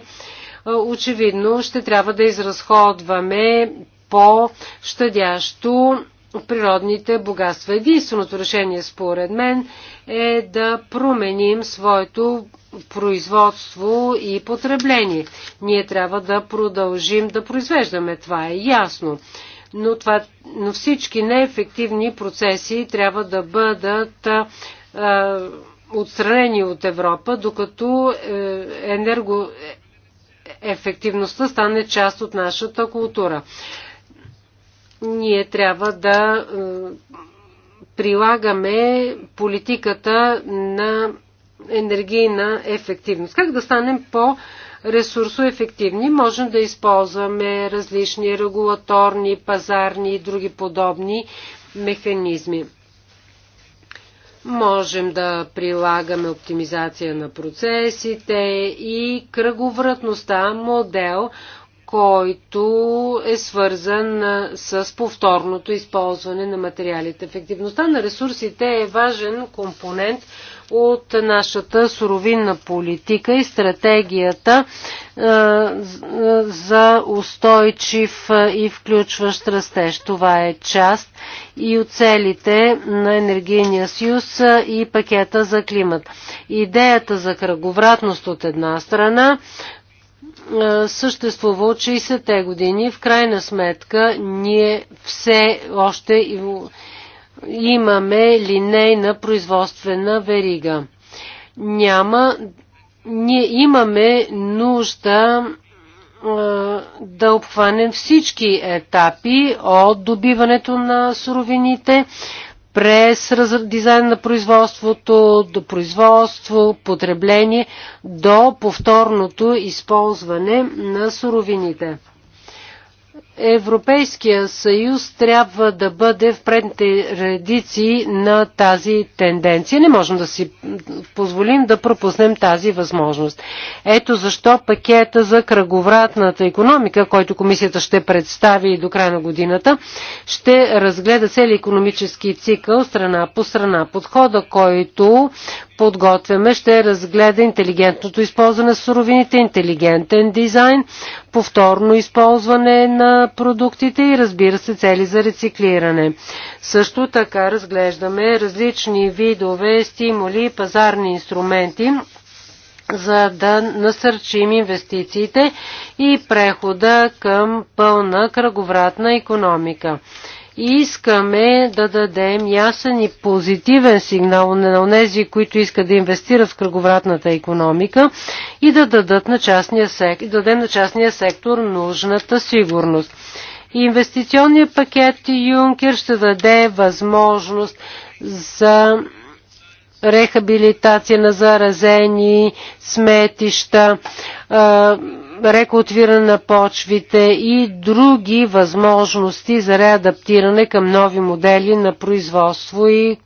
очевидно ще трябва да изразходваме по-щадящо природните богатства. Единственото решение, според мен, е да променим своето производство и потребление. Ние трябва да продължим да произвеждаме, това е ясно. Но, това, но всички неефективни процеси трябва да бъдат а, отстранени от Европа, докато е, енерго, ефективността стане част от нашата култура. Ние трябва да е, прилагаме политиката на енергийна ефективност. Как да станем по- ресурсоефективни, можем да използваме различни регулаторни, пазарни и други подобни механизми. Можем да прилагаме оптимизация на процесите и кръговратността модел, който е свързан с повторното използване на материалите. Ефективността на ресурсите е важен компонент от нашата суровинна политика и стратегията е, за устойчив и включващ растеж. Това е част и от целите на енергийния съюз и пакета за климат. Идеята за кръговратност от една страна е, съществува от 60-те години. В крайна сметка ние все още имаме линейна производствена верига. Няма. Ние имаме нужда да обхванем всички етапи от добиването на суровините през дизайн на производството, до производство, потребление, до повторното използване на суровините. Европейския съюз трябва да бъде в предните редици на тази тенденция. Не можем да си позволим да пропуснем тази възможност. Ето защо пакета за кръговратната економика, който комисията ще представи до края на годината, ще разгледа цели економически цикъл страна по страна. Подхода, който подготвяме, ще разгледа интелигентното използване на суровините, интелигентен дизайн, повторно използване на продуктите и разбира се цели за рециклиране. Също така разглеждаме различни видове стимули и пазарни инструменти, за да насърчим инвестициите и прехода към пълна кръговратна економика. Искаме да дадем ясен и позитивен сигнал на тези, които искат да инвестират в кръговратната економика и да, дадат на частния сектор, дадем на частния сектор нужната сигурност. Инвестиционният пакет Юнкер ще даде възможност за рехабилитация на заразени сметища, рекултивиране на почвите и други възможности за реадаптиране към нови модели на производство и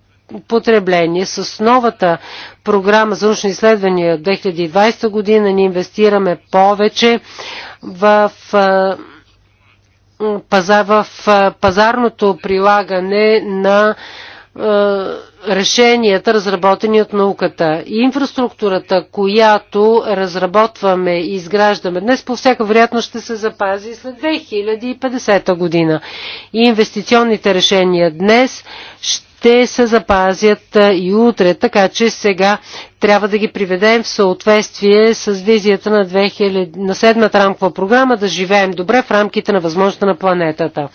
потребление. С новата програма за научни изследвания от 2020 година ни инвестираме повече в, в пазарното прилагане на решенията, разработени от науката. И инфраструктурата, която разработваме и изграждаме днес, по всяка вероятност ще се запази след 2050 година. И инвестиционните решения днес ще се запазят и утре, така че сега трябва да ги приведем в съответствие с визията на, 2000, на седмата рамкова програма да живеем добре в рамките на възможността на планетата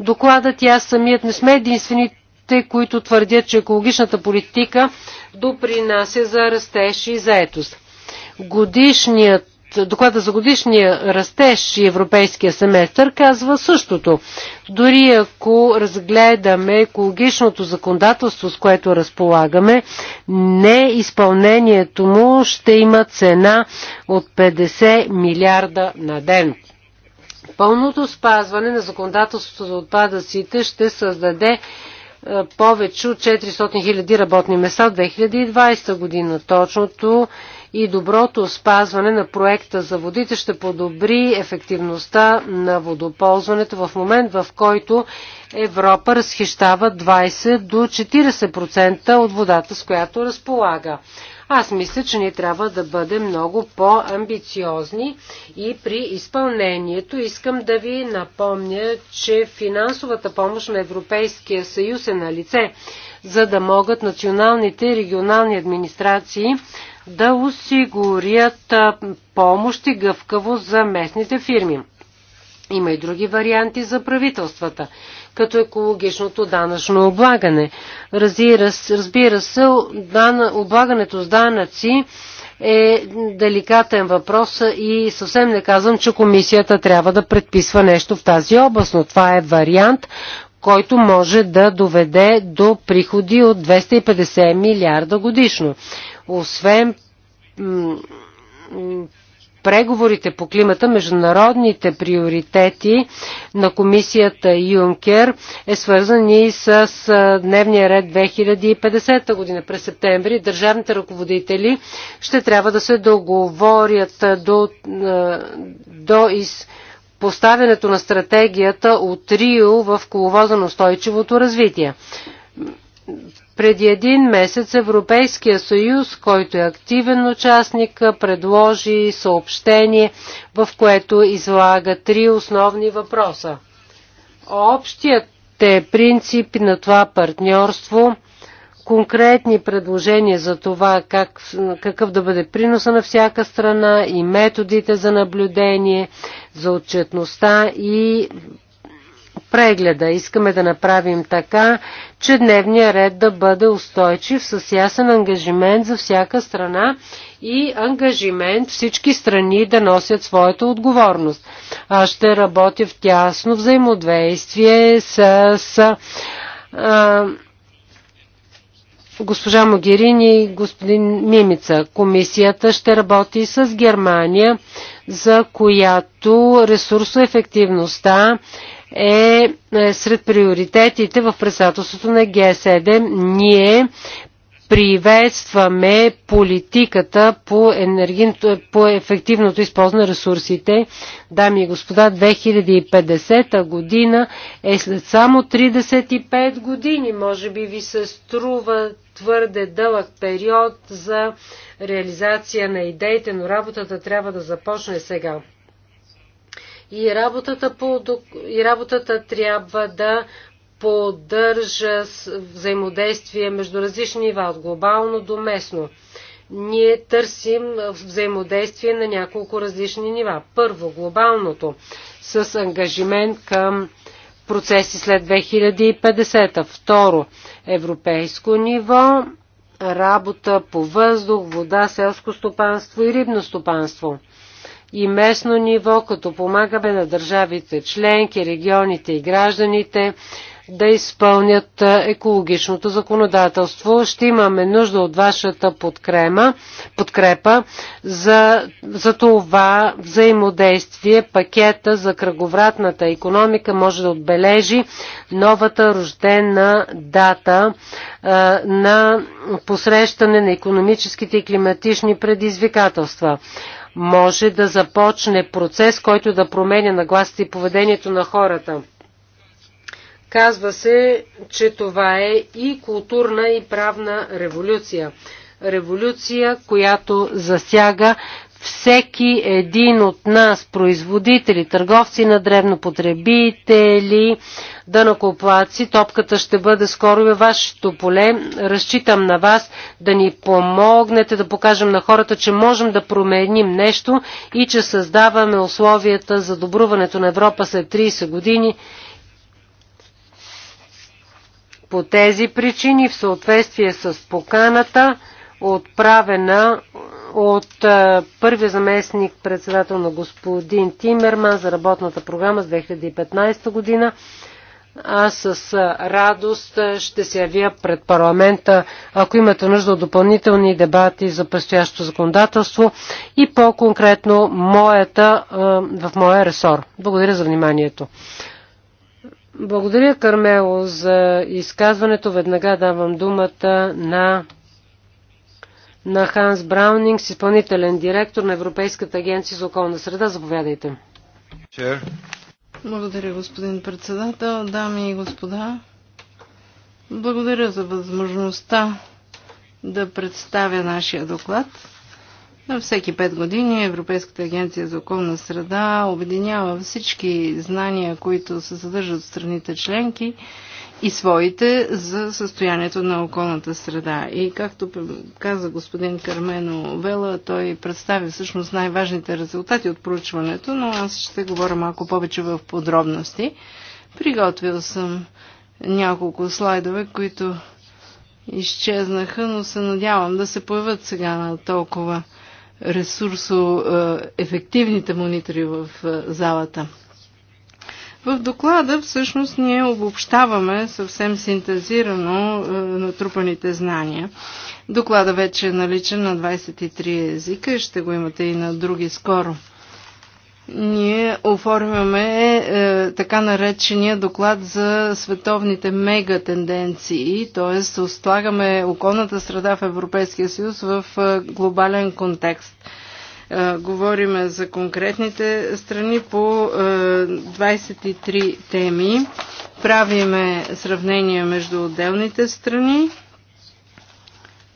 докладът и аз самият не сме единствените експертите, които твърдят, че екологичната политика допринася за растеж и заетост. Годишният доклада за годишния растеж и европейския семестър казва същото. Дори ако разгледаме екологичното законодателство, с което разполагаме, не изпълнението му ще има цена от 50 милиарда на ден. Пълното спазване на законодателството за отпадъците ще създаде е, повече от 400 000 работни места в 2020 година. Точното и доброто спазване на проекта за водите ще подобри ефективността на водоползването в момент, в който Европа разхищава 20 до 40% от водата, с която разполага. Аз мисля, че ние трябва да бъдем много по-амбициозни и при изпълнението искам да ви напомня, че финансовата помощ на Европейския съюз е на лице, за да могат националните и регионални администрации да осигурят помощ и гъвкаво за местните фирми. Има и други варианти за правителствата като екологичното данъчно облагане. Разбира, се, облагането с данъци е деликатен въпрос и съвсем не казвам, че комисията трябва да предписва нещо в тази област, но това е вариант, който може да доведе до приходи от 250 милиарда годишно. Освен преговорите по климата, международните приоритети на комисията Юнкер е свързан и с дневния ред 2050 година. През септември държавните ръководители ще трябва да се договорят до, до из поставянето на стратегията от Рио в коловоза на устойчивото развитие. Преди един месец Европейския съюз, който е активен участник, предложи съобщение, в което излага три основни въпроса. Общият е принцип на това партньорство, конкретни предложения за това как, какъв да бъде приноса на всяка страна и методите за наблюдение, за отчетността и прегледа. Искаме да направим така, че дневния ред да бъде устойчив с ясен ангажимент за всяка страна и ангажимент всички страни да носят своята отговорност. Аз ще работя в тясно взаимодействие с, с а, госпожа Могерини и господин Мимица. Комисията ще работи с Германия, за която ресурсоефективността е, е сред приоритетите в председателството на Г7. Ние приветстваме политиката по, енергин, по ефективното използване на ресурсите. Дами и господа, 2050 година е след само 35 години. Може би ви се струва твърде дълъг период за реализация на идеите, но работата трябва да започне сега и работата, по, и работата трябва да поддържа взаимодействие между различни нива, от глобално до местно. Ние търсим взаимодействие на няколко различни нива. Първо, глобалното, с ангажимент към процеси след 2050. Второ, европейско ниво, работа по въздух, вода, селско стопанство и рибно стопанство – и местно ниво, като помагаме на държавите членки, регионите и гражданите да изпълнят екологичното законодателство. Ще имаме нужда от вашата подкрема, подкрепа за, за това взаимодействие. Пакета за кръговратната економика може да отбележи новата рождена дата а, на посрещане на економическите и климатични предизвикателства може да започне процес, който да променя нагласите и поведението на хората. Казва се, че това е и културна и правна революция. Революция, която засяга всеки един от нас, производители, търговци на древно, потребители, дънакоплаци, топката ще бъде скоро във вашето поле. Разчитам на вас да ни помогнете да покажем на хората, че можем да променим нещо и че създаваме условията за добруването на Европа след 30 години. По тези причини, в съответствие с поканата, отправена от е, първия заместник председател на господин Тимерман за работната програма с 2015 година. Аз с е, радост е, ще се явя пред парламента, ако имате нужда от допълнителни дебати за предстоящото законодателство и по-конкретно моята, в моя ресор. Благодаря за вниманието. Благодаря, Кармело, за изказването. Веднага давам думата на на Ханс Браунинг, изпълнителен директор на Европейската агенция за околна среда. Заповядайте. Благодаря, господин председател, дами и господа. Благодаря за възможността да представя нашия доклад. На всеки 5 години Европейската агенция за околна среда обединява всички знания, които се съдържат в страните членки и своите за състоянието на околната среда. И както каза господин Кармено Вела, той представи всъщност най-важните резултати от проучването, но аз ще говоря малко повече в подробности. Приготвил съм няколко слайдове, които изчезнаха, но се надявам да се появят сега на толкова ресурсо ефективните монитори в е, залата. В доклада всъщност ние обобщаваме съвсем синтезирано е, натрупаните знания. Доклада вече е наличен на 23 езика и ще го имате и на други скоро. Ние оформяме е, е, така наречения доклад за световните мегатенденции, т.е. слагаме околната среда в Европейския съюз в е, глобален контекст е, Говорим за конкретните страни по 23 е, теми. Правиме сравнение между отделните страни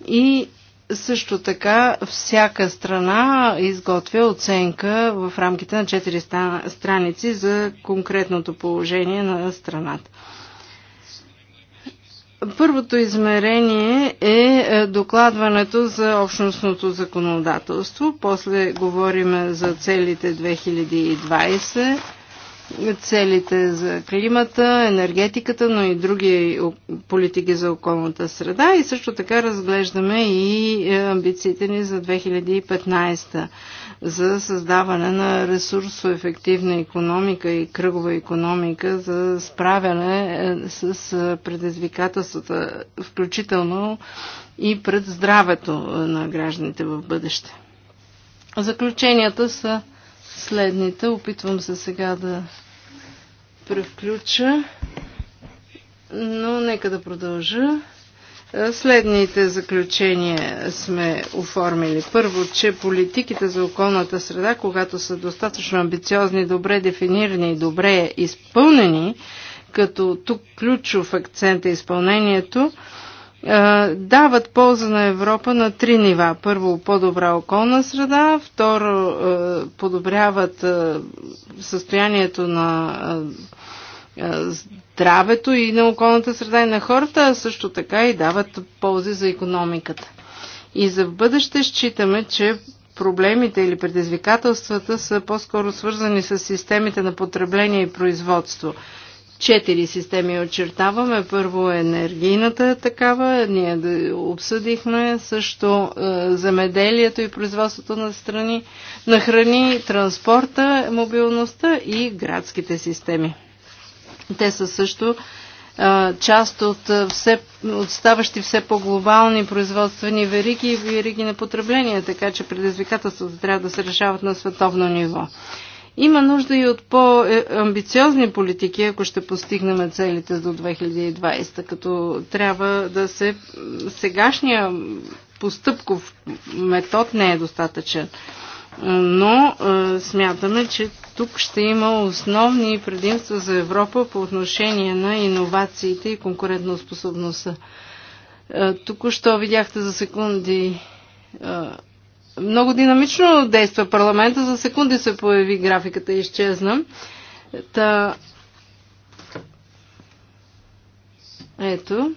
и също така всяка страна изготвя оценка в рамките на 4 страници за конкретното положение на страната. Първото измерение е, е докладването за общностното законодателство. После говорим за целите 2020 целите за климата, енергетиката, но и други политики за околната среда и също така разглеждаме и е, амбициите ни за 2015 за създаване на ресурсоефективна економика и кръгова економика за справяне е, е, с предизвикателствата, включително и пред здравето на гражданите в бъдеще. Заключенията са следните. Опитвам се сега да превключа, но нека да продължа. Е, следните заключения сме оформили. Първо, че политиките за околната среда, когато са достатъчно амбициозни, добре дефинирани и добре изпълнени, като тук ключов акцент е изпълнението, е, дават полза на Европа на три нива. Първо, по-добра околна среда, второ, е, подобряват е, състоянието на здравето и на околната среда и на хората, а също така и дават ползи за економиката. И за в бъдеще считаме, че проблемите или предизвикателствата са по-скоро свързани с системите на потребление и производство – четири системи очертаваме. Първо е енергийната такава, ние да обсъдихме също е, земеделието и производството на, страни, на храни, транспорта, мобилността и градските системи. Те са също е, част от все, отставащи все по-глобални производствени вериги и вериги на потребление, така че предизвикателствата трябва да се решават на световно ниво. Има нужда и от по-амбициозни политики, ако ще постигнем целите до 2020, като трябва да се... Сегашния постъпков метод не е достатъчен. Но е, смятаме, че тук ще има основни предимства за Европа по отношение на иновациите и конкурентоспособността. Е, тук що видяхте за секунди е, много динамично действа парламента. За секунди се появи графиката и изчезна. Та... Ето.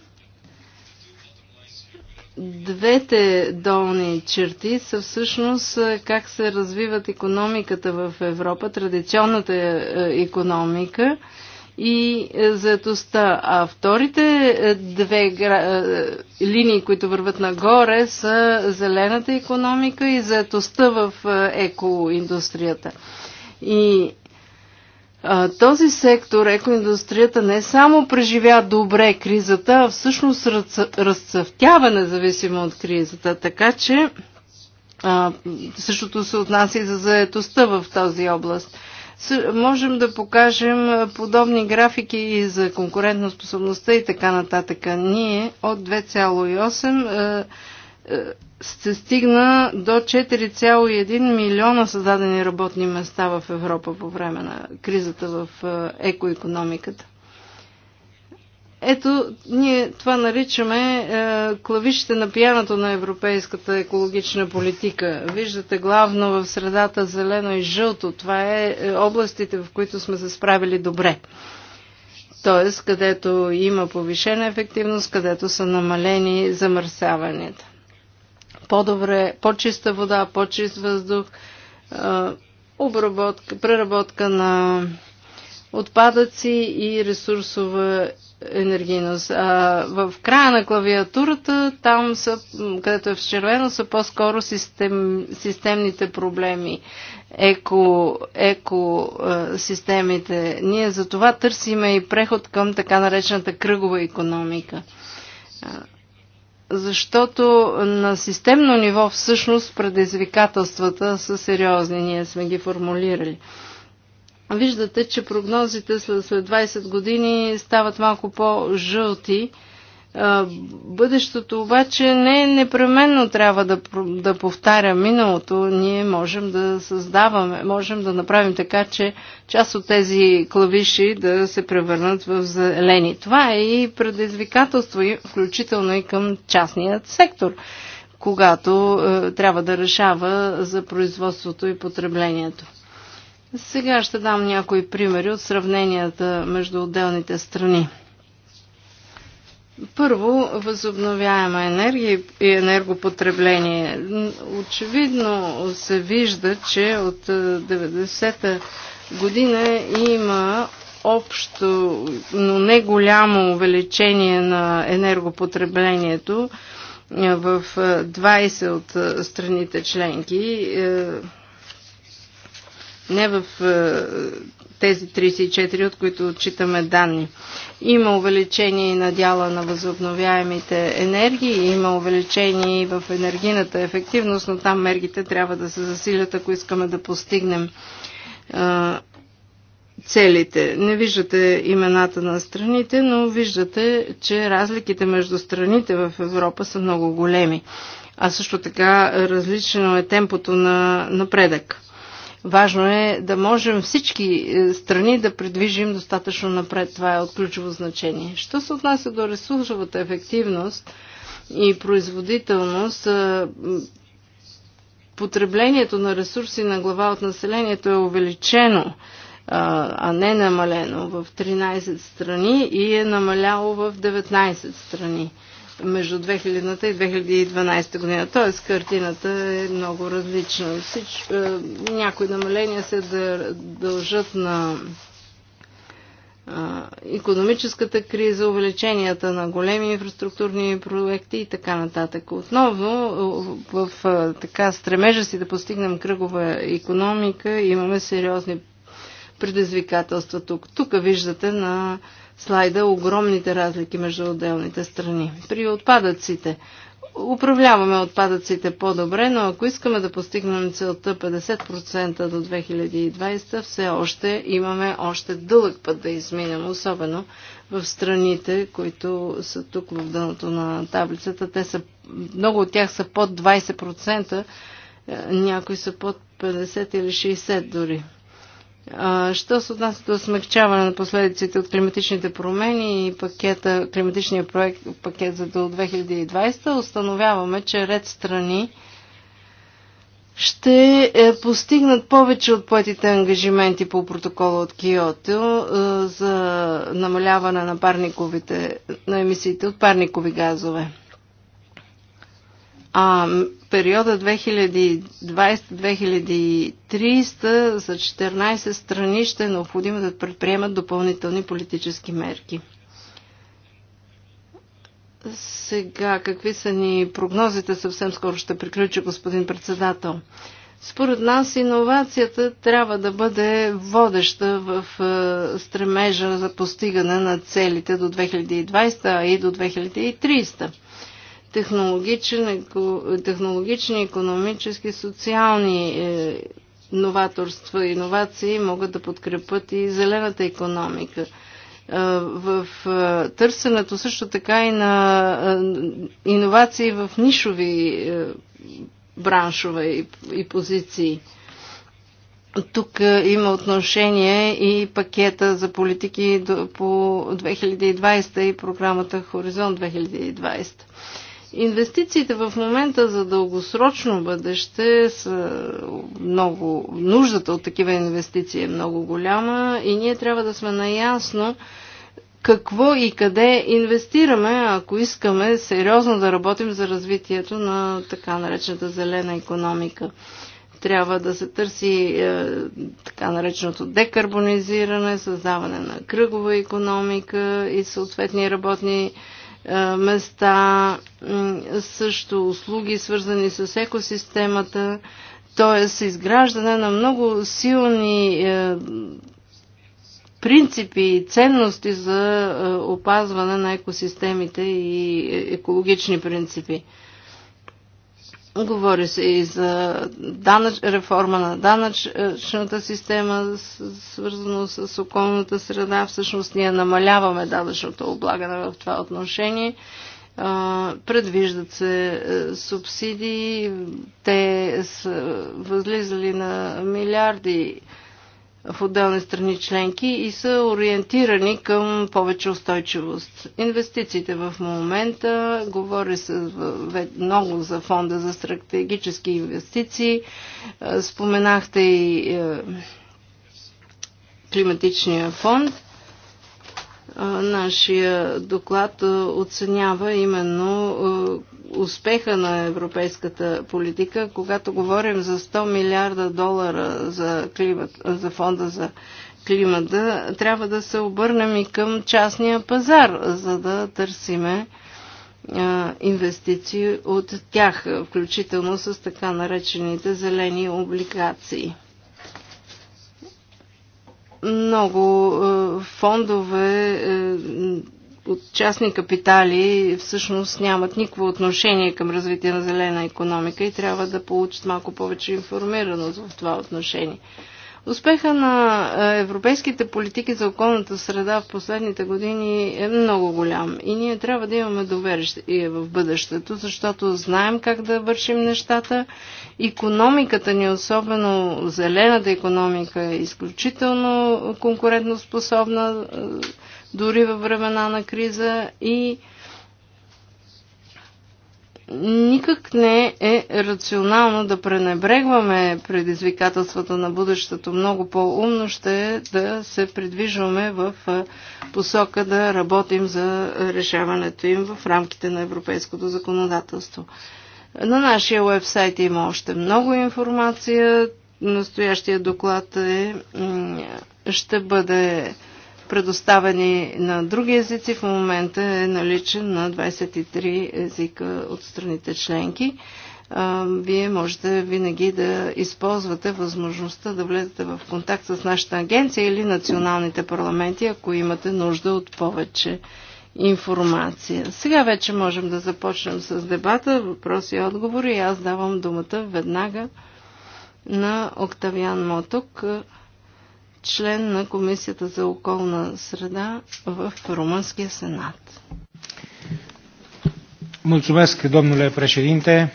Двете долни черти са всъщност е, как се развиват економиката в Европа, традиционната економика е, и е, заетостта. А вторите е, две е, линии, които върват нагоре, са зелената економика и заетостта в екоиндустрията. И този сектор, екоиндустрията, не само преживя добре кризата, а всъщност разцъфтява независимо от кризата. Така че а, същото се отнася и за заетостта в тази област можем да покажем подобни графики и за конкурентоспособността и така нататък. Ние от 2,8 се стигна до 4,1 милиона създадени работни места в Европа по време на кризата в екоекономиката. Ето, ние това наричаме е, клавишите на пияното на европейската екологична политика. Виждате главно в средата зелено и жълто. Това е, е областите, в които сме се справили добре. Тоест, където има повишена ефективност, където са намалени замърсяванията. По-добре, по-чиста вода, по-чист въздух, е, обработка, преработка на отпадъци и ресурсова енергийност. А в края на клавиатурата, там са, където е в червено, са по-скоро систем, системните проблеми, еко, еко е, системите. Ние за това търсиме и преход към така наречената кръгова економика. Защото на системно ниво всъщност предизвикателствата са сериозни. Ние сме ги формулирали виждате, че прогнозите след 20 години стават малко по-жълти. Бъдещето обаче не непременно трябва да, да повтаря миналото. Ние можем да създаваме, можем да направим така, че част от тези клавиши да се превърнат в зелени. Това е и предизвикателство, включително и към частният сектор, когато е, трябва да решава за производството и потреблението. Сега ще дам някои примери от сравненията между отделните страни. Първо, възобновяема енергия и енергопотребление. Очевидно се вижда, че от 90-та е, година има общо, но не голямо увеличение на енергопотреблението е, в 20 е, от страните членки не в е, тези 34, от които отчитаме данни. Има увеличение на дяла на възобновяемите енергии, има увеличение и в енергийната ефективност, но там мерките трябва да се засилят, ако искаме да постигнем е, целите. Не виждате имената на страните, но виждате, че разликите между страните в Европа са много големи. А също така различно е темпото на напредък. Важно е да можем всички е, страни да придвижим достатъчно напред. Това е от ключово значение. Що се отнася до ресурсовата ефективност и производителност, е, потреблението на ресурси на глава от населението е увеличено, е, а не намалено в 13 страни и е намаляло в 19 страни между 2000-та и 2012 година. Т.е. картината е много различна. Всич, е, някои намаления се дължат на е, економическата криза, увеличенията на големи инфраструктурни проекти и така нататък. Отново е, в е, така стремежа си да постигнем кръгова економика имаме сериозни предизвикателства тук. Тук виждате на слайда огромните разлики между отделните страни. При отпадъците. Управляваме отпадъците по-добре, но ако искаме да постигнем целта 50% до 2020, все още имаме още дълъг път да изминем, особено в страните, които са тук в дъното на таблицата. Те са, много от тях са под 20%, някои са под 50 или 60 дори. Що се отнася до смягчаване на последиците от климатичните промени и пакета, климатичния проект, пакет за до 2020, установяваме, че ред страни ще е, постигнат повече от поетите ангажименти по протокола от Киото е, за намаляване на, парниковите, на емисиите от парникови газове. А периода 2020-2030 за 14 страни ще е необходимо да предприемат допълнителни политически мерки. Сега, какви са ни прогнозите? Съвсем скоро ще приключи, господин председател. Според нас иновацията трябва да бъде водеща в е, стремежа за постигане на целите до 2020, а и до 2030 технологични, економически, социални е, новаторства и иновации могат да подкрепят и зелената економика. Е, в е, търсенето също така и на иновации в нишови браншове и, и позиции. Тук има отношение и пакета за политики по 2020 и програмата Хоризонт 2020. Инвестициите в момента за дългосрочно бъдеще са много, нуждата от такива инвестиции е много голяма и ние трябва да сме наясно какво и къде инвестираме, ако искаме сериозно да работим за развитието на така наречената зелена економика трябва да се търси е, така нареченото декарбонизиране, създаване на кръгова економика и съответни работни е, места, също услуги, свързани с екосистемата, т.е. изграждане на много силни е, принципи и ценности за е, опазване на екосистемите и екологични принципи. Говори се и за данъч, реформа на данъчната система, свързано с околната среда. Всъщност ние намаляваме данъчното облагане в това отношение. Предвиждат се е, субсидии. Те са възлизали на милиарди в отделни страни членки и са ориентирани към повече устойчивост. Инвестициите в момента, говори се много за фонда за стратегически инвестиции, е, споменахте и е, климатичния фонд – Нашия доклад оценява именно успеха на европейската политика. Когато говорим за 100 милиарда долара за, климат, за фонда за климата, трябва да се обърнем и към частния пазар, за да търсиме инвестиции от тях, включително с така наречените зелени облигации. Много е, фондове е, от частни капитали всъщност нямат никакво отношение към развитие на зелена економика и трябва да получат малко повече информираност в това отношение. Успеха на е, европейските политики за околната среда в последните години е много голям и ние трябва да имаме доверие в бъдещето, защото знаем как да вършим нещата. Економиката ни, особено зелената економика, е изключително конкурентоспособна е, дори във времена на криза и никак не е рационално да пренебрегваме предизвикателствата на бъдещето. Много по-умно ще е да се придвижваме в посока да работим за решаването им в рамките на европейското законодателство. На нашия вебсайт има още много информация. Настоящия доклад е, ще бъде предоставени на други езици. В момента е наличен на 23 езика от страните членки. Вие можете винаги да използвате възможността да влезете в контакт с нашата агенция или националните парламенти, ако имате нужда от повече информация. Сега вече можем да започнем с дебата, въпроси и отговори. Аз давам думата веднага на Октавиан Моток член на Комисията за околна среда в Румънския сенат. Mulțumesc, domnule прешединте.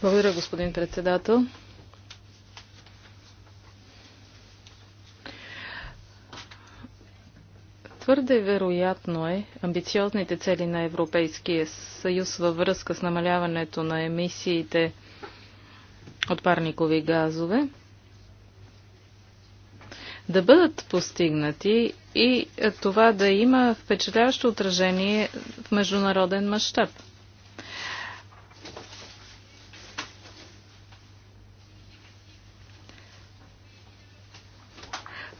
Благодаря, господин председател. Твърде вероятно е амбициозните цели на Европейския съюз във връзка с намаляването на емисиите от парникови газове да бъдат постигнати и това да има впечатляващо отражение в международен мащаб.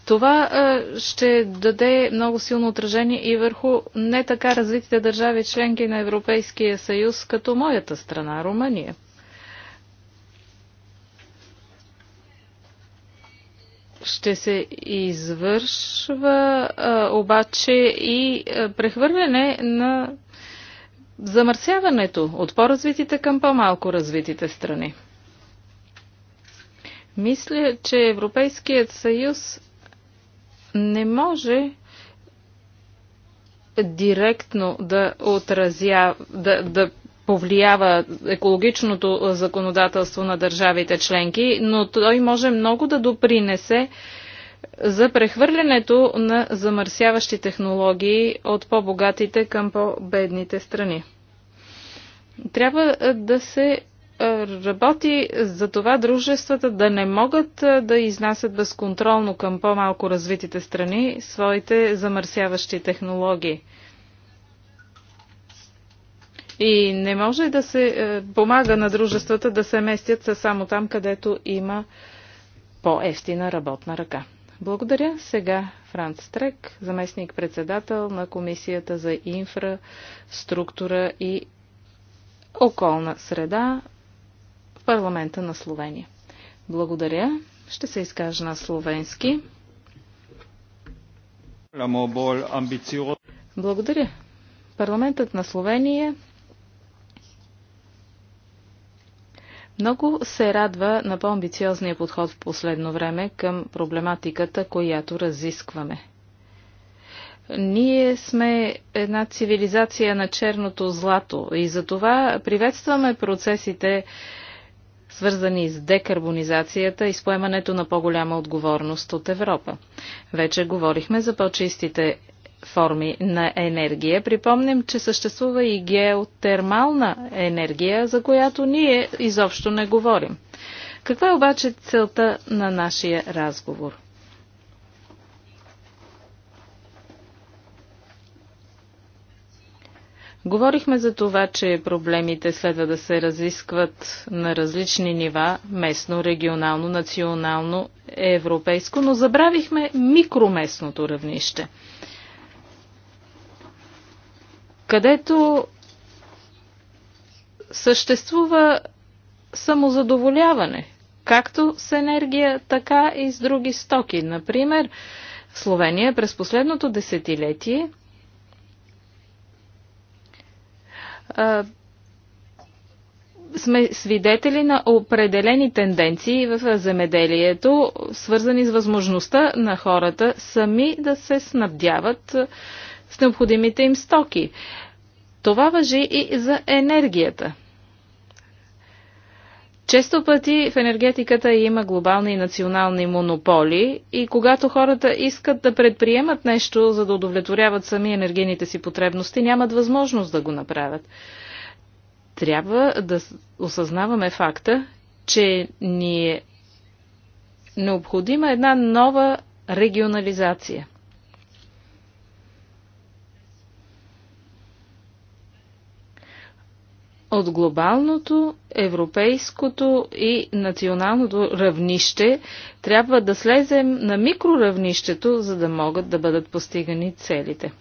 Това ще даде много силно отражение и върху не така развитите държави членки на Европейския съюз, като моята страна Румъния. ще се извършва а, обаче и а, прехвърляне на замърсяването от по-развитите към по-малко развитите страни. Мисля, че Европейският съюз не може директно да отразя, да, да повлиява екологичното законодателство на държавите членки, но той може много да допринесе за прехвърлянето на замърсяващи технологии от по-богатите към по-бедните страни. Трябва да се работи за това дружествата да не могат да изнасят безконтролно към по-малко развитите страни своите замърсяващи технологии. И не може да се е, помага на дружествата да се местят само там, където има по-ефтина работна ръка. Благодаря. Сега Франц Трек, заместник-председател на Комисията за инфраструктура и околна среда в парламента на Словения. Благодаря. Ще се изкажа на словенски. Благодаря. Парламентът на Словения Много се радва на по-амбициозния подход в последно време към проблематиката, която разискваме. Ние сме една цивилизация на черното злато и затова приветстваме процесите, свързани с декарбонизацията и с поемането на по-голяма отговорност от Европа. Вече говорихме за по-чистите форми на енергия. Припомням, че съществува и геотермална енергия, за която ние изобщо не говорим. Каква е обаче целта на нашия разговор? Говорихме за това, че проблемите следва да се разискват на различни нива местно, регионално, национално, европейско, но забравихме микроместното равнище – където съществува самозадоволяване, както с енергия, така и с други стоки. Например, в Словения през последното десетилетие сме свидетели на определени тенденции в земеделието, свързани с възможността на хората сами да се снабдяват с необходимите им стоки. Това въжи и за енергията. Често пъти в енергетиката има глобални и национални монополи и когато хората искат да предприемат нещо, за да удовлетворяват сами енергийните си потребности, нямат възможност да го направят. Трябва да осъзнаваме факта, че ни е необходима една нова регионализация. от глобалното, европейското и националното равнище трябва да слезем на микроравнището, за да могат да бъдат постигани целите.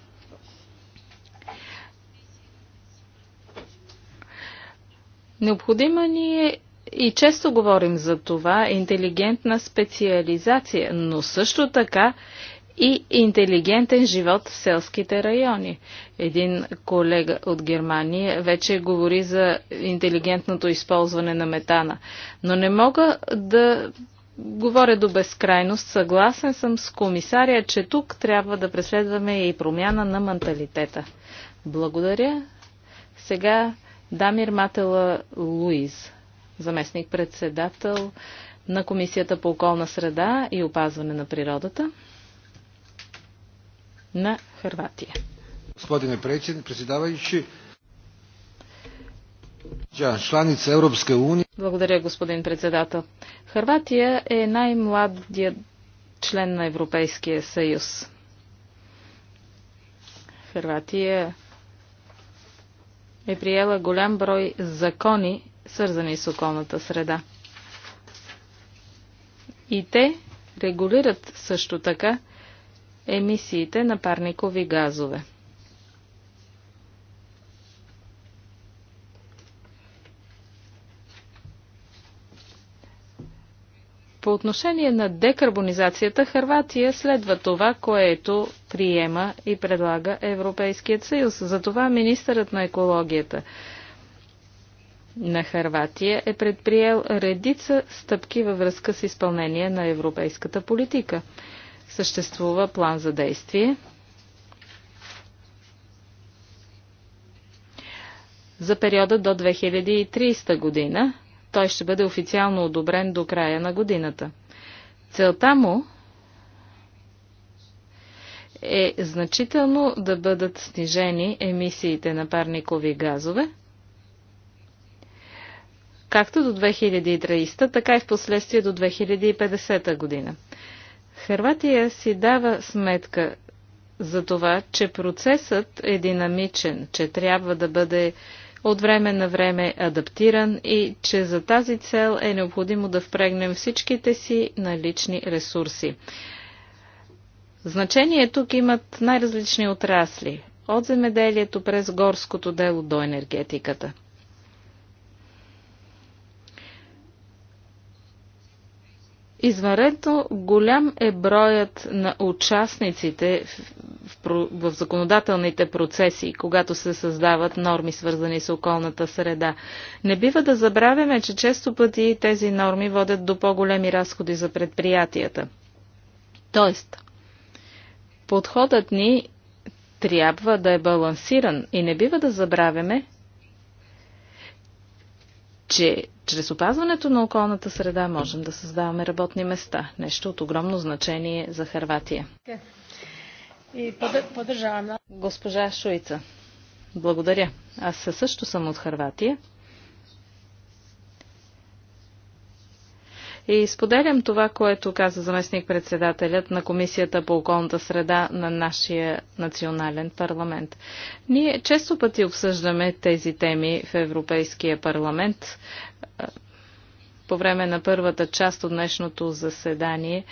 Необходима ни е и често говорим за това интелигентна специализация, но също така и интелигентен живот в селските райони. Един колега от Германия вече говори за интелигентното използване на метана. Но не мога да говоря до безкрайност. Съгласен съм с комисаря, че тук трябва да преследваме и промяна на менталитета. Благодаря. Сега Дамир Матела Луиз, заместник председател на Комисията по околна среда и опазване на природата на Хрватия. Господине председавайчи, Членица Европска уния. Благодаря, господин председател. Хрватия е най-младият член на Европейския съюз. Хрватия е приела голям брой закони, свързани с околната среда. И те регулират също така емисиите на парникови газове. По отношение на декарбонизацията, Харватия следва това, което приема и предлага Европейският съюз. Затова министърът на екологията на Харватия е предприел редица стъпки във връзка с изпълнение на европейската политика съществува план за действие. за периода до 2030 година. Той ще бъде официално одобрен до края на годината. Целта му е значително да бъдат снижени емисиите на парникови газове, както до 2030, така и в последствие до 2050 година. Хърватия си дава сметка за това, че процесът е динамичен, че трябва да бъде от време на време адаптиран и че за тази цел е необходимо да впрегнем всичките си налични ресурси. Значение тук имат най-различни отрасли от земеделието през горското дело до енергетиката – Извънредно голям е броят на участниците в, в, в законодателните процеси, когато се създават норми, свързани с околната среда. Не бива да забравяме, че често пъти тези норми водят до по-големи разходи за предприятията. Тоест, подходът ни трябва да е балансиран и не бива да забравяме, че чрез опазването на околната среда можем да създаваме работни места. Нещо от огромно значение за Харватия. И поддържавам. Госпожа Шуица, благодаря. Аз също съм от Харватия. И споделям това, което каза заместник-председателят на Комисията по околната среда на нашия национален парламент. Ние често пъти обсъждаме тези теми в Европейския парламент. По време на първата част от днешното заседание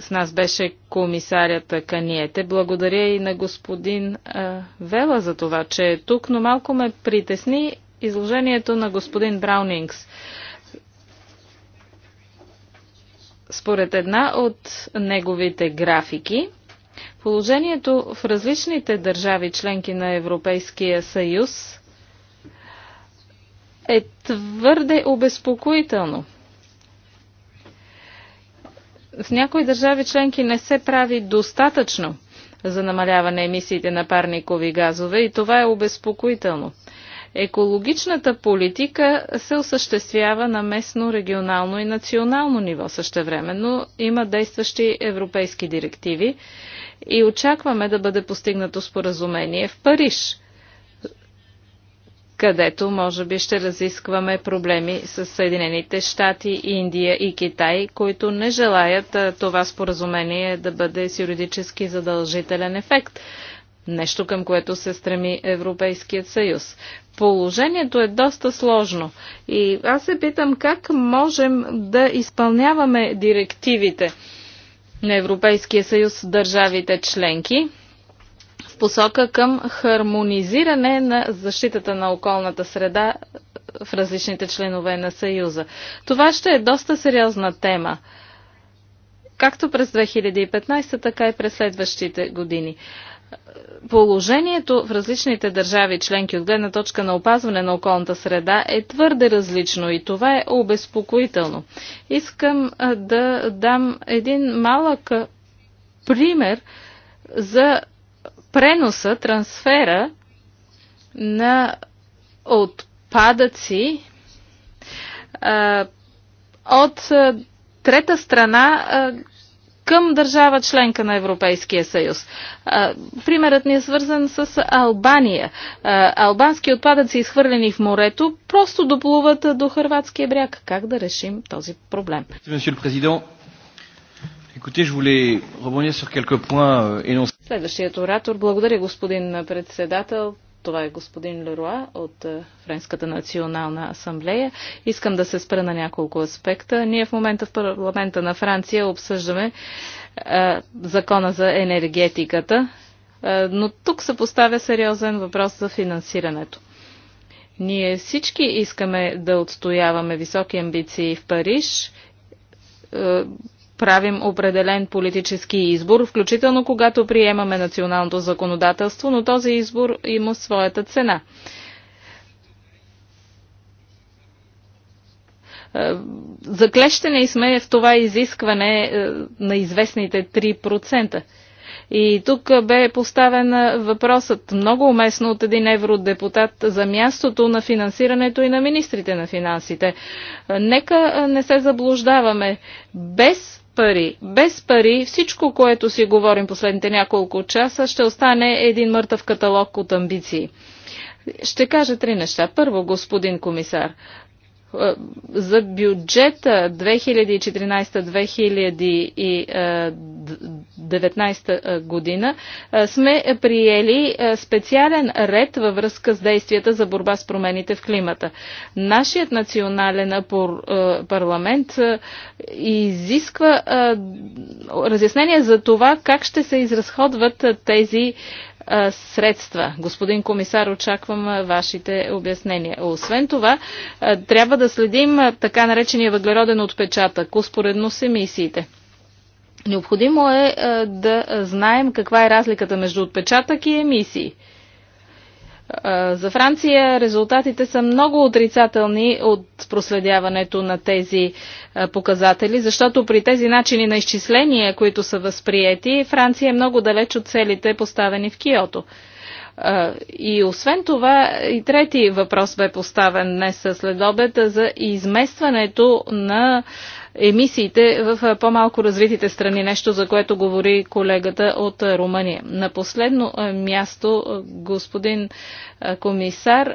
с нас беше комисарята Каниете. Благодаря и на господин Вела за това, че е тук, но малко ме притесни изложението на господин Браунингс. Според една от неговите графики, положението в различните държави членки на Европейския съюз е твърде обезпокоително. В някои държави членки не се прави достатъчно за намаляване емисиите на парникови газове и това е обезпокоително. Екологичната политика се осъществява на местно, регионално и национално ниво същевременно. Има действащи европейски директиви и очакваме да бъде постигнато споразумение в Париж където може би ще разискваме проблеми с Съединените щати, Индия и Китай, които не желаят това споразумение да бъде с юридически задължителен ефект. Нещо към което се стреми Европейският съюз. Положението е доста сложно и аз се питам как можем да изпълняваме директивите на Европейския съюз държавите членки в посока към хармонизиране на защитата на околната среда в различните членове на Съюза. Това ще е доста сериозна тема, както през 2015, така и през следващите години. Положението в различните държави членки от гледна точка на опазване на околната среда е твърде различно и това е обезпокоително. Искам да дам един малък пример за преноса, трансфера на отпадъци от трета страна към държава членка на Европейския съюз. Примерът ни е свързан с Албания. Албански отпадъци, изхвърлени в морето, просто доплуват до Хрватския бряг. Как да решим този проблем? Euh, Следващият оратор. Благодаря, господин председател. Това е господин Леруа от е, Френската национална асамблея. Искам да се спра на няколко аспекта. Ние в момента в парламента на Франция обсъждаме а, е, закона за енергетиката, а, е, но тук се поставя сериозен въпрос за финансирането. Ние всички искаме да отстояваме високи амбиции в Париж правим определен политически избор, включително когато приемаме националното законодателство, но този избор има своята цена. Е, заклещени сме в това изискване е, на известните 3%. И тук бе поставен въпросът много уместно от един евродепутат за мястото на финансирането и на министрите на финансите. Е, нека не се заблуждаваме. Без пари. Без пари всичко, което си говорим последните няколко часа, ще остане един мъртъв каталог от амбиции. Ще кажа три неща. Първо, господин комисар, е, за бюджета 2014-2019 е, е, година сме приели специален ред във връзка с действията за борба с промените в климата. Нашият национален парламент изисква разяснение за това как ще се изразходват тези средства. Господин комисар, очаквам вашите обяснения. Освен това, трябва да следим така наречения въглероден отпечатък, успоредно с емисиите. Необходимо е да знаем каква е разликата между отпечатък и емисии. За Франция резултатите са много отрицателни от проследяването на тези показатели, защото при тези начини на изчисления, които са възприети, Франция е много далеч от целите поставени в Киото. И освен това, и трети въпрос бе поставен днес след обед за изместването на емисиите в по-малко развитите страни, нещо за което говори колегата от Румъния. На последно място, господин комисар,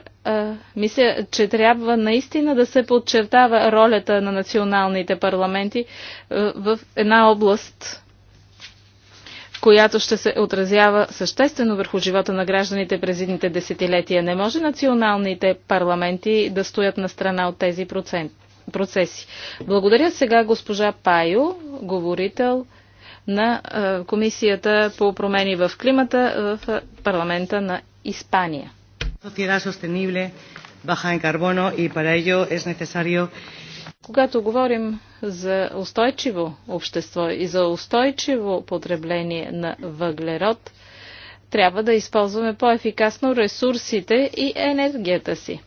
мисля, че трябва наистина да се подчертава ролята на националните парламенти в една област, която ще се отразява съществено върху живота на гражданите през едните десетилетия. Не може националните парламенти да стоят на страна от тези проценти процеси. Благодаря сега госпожа Пайо, говорител на Комисията по промени в климата в парламента на Испания. Когато говорим за устойчиво общество и за устойчиво потребление на въглерод, трябва да използваме по-ефикасно ресурсите и енергията си.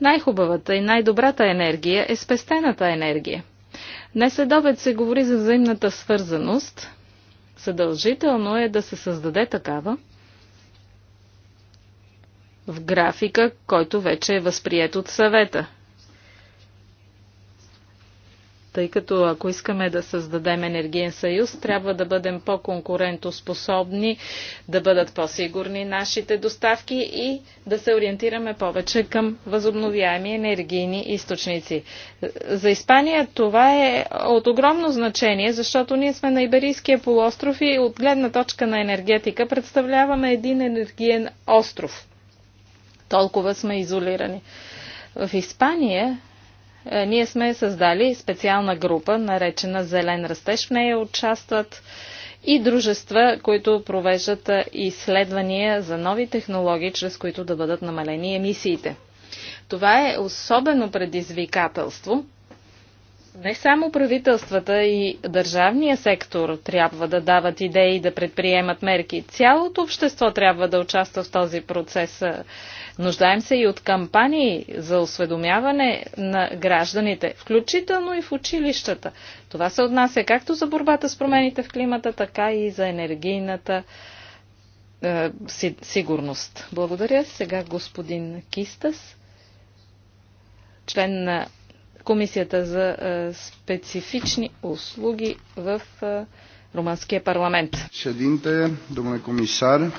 Най-хубавата и най-добрата енергия е спестената енергия. Днес след обед се говори за взаимната свързаност. Съдължително е да се създаде такава в графика, който вече е възприят от съвета – тъй като ако искаме да създадем енергиен съюз, трябва да бъдем по-конкурентоспособни, да бъдат по-сигурни нашите доставки и да се ориентираме повече към възобновяеми енергийни източници. За Испания това е от огромно значение, защото ние сме на Иберийския полуостров и от гледна точка на енергетика представляваме един енергиен остров. Толкова сме изолирани. В Испания е, ние сме създали специална група, наречена Зелен растеж. В нея участват и дружества, които провеждат е, изследвания за нови технологии, чрез които да бъдат намалени емисиите. Това е особено предизвикателство. Не само правителствата и държавния сектор трябва да дават идеи да предприемат мерки. Цялото общество трябва да участва в този процес. Е, Нуждаем се и от кампании за осведомяване на гражданите, включително и в училищата. Това се отнася както за борбата с промените в климата, така и за енергийната е, сигурност. Благодаря. Сега господин Кистас, член на Комисията за е, специфични услуги в е, Румънския парламент. Ședinte, domnule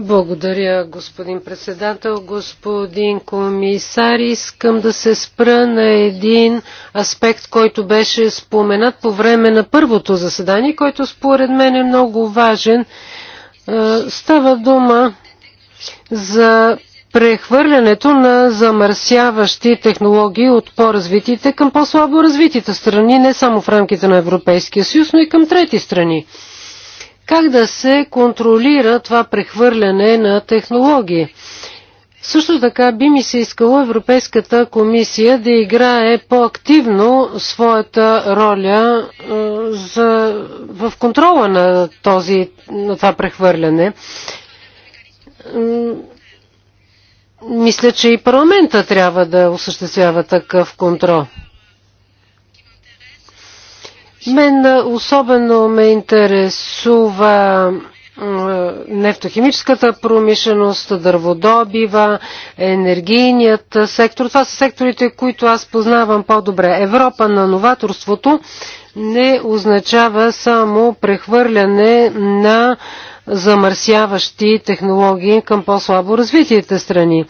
благодаря, господин председател. Господин комисар, искам да се спра на един аспект, който беше споменат по време на първото заседание, който според мен е много важен. Става дума за прехвърлянето на замърсяващи технологии от по-развитите към по-слабо развитите страни, не само в рамките на Европейския съюз, но и към трети страни. Как да се контролира това прехвърляне на технологии? Също така би ми се искало Европейската комисия да играе по-активно своята роля е, за, в контрола на, този, на това прехвърляне. Мисля, че и парламента трябва да осъществява такъв контрол. Мен особено ме интересува нефтохимическата промишленост, дърводобива, енергийният сектор. Това са секторите, които аз познавам по-добре. Европа на новаторството не означава само прехвърляне на замърсяващи технологии към по-слабо развитите страни.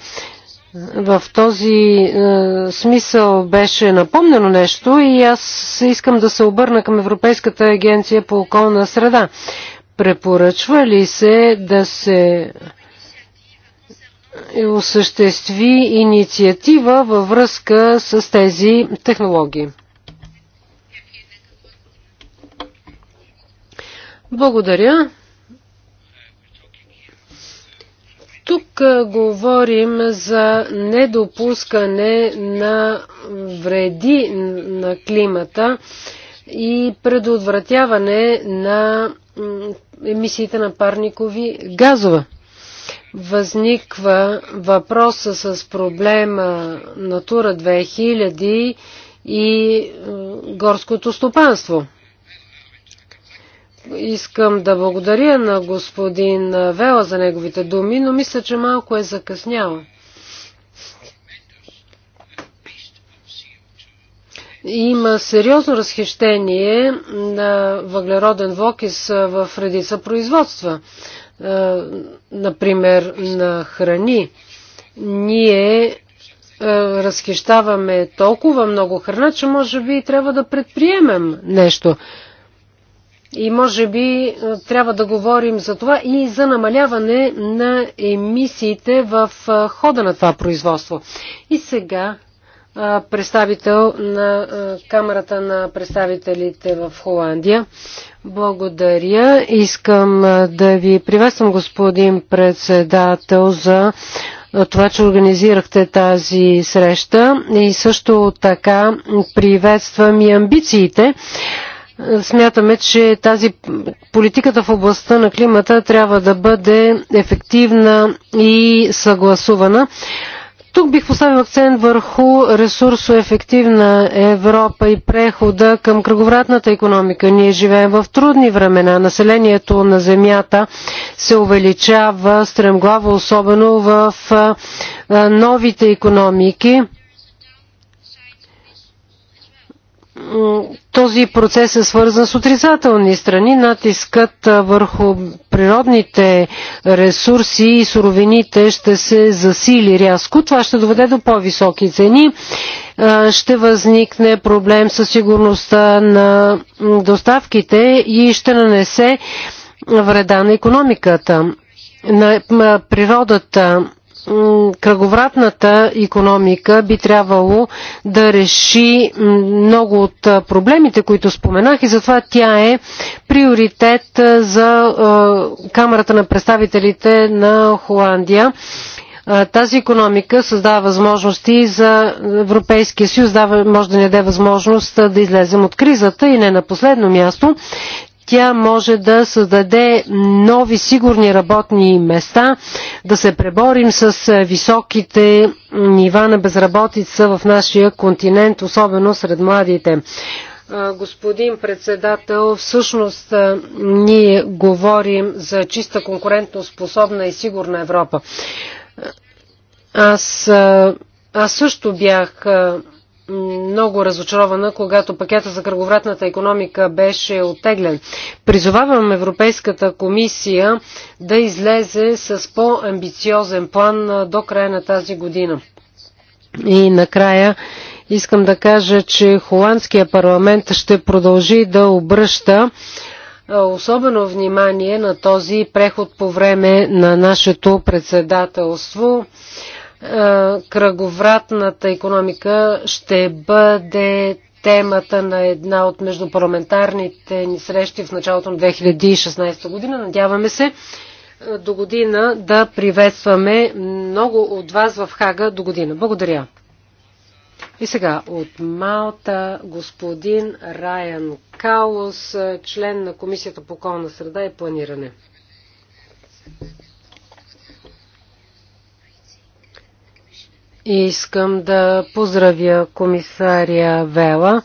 В този е, смисъл беше напомнено нещо и аз искам да се обърна към Европейската агенция по околна среда. Препоръчва ли се да се осъществи инициатива във връзка с тези технологии? Благодаря. Тук говорим за недопускане на вреди на климата и предотвратяване на емисиите на парникови газове. Възниква въпроса с проблема Натура 2000 и горското стопанство – Искам да благодаря на господин Вела за неговите думи, но мисля, че малко е закъснял. Има сериозно разхищение на въглероден вокис в редица производства, например на храни. Ние разхищаваме толкова много храна, че може би трябва да предприемем нещо. И може би е, трябва да говорим за това и за намаляване на емисиите в е, хода на това производство. И сега е, представител на Камерата на представителите в Холандия. Благодаря. Искам да ви приветствам, господин председател, за това, че организирахте тази среща и също така приветствам и амбициите Смятаме, че тази политиката в областта на климата трябва да бъде ефективна и съгласувана. Тук бих поставил акцент върху ресурсоефективна Европа и прехода към кръговратната економика. Ние живеем в трудни времена. Населението на Земята се увеличава стремглаво, особено в новите економики. този процес е свързан с отрицателни страни. Натискът върху природните ресурси и суровините ще се засили рязко. Това ще доведе до по-високи цени. Ще възникне проблем със сигурността на доставките и ще нанесе вреда на економиката, на природата кръговратната економика би трябвало да реши много от проблемите, които споменах и затова тя е приоритет за Камерата на представителите на Холандия. Тази економика създава възможности за Европейския съюз, може да ни даде възможност да излезем от кризата и не на последно място. Тя може да създаде нови сигурни работни места, да се преборим с е, високите нива на безработица в нашия континент, особено сред младите е, господин председател, всъщност е, ние говорим за чиста конкурентоспособна и сигурна Европа. Аз, аз също бях много разочарована, когато пакета за кръговратната економика беше оттеглен. Призовавам Европейската комисия да излезе с по-амбициозен план до края на тази година. И накрая искам да кажа, че Холандския парламент ще продължи да обръща особено внимание на този преход по време на нашето председателство. Е, кръговратната економика ще бъде темата на една от междупарламентарните ни срещи в началото на 2016 година. Надяваме се е, до година да приветстваме много от вас в Хага до година. Благодаря. И сега от Малта господин Райан Каус, член на Комисията по околна среда и планиране. Искам да поздравя комисария Вела.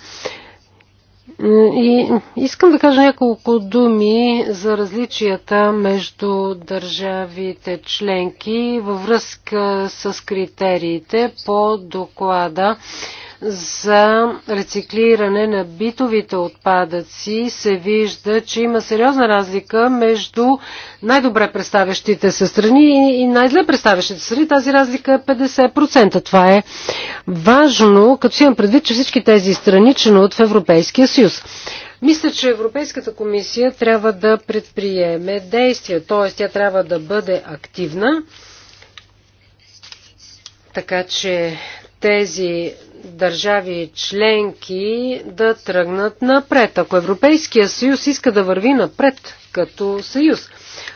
И искам да кажа няколко думи за различията между държавите членки във връзка с критериите по доклада за рециклиране на битовите отпадъци се вижда, че има сериозна разлика между най-добре представящите се страни и най-зле представящите се страни. Тази разлика е 50%. Това е важно, като си имам предвид, че всички тези страни членуват в Европейския съюз. Мисля, че Европейската комисия трябва да предприеме действия, т.е. тя трябва да бъде активна, така че тези държави членки да тръгнат напред. Ако Европейския съюз иска да върви напред като съюз.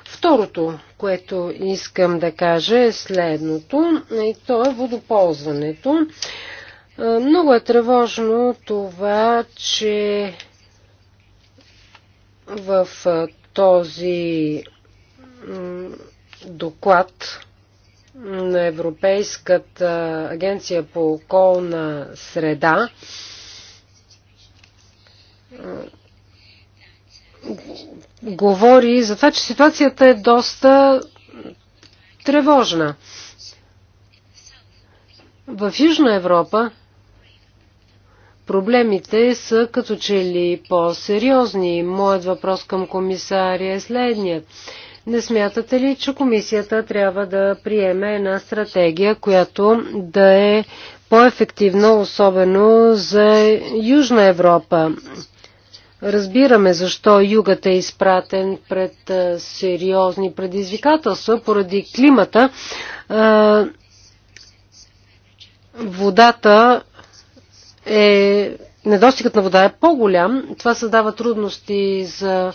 Второто, което искам да кажа е следното, и то е водоползването. Много е тревожно това, че в този доклад на Европейската агенция по околна среда говори за това, че ситуацията е доста тревожна. В Южна Европа проблемите са като че ли по-сериозни. Моят въпрос към комисария е следният. Не смятате ли, че комисията трябва да приеме една стратегия, която да е по-ефективна, особено за Южна Европа? Разбираме защо югът е изпратен пред сериозни предизвикателства поради климата. Водата е недостигът на вода е по-голям. Това създава трудности за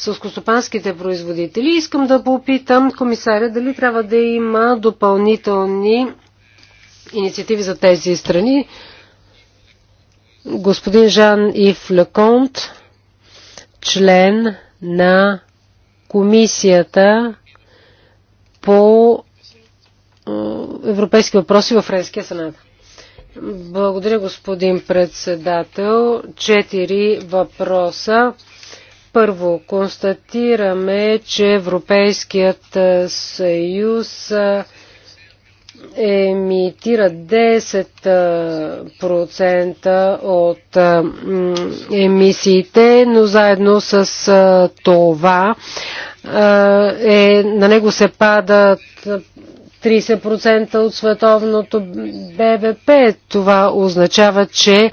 сълскостопанските производители. Искам да попитам комисаря дали трябва да има допълнителни инициативи за тези страни. Господин Жан Ив Леконт, член на комисията по европейски въпроси във Френския сенат. Благодаря, господин председател. Четири въпроса. Първо, констатираме, че Европейският съюз емитира 10% от емисиите, но заедно с това е, на него се падат 30% от световното БВП. Това означава, че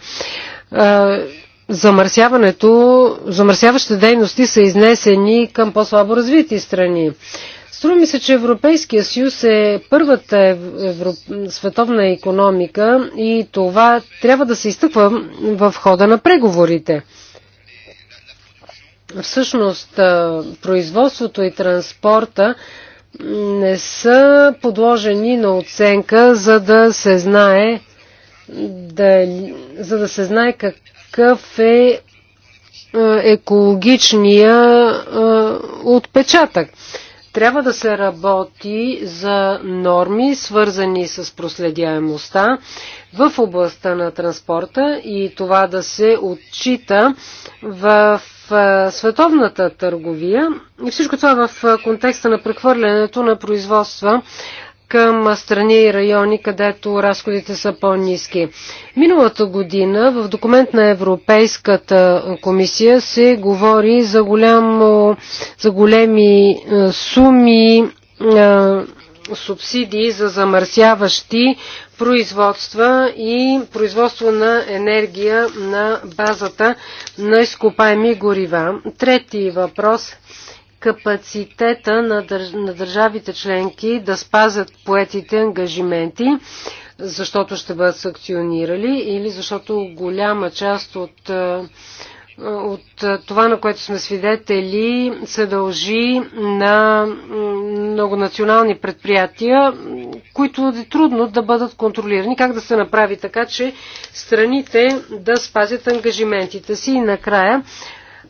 замърсяването, замърсяващите дейности са изнесени към по-слабо развити страни. Струва ми се, че Европейския съюз е първата евро... световна економика и това трябва да се изтъква в хода на преговорите. Всъщност, производството и транспорта не са подложени на оценка, за да се знае да, за да се знае как, какъв е екологичния отпечатък. Трябва да се работи за норми, свързани с проследяемостта в областта на транспорта и това да се отчита в световната търговия и всичко това в контекста на прехвърлянето на производства към страни и райони, където разходите са по-низки. Миналата година в документ на Европейската комисия се говори за, голямо, за големи е, суми е, субсидии за замърсяващи производства и производство на енергия на базата на изкопаеми горива. Трети въпрос – капацитета на, държ... на държавите членки да спазят поетите ангажименти, защото ще бъдат санкционирали или защото голяма част от, от това, на което сме свидетели, се дължи на многонационални предприятия, които е трудно да бъдат контролирани. Как да се направи така, че страните да спазят ангажиментите си и накрая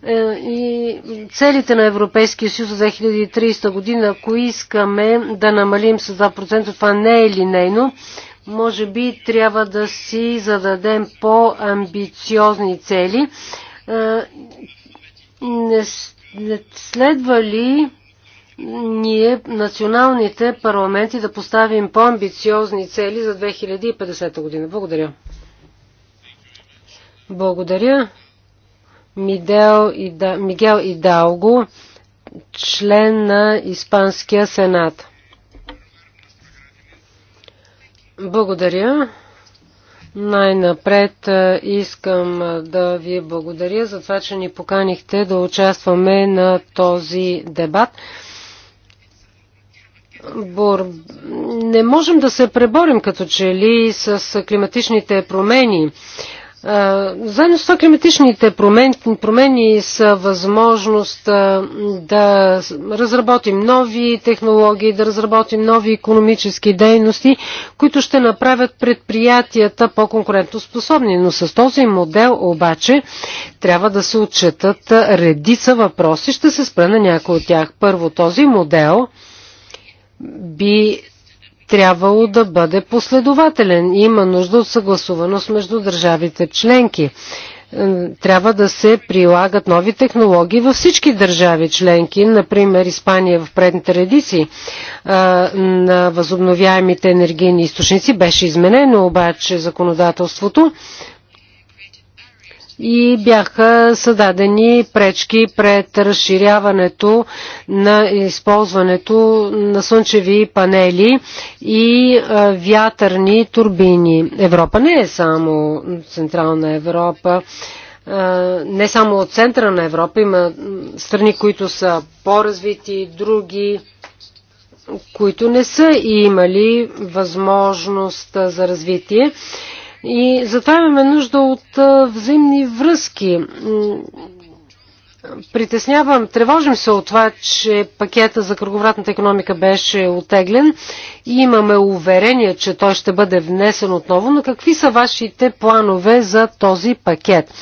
е, и целите на Европейския съюз за 2030 година, ако искаме да намалим с 2%, това не е линейно. Може би трябва да си зададем по-амбициозни цели. Е, не, следва ли ние, националните парламенти, да поставим по-амбициозни цели за 2050 година? Благодаря. Благодаря. Мигел, Мигел Идалго, член на Испанския сенат. Благодаря. Най-напред е, искам е, да ви благодаря за това, че ни поканихте да участваме на този дебат. Бор... Не можем да се преборим като че ли с климатичните промени. Заедно с това климатичните промени, промени са възможност да разработим нови технологии, да разработим нови економически дейности, които ще направят предприятията по-конкурентоспособни. Но с този модел обаче трябва да се отчетат редица въпроси. Ще се спра на някои от тях. Първо, този модел би трябвало да бъде последователен. Има нужда от съгласуваност между държавите членки. Е, трябва да се прилагат нови технологии във всички държави членки, например Испания в предните редици е, на възобновяемите енергийни източници. Беше изменено обаче законодателството и бяха създадени пречки пред разширяването на използването на слънчеви панели и вятърни турбини. Европа не е само Централна Европа не само от центъра на Европа, има страни, които са по-развити, други, които не са имали възможност за развитие. И затова имаме нужда от взаимни връзки. Притеснявам, тревожим се от това, че пакета за кръговратната економика беше отеглен и имаме уверение, че той ще бъде внесен отново, но какви са вашите планове за този пакет?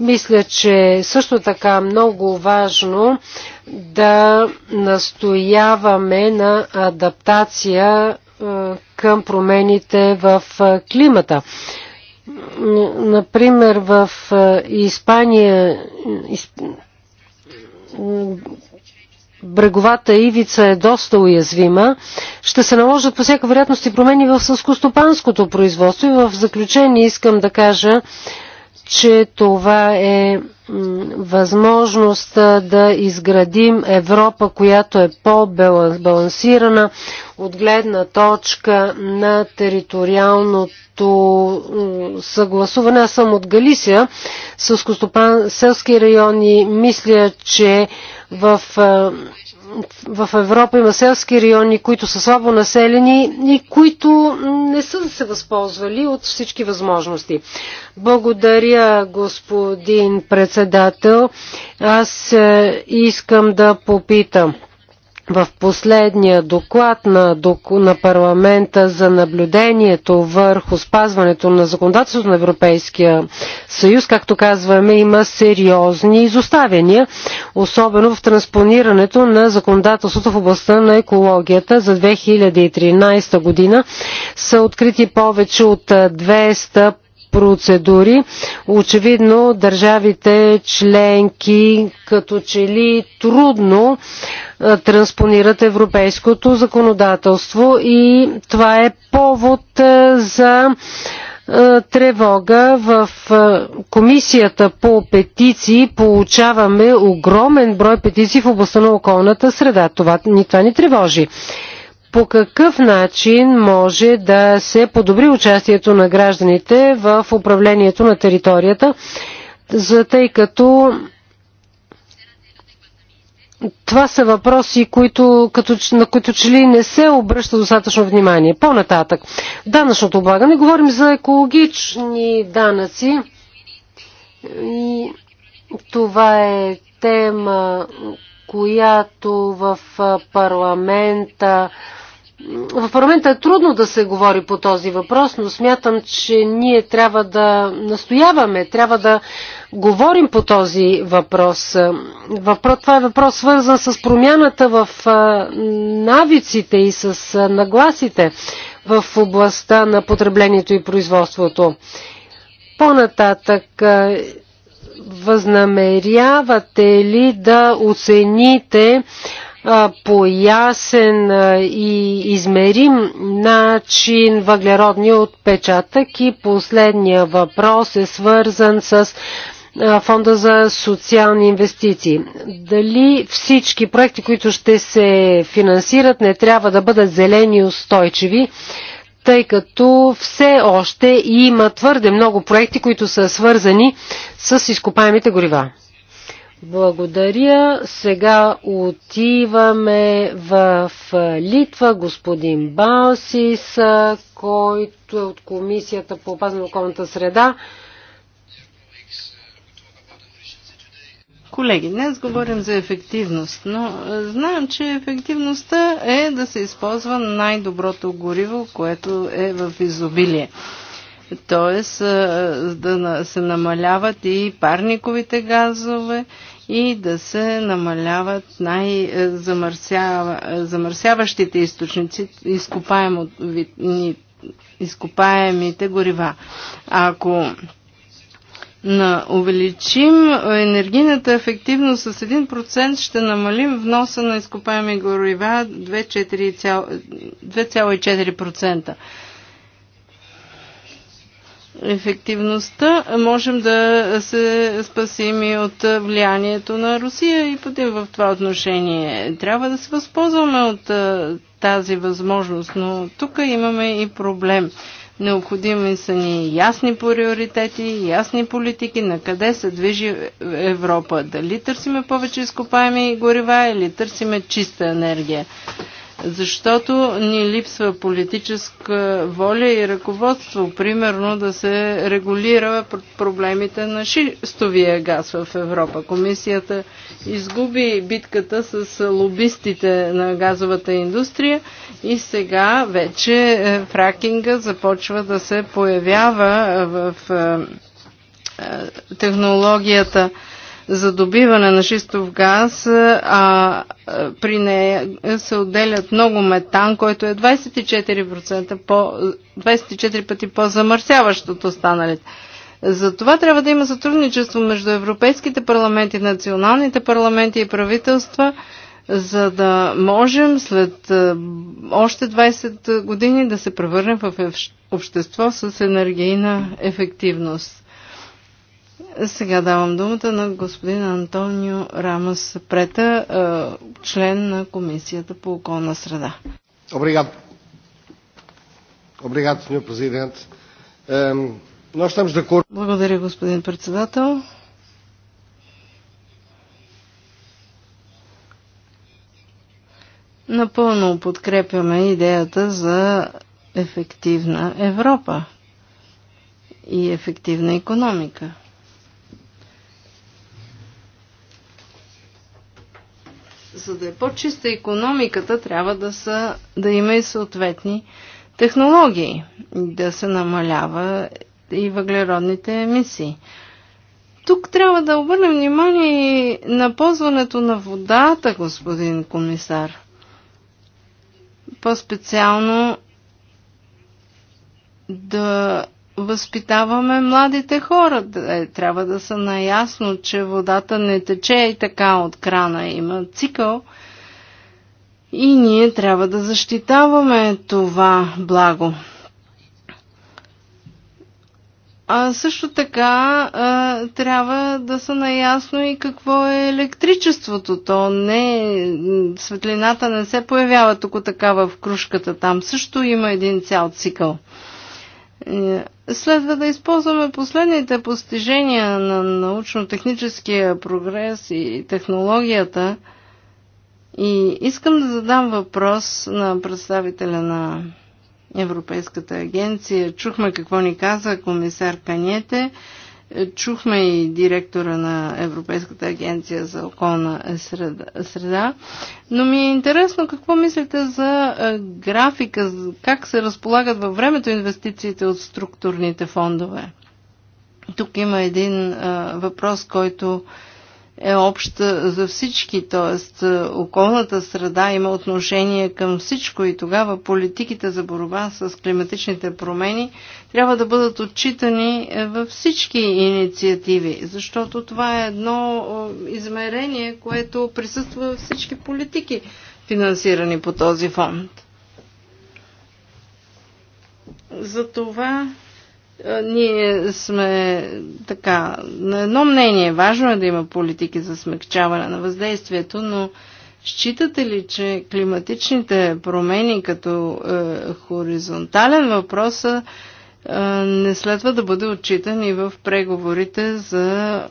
Мисля, че също така много важно да настояваме на адаптация към промените в климата. Например, в Испания бреговата ивица е доста уязвима, ще се наложат по всяка вероятност и промени в съскостопанското производство. И в заключение искам да кажа, че това е възможност да изградим Европа, която е по-балансирана от гледна точка на териториалното съгласуване. Аз съм от Галисия, селски райони. Мисля, че в в Европа има селски райони, които са слабо населени и които не са се възползвали от всички възможности. Благодаря, господин председател. Аз е, искам да попитам в последния доклад на, на парламента за наблюдението върху спазването на законодателството на Европейския съюз, както казваме, има сериозни изоставяния, особено в транспонирането на законодателството в областта на екологията. За 2013 година са открити повече от 200 процедури. Очевидно държавите членки като че ли трудно транспонират европейското законодателство и това е повод за тревога. В комисията по петиции получаваме огромен брой петиции в областта на околната среда. Това, това ни тревожи по какъв начин може да се подобри участието на гражданите в управлението на територията, за тъй като това са въпроси, които, като, на които че ли не се обръща достатъчно внимание. По-нататък, данъчното облагане, говорим за екологични данъци. И това е тема, която в парламента в парламента е трудно да се говори по този въпрос, но смятам, че ние трябва да настояваме, трябва да говорим по този въпрос. Въпрос, това е въпрос свързан с промяната в навиците и с нагласите в областта на потреблението и производството. По-нататък възнамерявате ли да оцените по ясен и измерим начин въглеродния отпечатък? И последния въпрос е свързан с Фонда за социални инвестиции. Дали всички проекти, които ще се финансират, не трябва да бъдат зелени и устойчиви? тъй като все още има твърде много проекти, които са свързани с изкопаемите горива. Благодаря. Сега отиваме в Литва. Господин Балсис, който е от Комисията по опазване на околната среда. Колеги, днес говорим за ефективност, но знаем, че ефективността е да се използва най-доброто гориво, което е в изобилие. Тоест да се намаляват и парниковите газове и да се намаляват най-замърсяващите източници, изкопаемите горива. Ако на увеличим енергийната ефективност с 1%, ще намалим вноса на изкопаеми горива 2,4%. Ефективността можем да се спасим и от влиянието на Русия и Путин в това отношение. Трябва да се възползваме от тази възможност, но тук имаме и проблем – Необходими са ни ясни приоритети, ясни политики на къде се движи Европа. Дали търсиме повече изкопаеми горива или търсиме чиста енергия защото ни липсва политическа воля и ръководство, примерно да се регулира проблемите на шистовия газ в Европа. Комисията изгуби битката с лобистите на газовата индустрия и сега вече е, фракинга започва да се появява в е, е, технологията за добиване на шистов газ, а при нея се отделят много метан, който е 24%, по, 24 пъти по-замърсяващ от останалите. За това трябва да има сътрудничество между европейските парламенти, националните парламенти и правителства, за да можем след още 20 години да се превърнем в общество с енергийна ефективност. Сега давам думата на господин Антонио Рамас Прета, е, член на Комисията по околна среда. Благодаря, господин председател. Напълно подкрепяме идеята за ефективна Европа и ефективна економика. За да е по-чиста економиката, трябва да, са, да има и съответни технологии, да се намалява и въглеродните емисии. Тук трябва да обърнем внимание на ползването на водата, господин комисар. По-специално да възпитаваме младите хора. Е, трябва да са наясно, че водата не тече и така от крана. Има цикъл. И ние трябва да защитаваме това благо. А също така а, трябва да са наясно и какво е електричеството. То не, светлината не се появява тук така в кружката. Там също има един цял цикъл. Е, Следва да използваме последните постижения на научно-техническия прогрес и технологията. И искам да задам въпрос на представителя на Европейската агенция. Чухме какво ни каза комисар Каниете. Чухме и директора на Европейската агенция за околна среда, но ми е интересно какво мислите за графика, как се разполагат във времето инвестициите от структурните фондове. Тук има един въпрос, който е обща за всички, т.е. околната среда има отношение към всичко и тогава политиките за борба с климатичните промени трябва да бъдат отчитани е, във всички инициативи, защото това е едно е, измерение, което присъства във всички политики, финансирани по този фонд. За това ние сме така на едно мнение. Важно е да има политики за смягчаване на въздействието, но считате ли, че климатичните промени като е, хоризонтален въпрос е, не следва да бъде отчитан и в преговорите за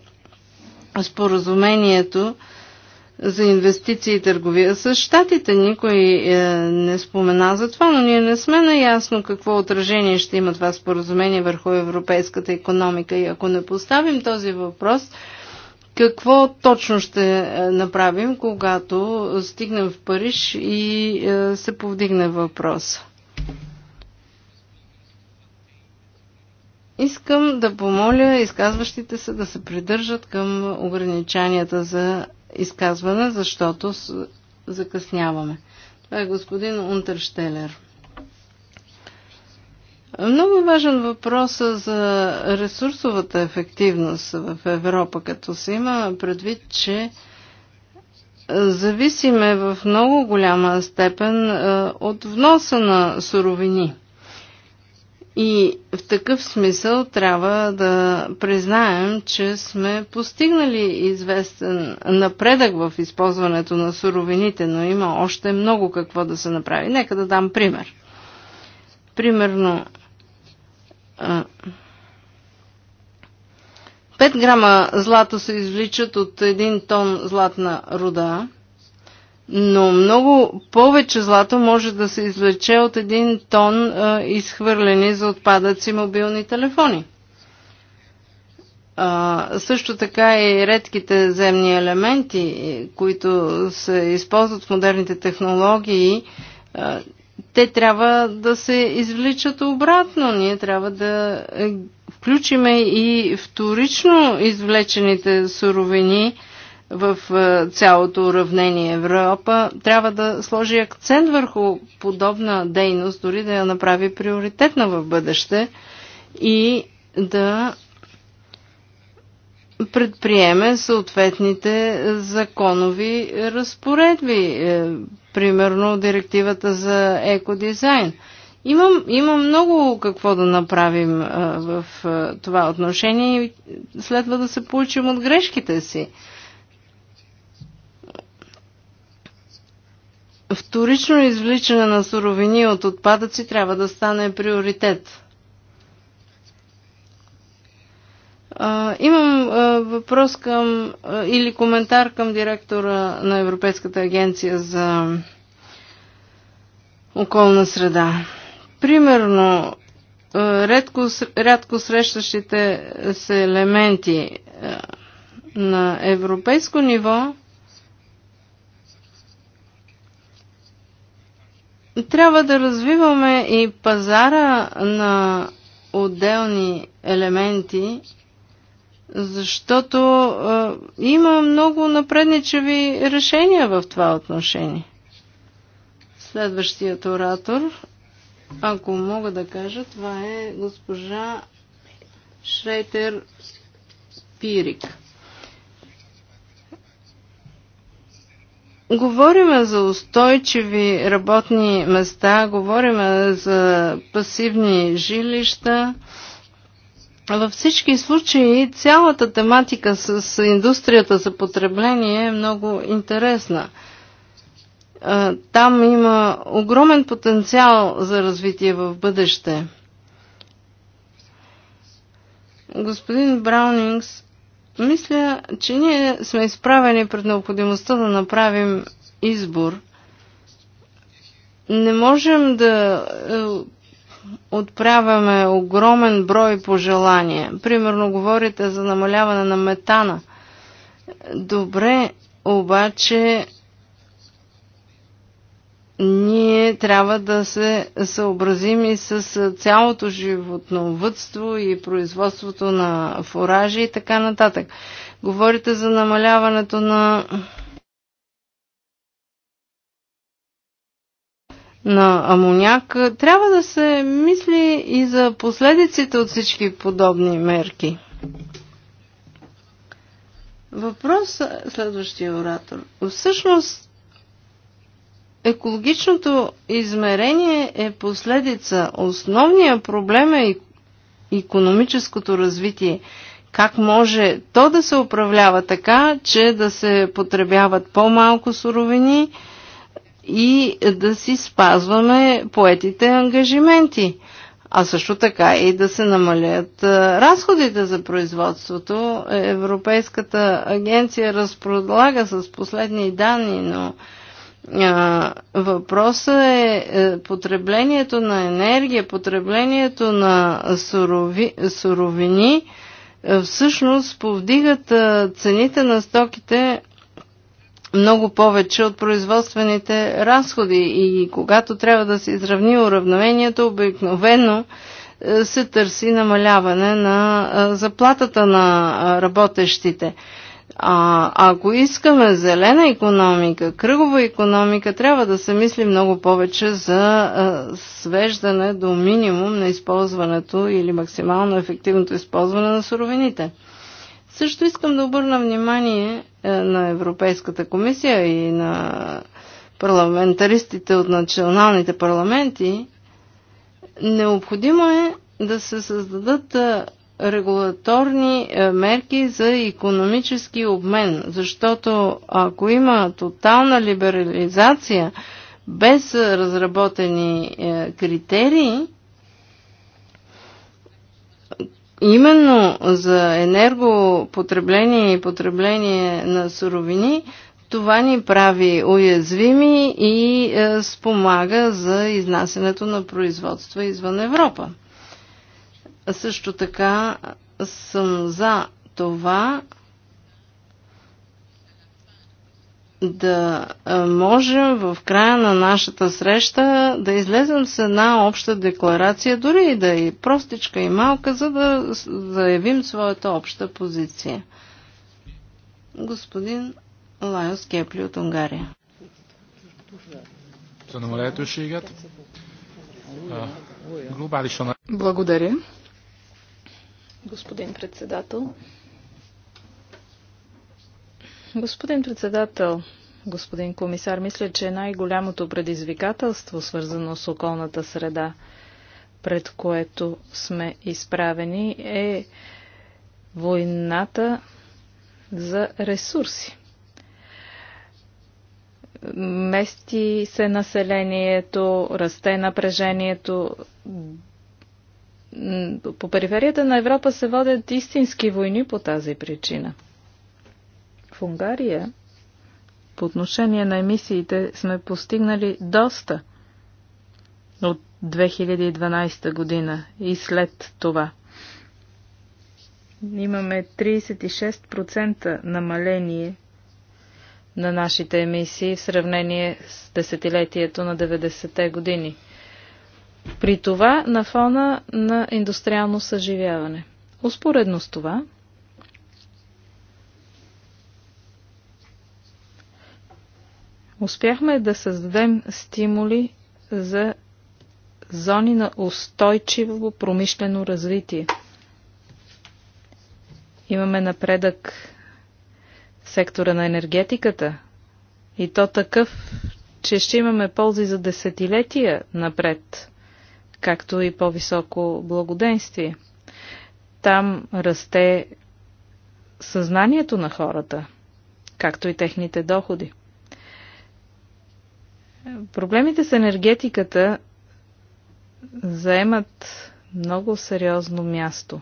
споразумението за инвестиции и търговия с щатите. Никой е, не спомена за това, но ние не сме наясно какво отражение ще има това споразумение върху европейската економика. И ако не поставим този въпрос, какво точно ще е, направим, когато стигнем в Париж и е, се повдигне въпрос. Искам да помоля изказващите се да се придържат към ограниченията за изказване, защото закъсняваме. Това е господин Унтерштелер. Много е важен въпрос е за ресурсовата ефективност в Европа, като се има предвид, че е, зависиме в много голяма степен е, от вноса на суровини. И в такъв смисъл трябва да признаем, че сме постигнали известен напредък в използването на суровините, но има още много какво да се направи. Нека да дам пример. Примерно, 5 грама злато се извличат от 1 тон златна руда – но много повече злато може да се извлече от един тон а, изхвърлени за отпадъци мобилни телефони. А, също така и редките земни елементи, е, които се използват в модерните технологии, а, те трябва да се извличат обратно. Ние трябва да е, включиме и вторично извлечените суровини, в е, цялото уравнение Европа, трябва да сложи акцент върху подобна дейност, дори да я направи приоритетна в бъдеще и да предприеме съответните законови разпоредби, е, примерно директивата за екодизайн. Имам, има много какво да направим е, в това отношение и следва да се получим от грешките си. вторично извличане на суровини от отпадъци трябва да стане приоритет. А, имам а, въпрос към а, или коментар към директора на Европейската агенция за околна среда. Примерно, а, редко, рядко срещащите се елементи а, на европейско ниво Трябва да развиваме и пазара на отделни елементи, защото е, има много напредничеви решения в това отношение. Следващият оратор, ако мога да кажа, това е госпожа Шрейтер Пирик. Говорим за устойчиви работни места, говорим за пасивни жилища. Във всички случаи цялата тематика с индустрията за потребление е много интересна. Там има огромен потенциал за развитие в бъдеще. Господин Браунингс мисля, че ние сме изправени пред необходимостта да направим избор. Не можем да е, отправяме огромен брой пожелания. Примерно говорите за намаляване на метана. Добре, обаче ние трябва да се съобразим и с цялото животновътство и производството на фуражи и така нататък. Говорите за намаляването на на амоняк. Трябва да се мисли и за последиците от всички подобни мерки. Въпрос следващия оратор. Всъщност екологичното измерение е последица. Основният проблем е економическото развитие. Как може то да се управлява така, че да се потребяват по-малко суровини и да си спазваме поетите ангажименти, а също така и да се намалят разходите за производството. Европейската агенция разпродлага с последни данни, но Въпросът е, е потреблението на енергия, потреблението на сурови, суровини е, всъщност повдигат е, цените на стоките много повече от производствените разходи и когато трябва да се изравни уравновението, обикновено се търси намаляване на заплатата на работещите. А ако искаме зелена економика, кръгова економика, трябва да се мисли много повече за а, свеждане до минимум на използването или максимално ефективното използване на суровините. Също искам да обърна внимание а, е, на Европейската комисия и на парламентаристите от националните парламенти. Необходимо е да се създадат е, регулаторни е, мерки за економически обмен, защото ако има тотална либерализация без разработени е, критерии, именно за енергопотребление и потребление на суровини, това ни прави уязвими и е, спомага за изнасянето на производства извън Европа. Също така съм за това да можем в края на нашата среща да излезем с една обща декларация, дори и да е простичка и малка, за да заявим своята обща позиция. Господин Лайос Кепли от Унгария. Благодаря господин председател. Господин председател, господин комисар, мисля, че най-голямото предизвикателство, свързано с околната среда, пред което сме изправени, е войната за ресурси. Мести се населението, расте напрежението, по периферията на Европа се водят истински войни по тази причина. В Унгария по отношение на емисиите сме постигнали доста от 2012 година и след това. Имаме 36% намаление на нашите емисии в сравнение с десетилетието на 90-те години – при това на фона на индустриално съживяване. Успоредно с това, успяхме да създадем стимули за зони на устойчиво промишлено развитие. Имаме напредък в сектора на енергетиката и то такъв, че ще имаме ползи за десетилетия напред както и по-високо благоденствие. Там расте съзнанието на хората, както и техните доходи. Проблемите с енергетиката заемат много сериозно място.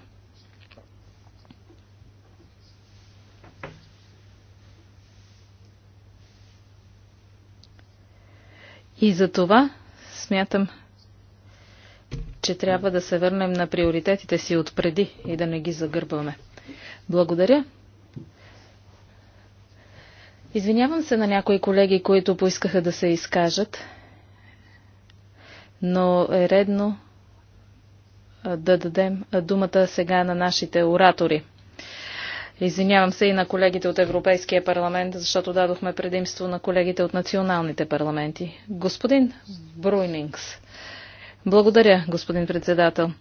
И за това смятам, че трябва да се върнем на приоритетите си отпреди и да не ги загърбваме. Благодаря. Извинявам се на някои колеги, които поискаха да се изкажат, но е редно да дадем думата сега на нашите оратори. Извинявам се и на колегите от Европейския парламент, защото дадохме предимство на колегите от националните парламенти. Господин Бруйнингс, благодаря, господин председател.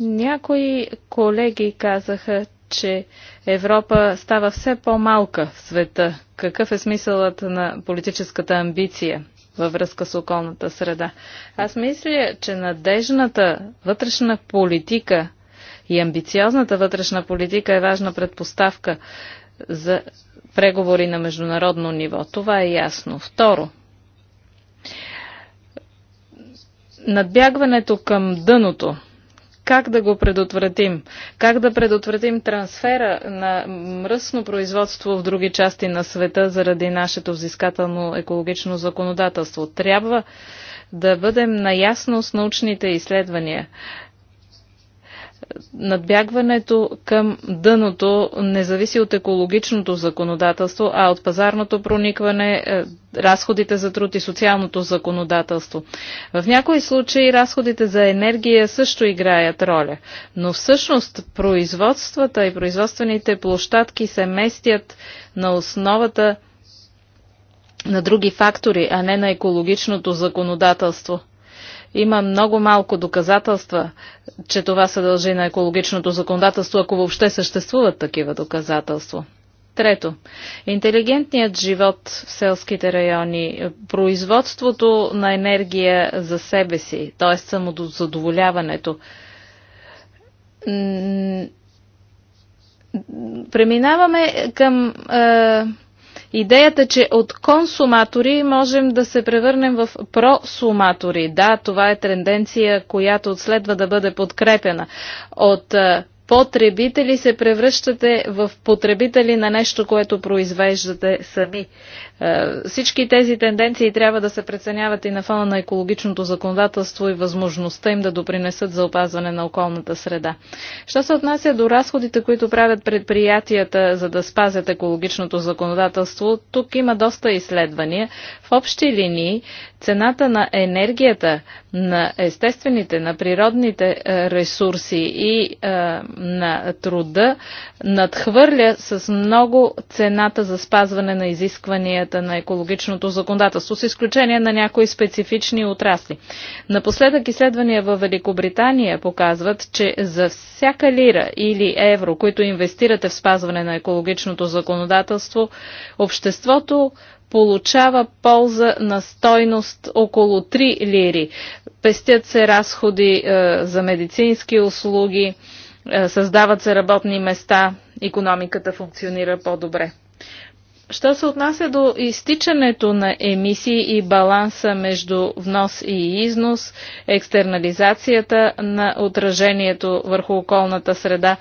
Някои колеги казаха, че Европа става все по-малка в света. Какъв е смисълът на политическата амбиция във връзка с околната среда? Аз мисля, че надежната вътрешна политика и амбициозната вътрешна политика е важна предпоставка за преговори на международно ниво. Това е ясно. Второ, надбягването към дъното, как да го предотвратим? Как да предотвратим трансфера на мръсно производство в други части на света заради нашето взискателно екологично законодателство? Трябва да бъдем наясно с научните изследвания. Надбягването към дъното не зависи от екологичното законодателство, а от пазарното проникване, е, разходите за труд и социалното законодателство. В някои случаи разходите за енергия също играят роля, но всъщност производствата и производствените площадки се местят на основата на други фактори, а не на екологичното законодателство – има много малко доказателства, че това се дължи на екологичното законодателство, ако въобще съществуват такива доказателства. Трето, интелигентният живот в селските райони, производството на енергия за себе си, т.е. самозадоволяването, преминаваме към е, идеята, че от консуматори можем да се превърнем в просуматори. Да, това е тенденция, която следва да бъде подкрепена. От е, потребители се превръщате в потребители на нещо, което произвеждате сами. Е, всички тези тенденции трябва да се преценяват и на фона на екологичното законодателство и възможността им да допринесат за опазване на околната среда. Що се отнася до разходите, които правят предприятията за да спазят екологичното законодателство, тук има доста изследвания. В общи линии цената на енергията, на естествените, на природните е, ресурси и е, на труда надхвърля с много цената за спазване на изискванията на екологичното законодателство, с изключение на някои специфични отрасли. Напоследък изследвания в Великобритания показват, че за всяка лира или евро, които инвестирате в спазване на екологичното законодателство, обществото получава полза на стойност около 3 лири. Пестят се разходи е, за медицински услуги, е, създават се работни места, економиката функционира по-добре. Що се отнася до изтичането на емисии и баланса между внос и износ, екстернализацията на отражението върху околната среда,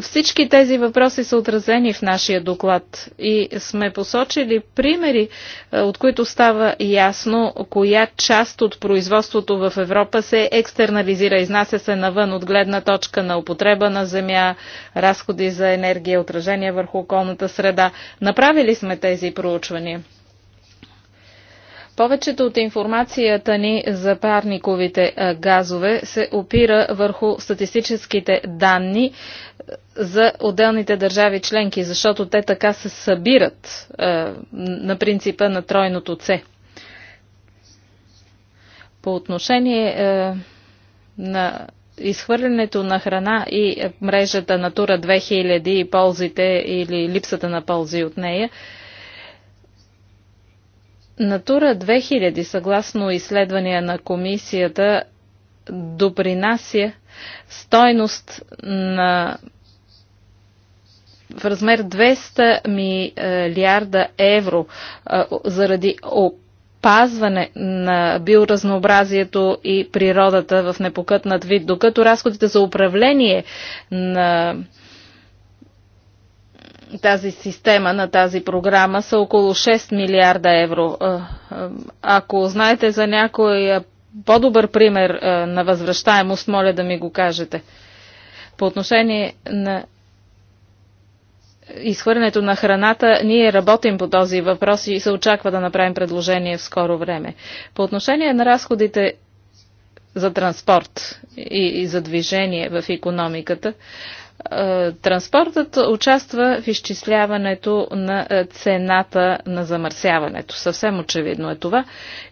всички тези въпроси са отразени в нашия доклад и сме посочили примери, е, от които става ясно коя част от производството в Европа се екстернализира, изнася се навън от гледна точка на употреба на земя, разходи за енергия, отражение върху околната среда. Направили сме извършихме тези проучвания. Повечето от информацията ни за парниковите газове се опира върху статистическите данни за отделните държави членки, защото те така се събират е, на принципа на тройното С. По отношение е, на изхвърлянето на храна и мрежата Натура 2000 и ползите или липсата на ползи от нея, е, Натура 2000, съгласно изследвания на комисията, допринася стойност на в размер 200 милиарда евро заради опазване на биоразнообразието и природата в непокътнат вид, докато разходите за управление на тази система, на тази програма са около 6 милиарда евро. Е, е, ако знаете за някой е, по-добър пример на възвръщаемост, моля да ми го кажете. По отношение на изхвърлянето на храната, ние работим по този въпрос и се очаква да направим предложение в скоро време. По отношение на разходите за транспорт и, и за движение в економиката, е, транспортът участва в изчисляването на е, цената на замърсяването. Съвсем очевидно е това.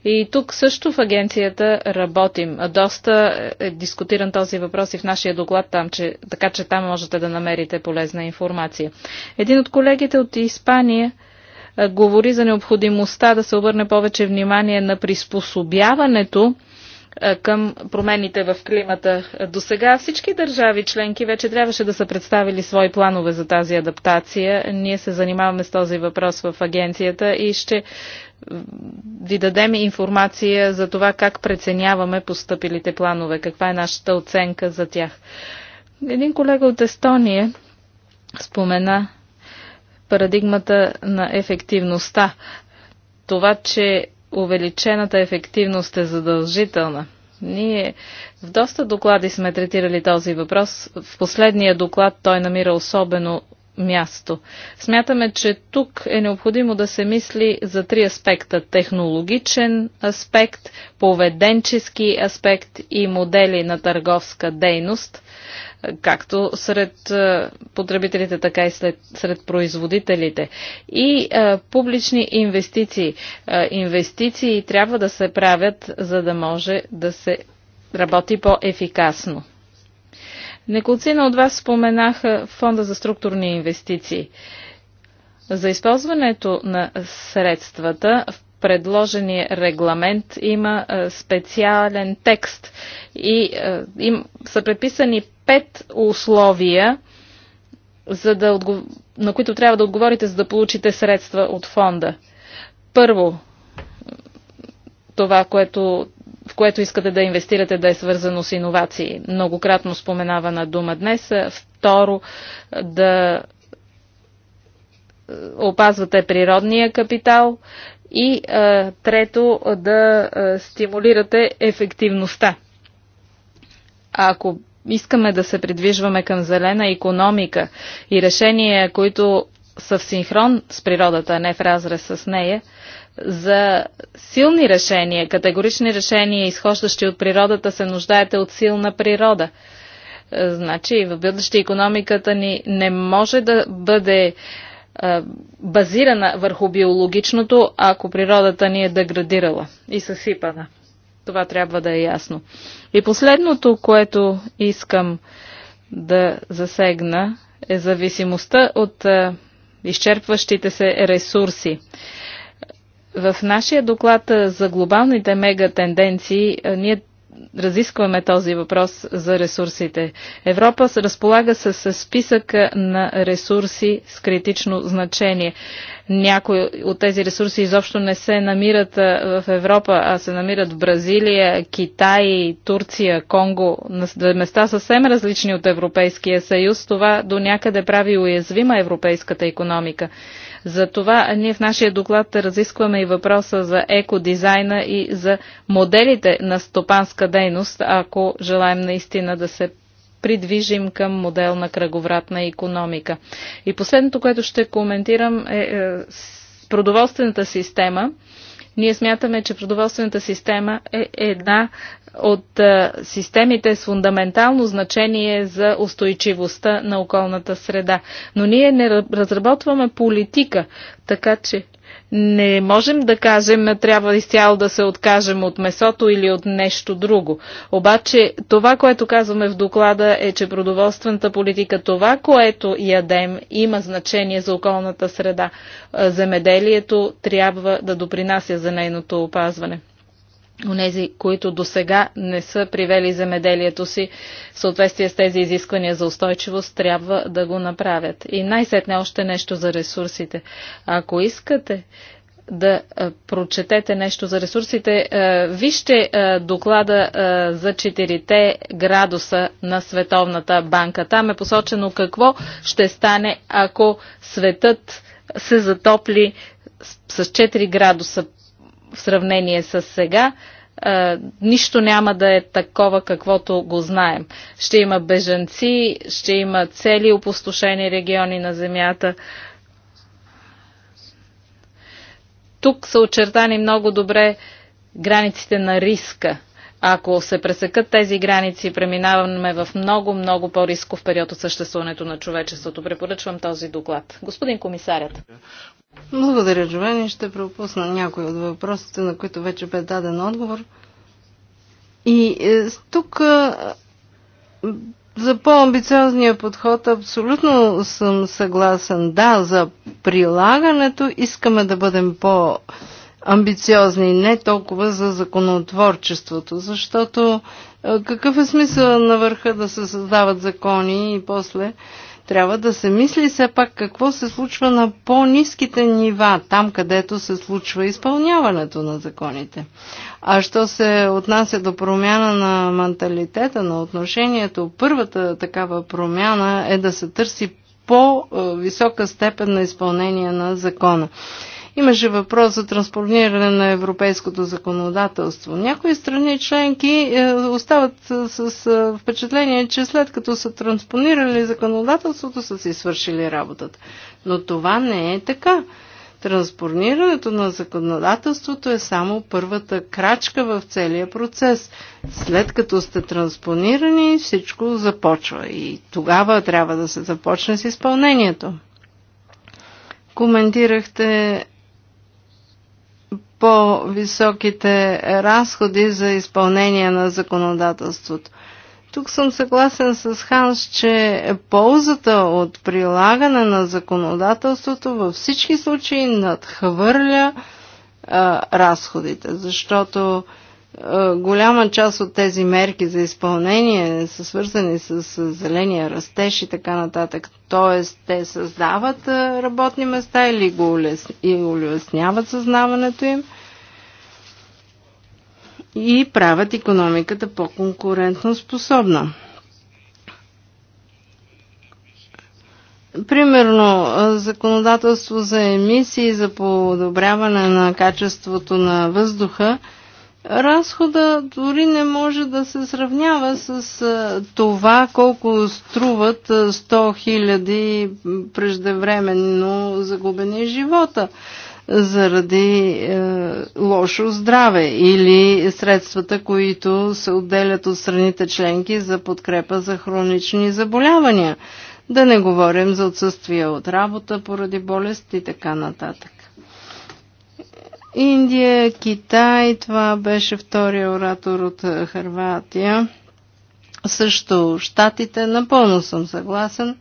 И тук също в агенцията работим. Доста е, е дискутиран този въпрос и в нашия доклад там, че, така че там можете да намерите полезна информация. Един от колегите от Испания говори за необходимостта да се обърне повече внимание на приспособяването е, към промените в климата. До сега всички държави членки вече трябваше да са представили свои планове за тази адаптация. Ние се занимаваме с този въпрос в агенцията и ще ви дадем информация за това как преценяваме поступилите планове, каква е нашата оценка за тях. Един колега от Естония спомена парадигмата на ефективността. Това, че увеличената ефективност е задължителна. Ние в доста доклади сме третирали този въпрос. В последния доклад той намира особено място. Смятаме, че тук е необходимо да се мисли за три аспекта – технологичен аспект, поведенчески аспект и модели на търговска дейност – както сред потребителите, така и след, сред производителите. И а, публични инвестиции. А, инвестиции трябва да се правят, за да може да се работи по-ефикасно. Неколцина от вас споменаха Фонда за структурни инвестиции. За използването на средствата в предложения е регламент има е, специален текст и е, им са преписани пет условия, за да отгов... на които трябва да отговорите, за да получите средства от фонда. Първо, това, което, в което искате да инвестирате, да е свързано с иновации. Многократно споменавана дума днес. Второ, да опазвате природния капитал и а, трето, да а, стимулирате ефективността. А ако искаме да се придвижваме към зелена економика и решения, които са в синхрон с природата, а не в разрез с нея, за силни решения, категорични решения, изхождащи от природата, се нуждаете от силна природа. Значи в бъдеще економиката ни не може да бъде е, базирана върху биологичното, ако природата ни е деградирала и съсипана. Това трябва да е ясно. И последното, което искам да засегна, е зависимостта от е, изчерпващите се ресурси. В нашия доклад за глобалните мегатенденции е, ние разискваме този въпрос за ресурсите. Европа се разполага с списък на ресурси с критично значение. Някои от тези ресурси изобщо не се намират в Европа, а се намират в Бразилия, Китай, Турция, Конго, места съвсем различни от Европейския съюз. Това до някъде прави уязвима европейската економика. Затова ние в нашия доклад разискваме и въпроса за екодизайна и за моделите на стопанска дейност, ако желаем наистина да се придвижим към модел на кръговратна економика. И последното, което ще коментирам е, е продоволствената система. Ние смятаме, че продоволствената система е една от е, системите с фундаментално значение за устойчивостта на околната среда. Но ние не разработваме политика, така че не можем да кажем, трябва изцяло да се откажем от месото или от нещо друго. Обаче това, което казваме в доклада е, че продоволствената политика, това, което ядем, има значение за околната среда. Е, земеделието трябва да допринася за нейното опазване. Онези, които до сега не са привели земеделието си в съответствие с тези изисквания за устойчивост, трябва да го направят. И най-сетне още нещо за ресурсите. Ако искате да прочетете нещо за ресурсите, вижте доклада за 4 градуса на Световната банка. Там е посочено какво ще стане, ако светът се затопли с 4 градуса в сравнение с сега, нищо няма да е такова, каквото го знаем. Ще има бежанци, ще има цели опустошени региони на земята. Тук са очертани много добре границите на риска. Ако се пресекат тези граници, преминаваме в много, много по-рисков период от съществуването на човечеството. Препоръчвам този доклад. Господин комисарят. Благодаря, Джовени. Ще пропусна някои от въпросите, на които вече бе даден отговор. И е, тук е, за по-амбициозния подход абсолютно съм съгласен. Да, за прилагането искаме да бъдем по- амбициозни, не толкова за законотворчеството, защото е, какъв е смисъл на върха да се създават закони и после трябва да се мисли все пак какво се случва на по-низките нива, там където се случва изпълняването на законите. А що се отнася до промяна на менталитета, на отношението, първата такава промяна е да се търси по-висока степен на изпълнение на закона. Имаше въпрос за транспониране на европейското законодателство. Някои страни членки е, остават с е, впечатление, че след като са транспонирали законодателството, са си свършили работата. Но това не е така. Транспонирането на законодателството е само първата крачка в целия процес. След като сте транспонирани, всичко започва и тогава трябва да се започне с изпълнението. Коментирахте по-високите разходи за изпълнение на законодателството. Тук съм съгласен с Ханс, че ползата от прилагане на законодателството във всички случаи надхвърля а, разходите, защото а, е, голяма част от тези мерки за изпълнение са свързани с зеления растеж и така нататък. Тоест, те създават е, работни места или го улесняват съзнаването им и правят економиката по-конкурентно способна. Примерно, е, законодателство за емисии, за подобряване на качеството на въздуха – разхода дори не може да се сравнява с това колко струват 100 хиляди преждевременно загубени живота заради е, лошо здраве или средствата, които се отделят от страните членки за подкрепа за хронични заболявания. Да не говорим за отсъствие от работа поради болест и така нататък. Индия, Китай, това беше втория оратор от е, Харватия. Също Штатите, напълно съм съгласен.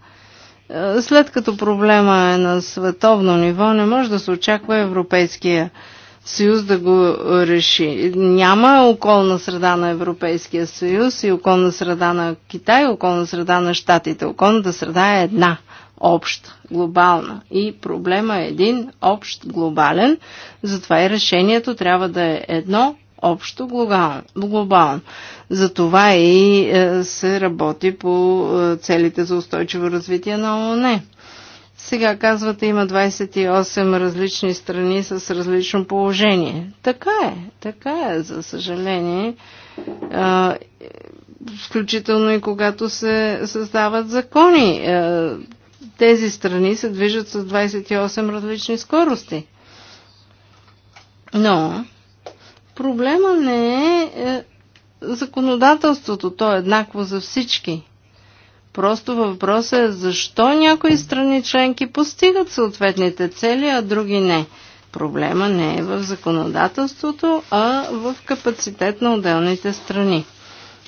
Е, след като проблема е на световно ниво, не може да се очаква Европейския съюз да го реши. Няма околна среда на Европейския съюз и околна среда на Китай, околна среда на Штатите. Околната среда е една обща, глобална. И проблема е един общ, глобален, затова и решението трябва да е едно общо, глобално. глобално. Затова и е, се работи по е, целите за устойчиво развитие на ООН. Сега казвате, има 28 различни страни с различно положение. Така е, така е, за съжаление. Е, включително и когато се създават закони тези страни се движат с 28 различни скорости. Но проблема не е, е законодателството, то е еднакво за всички. Просто въпросът е защо някои страни членки постигат съответните цели, а други не. Проблема не е в законодателството, а в капацитет на отделните страни.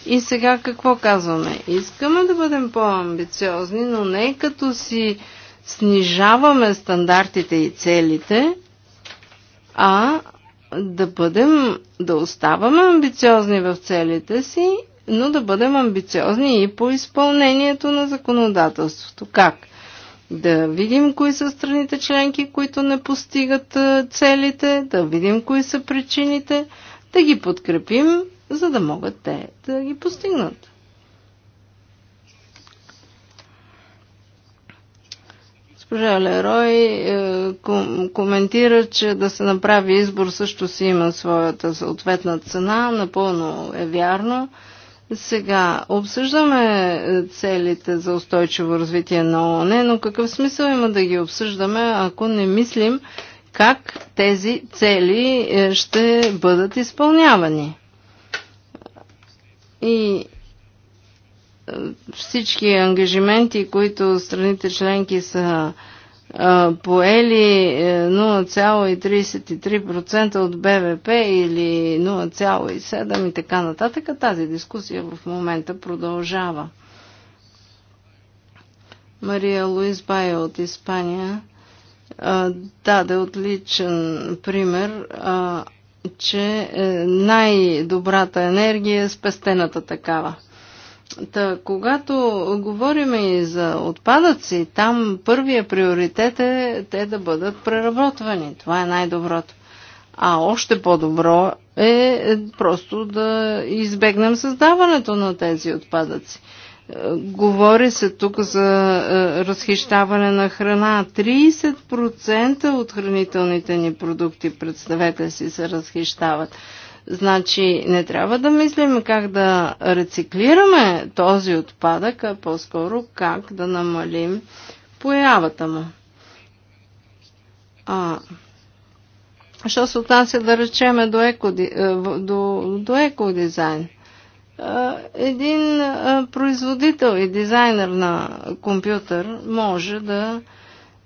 И сега какво казваме? Искаме да бъдем по-амбициозни, но не като си снижаваме стандартите и целите, а да бъдем, да оставаме амбициозни в целите си, но да бъдем амбициозни и по изпълнението на законодателството. Как? Да видим кои са страните членки, които не постигат целите, да видим кои са причините, да ги подкрепим за да могат те да ги постигнат. Госпожа Лерой е, коментира, че да се направи избор също си има своята съответна цена. Напълно е вярно. Сега обсъждаме е, целите за устойчиво развитие на ООН, но какъв смисъл има да ги обсъждаме, ако не мислим как тези цели е, ще бъдат изпълнявани? И е, всички ангажименти, които страните членки са е, поели 0,33% е, от БВП или 0,7% и така нататък. Тази дискусия в момента продължава. Мария Луис Бая от Испания даде отличен пример, че е, най-добрата енергия е спестената такава. Та, когато говорим и за отпадъци, там първия приоритет е те да бъдат преработвани. Това е най-доброто. А още по-добро е просто да избегнем създаването на тези отпадъци. Говори се тук за е, разхищаване на храна. 30% от хранителните ни продукти, представете си, се разхищават. Значи не трябва да мислим как да рециклираме този отпадък, а по-скоро как да намалим появата му. А, що се отнася да речеме до, еко, е, до, до екодизайн? един производител и дизайнер на компютър може да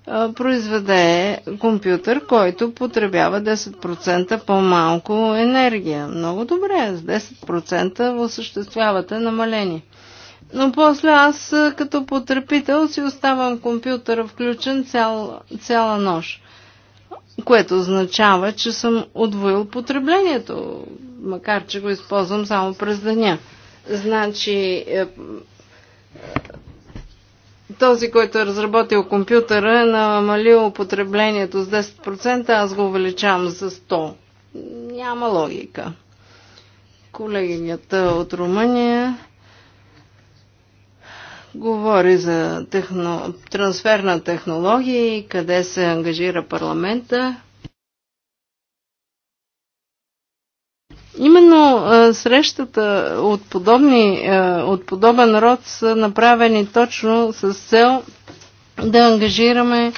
произведе компютър, който потребява 10% по-малко енергия. Много добре, с 10% осъществявате намаление. Но после аз като потребител си оставам компютъра включен цял, цяла нощ, което означава, че съм отвоил потреблението макар че го използвам само през деня. Значи, е, този, който е разработил компютъра, е намалил потреблението с 10%, аз го увеличавам за 100%. Няма логика. Колегинята от Румъния говори за техно... трансферна технология и къде се ангажира парламента. Именно а, срещата от, подобни, а, от подобен род са направени точно с цел да ангажираме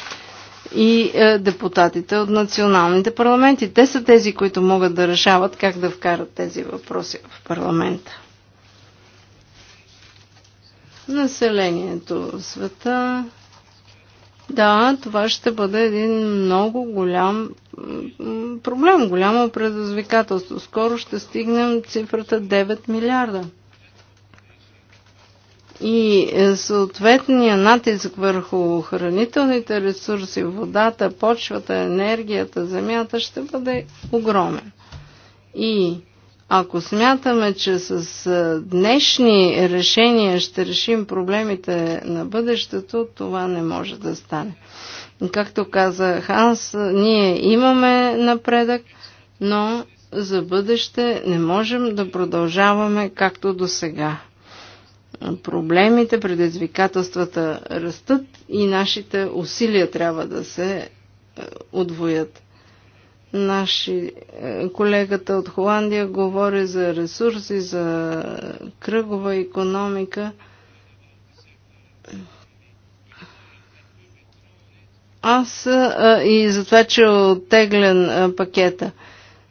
и а, депутатите от националните парламенти. Те са тези, които могат да решават как да вкарат тези въпроси в парламента. Населението в света да, това ще бъде един много голям проблем, голямо предизвикателство. Скоро ще стигнем цифрата 9 милиарда. И е, съответния натиск върху хранителните ресурси, водата, почвата, енергията, земята ще бъде огромен. И ако смятаме, че с днешни решения ще решим проблемите на бъдещето, това не може да стане. Както каза Ханс, ние имаме напредък, но за бъдеще не можем да продължаваме както до сега. Проблемите, предизвикателствата растат и нашите усилия трябва да се отвоят. Наши е, колегата от Холандия говори за ресурси, за кръгова економика. Аз а, е, и за това, че е оттеглен а, е, пакета.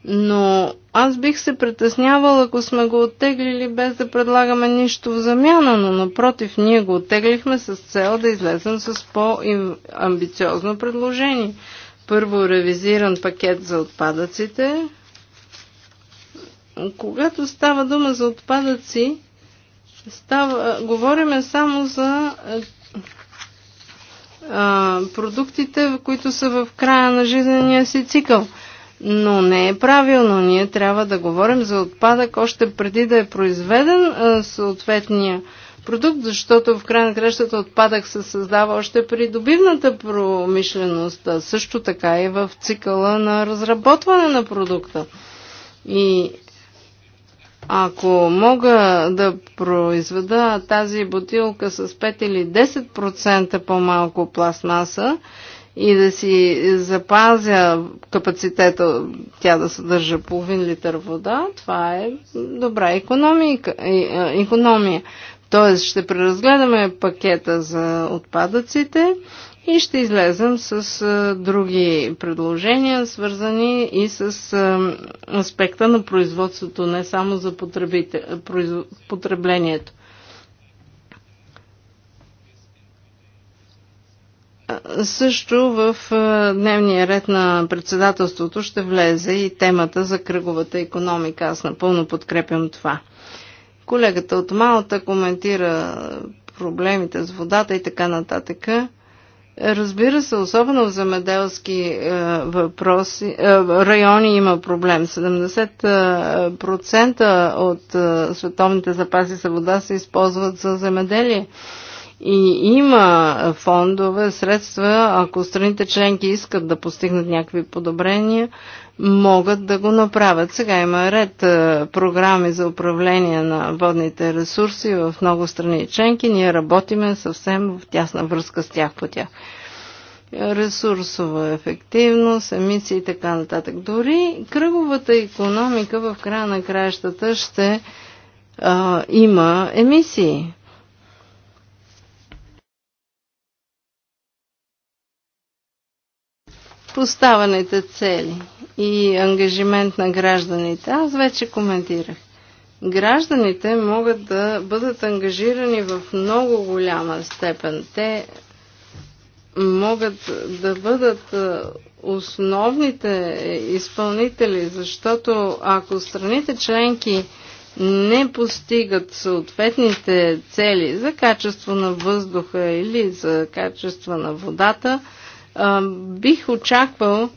Но аз бих се притеснявал, ако сме го оттеглили без да предлагаме нищо в замяна, но напротив, ние го оттеглихме с цел да излезем с по-амбициозно предложение. Първо ревизиран пакет за отпадъците. Когато става дума за отпадъци, става, говориме само за а, продуктите, които са в края на жизнения си цикъл. Но не е правилно. Ние трябва да говорим за отпадък още преди да е произведен съответния продукт, защото в край на кращата отпадък се създава още при добивната промишленост, а също така и в цикъла на разработване на продукта. И ако мога да произведа тази бутилка с 5 или 10% по-малко пластмаса и да си запазя капацитета тя да съдържа половин литър вода, това е добра економика, економия. Е, Тоест ще преразгледаме пакета за отпадъците и ще излезем с а, други предложения, свързани и с а, аспекта на производството, не само за потреблението. Също в дневния ред на председателството ще влезе и темата за кръговата економика. Аз напълно подкрепям това. Колегата от Малта коментира проблемите с водата и така нататък. Разбира се, особено в земеделски е, въпроси, е, райони има проблем. 70% е, от е, световните запаси за вода се използват за земеделие. И има фондове, средства, ако страните членки искат да постигнат някакви подобрения, могат да го направят. Сега има ред програми за управление на водните ресурси в много страни и членки. Ние работиме съвсем в тясна връзка с тях по тях. Ресурсова ефективност, емисии и така нататък. Дори кръговата економика в края на краищата ще а, има емисии. поставените цели и ангажимент на гражданите. Аз вече коментирах. Гражданите могат да бъдат ангажирани в много голяма степен. Те могат да бъдат основните изпълнители, защото ако страните членки не постигат съответните цели за качество на въздуха или за качество на водата, бих очаквал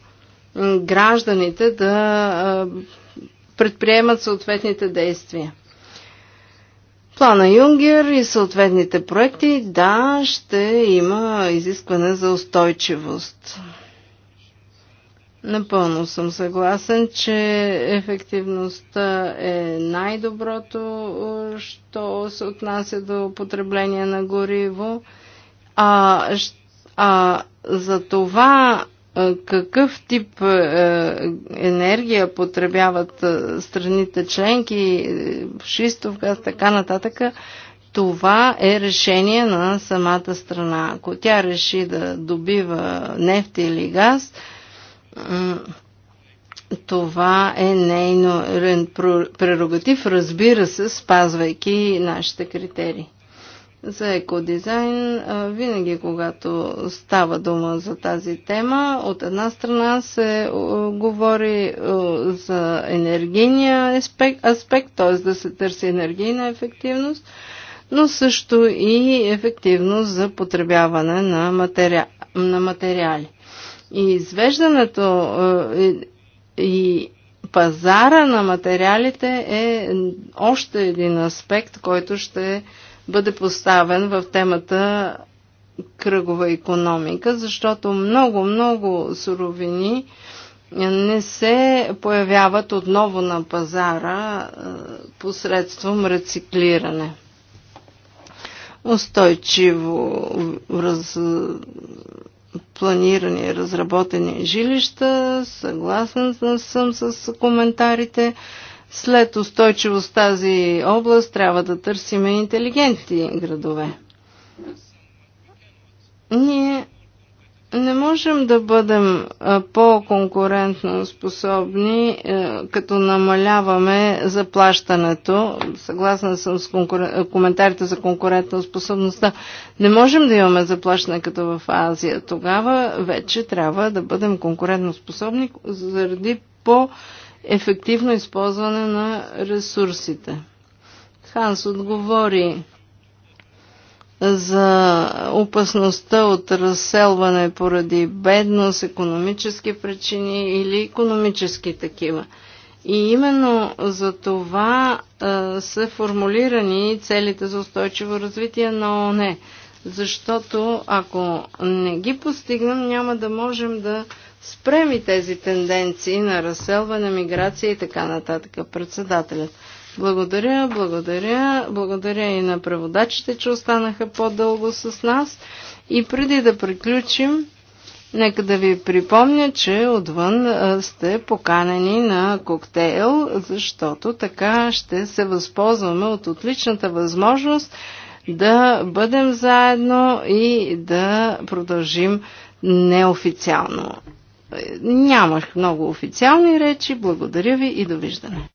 гражданите да предприемат съответните действия. Плана Юнгер и съответните проекти, да, ще има изискване за устойчивост. Напълно съм съгласен, че ефективността е най-доброто, що се отнася до потребление на гориво. А, а за това какъв тип енергия потребяват страните членки, е, шистов газ, така нататък, това е решение на самата страна. Ако тя реши да добива нефт или газ, това е нейно прерогатив, разбира се, спазвайки нашите критерии за екодизайн, винаги когато става дума за тази тема, от една страна се говори за енергийния аспект, т.е. да се търси енергийна ефективност, но също и ефективност за потребяване на, материали. На материали. И извеждането е, и пазара на материалите е още един аспект, който ще е бъде поставен в темата кръгова економика, защото много, много суровини не се появяват отново на пазара посредством рециклиране. Устойчиво раз... планирани, разработени жилища, съгласен съм с коментарите, след устойчивост тази област трябва да търсим интелигентни градове. Ние не можем да бъдем по-конкурентно способни, като намаляваме заплащането. Съгласна съм с конкурен... коментарите за конкурентна способността. Не можем да имаме заплащане като в Азия. Тогава вече трябва да бъдем конкурентно способни заради по- ефективно използване на ресурсите. Ханс отговори за опасността от разселване поради бедност, економически причини или економически такива. И именно за това а, са формулирани целите за устойчиво развитие на ОНЕ, Защото ако не ги постигнем, няма да можем да а, спрем и тези тенденции на разселване, миграция и така нататък. Председателят. Благодаря, благодаря, благодаря и на преводачите, че останаха по-дълго с нас. И преди да приключим, нека да ви припомня, че отвън сте поканени на коктейл, защото така ще се възползваме от отличната възможност да бъдем заедно и да продължим неофициално. Нямах много официални речи. Благодаря ви и довиждане.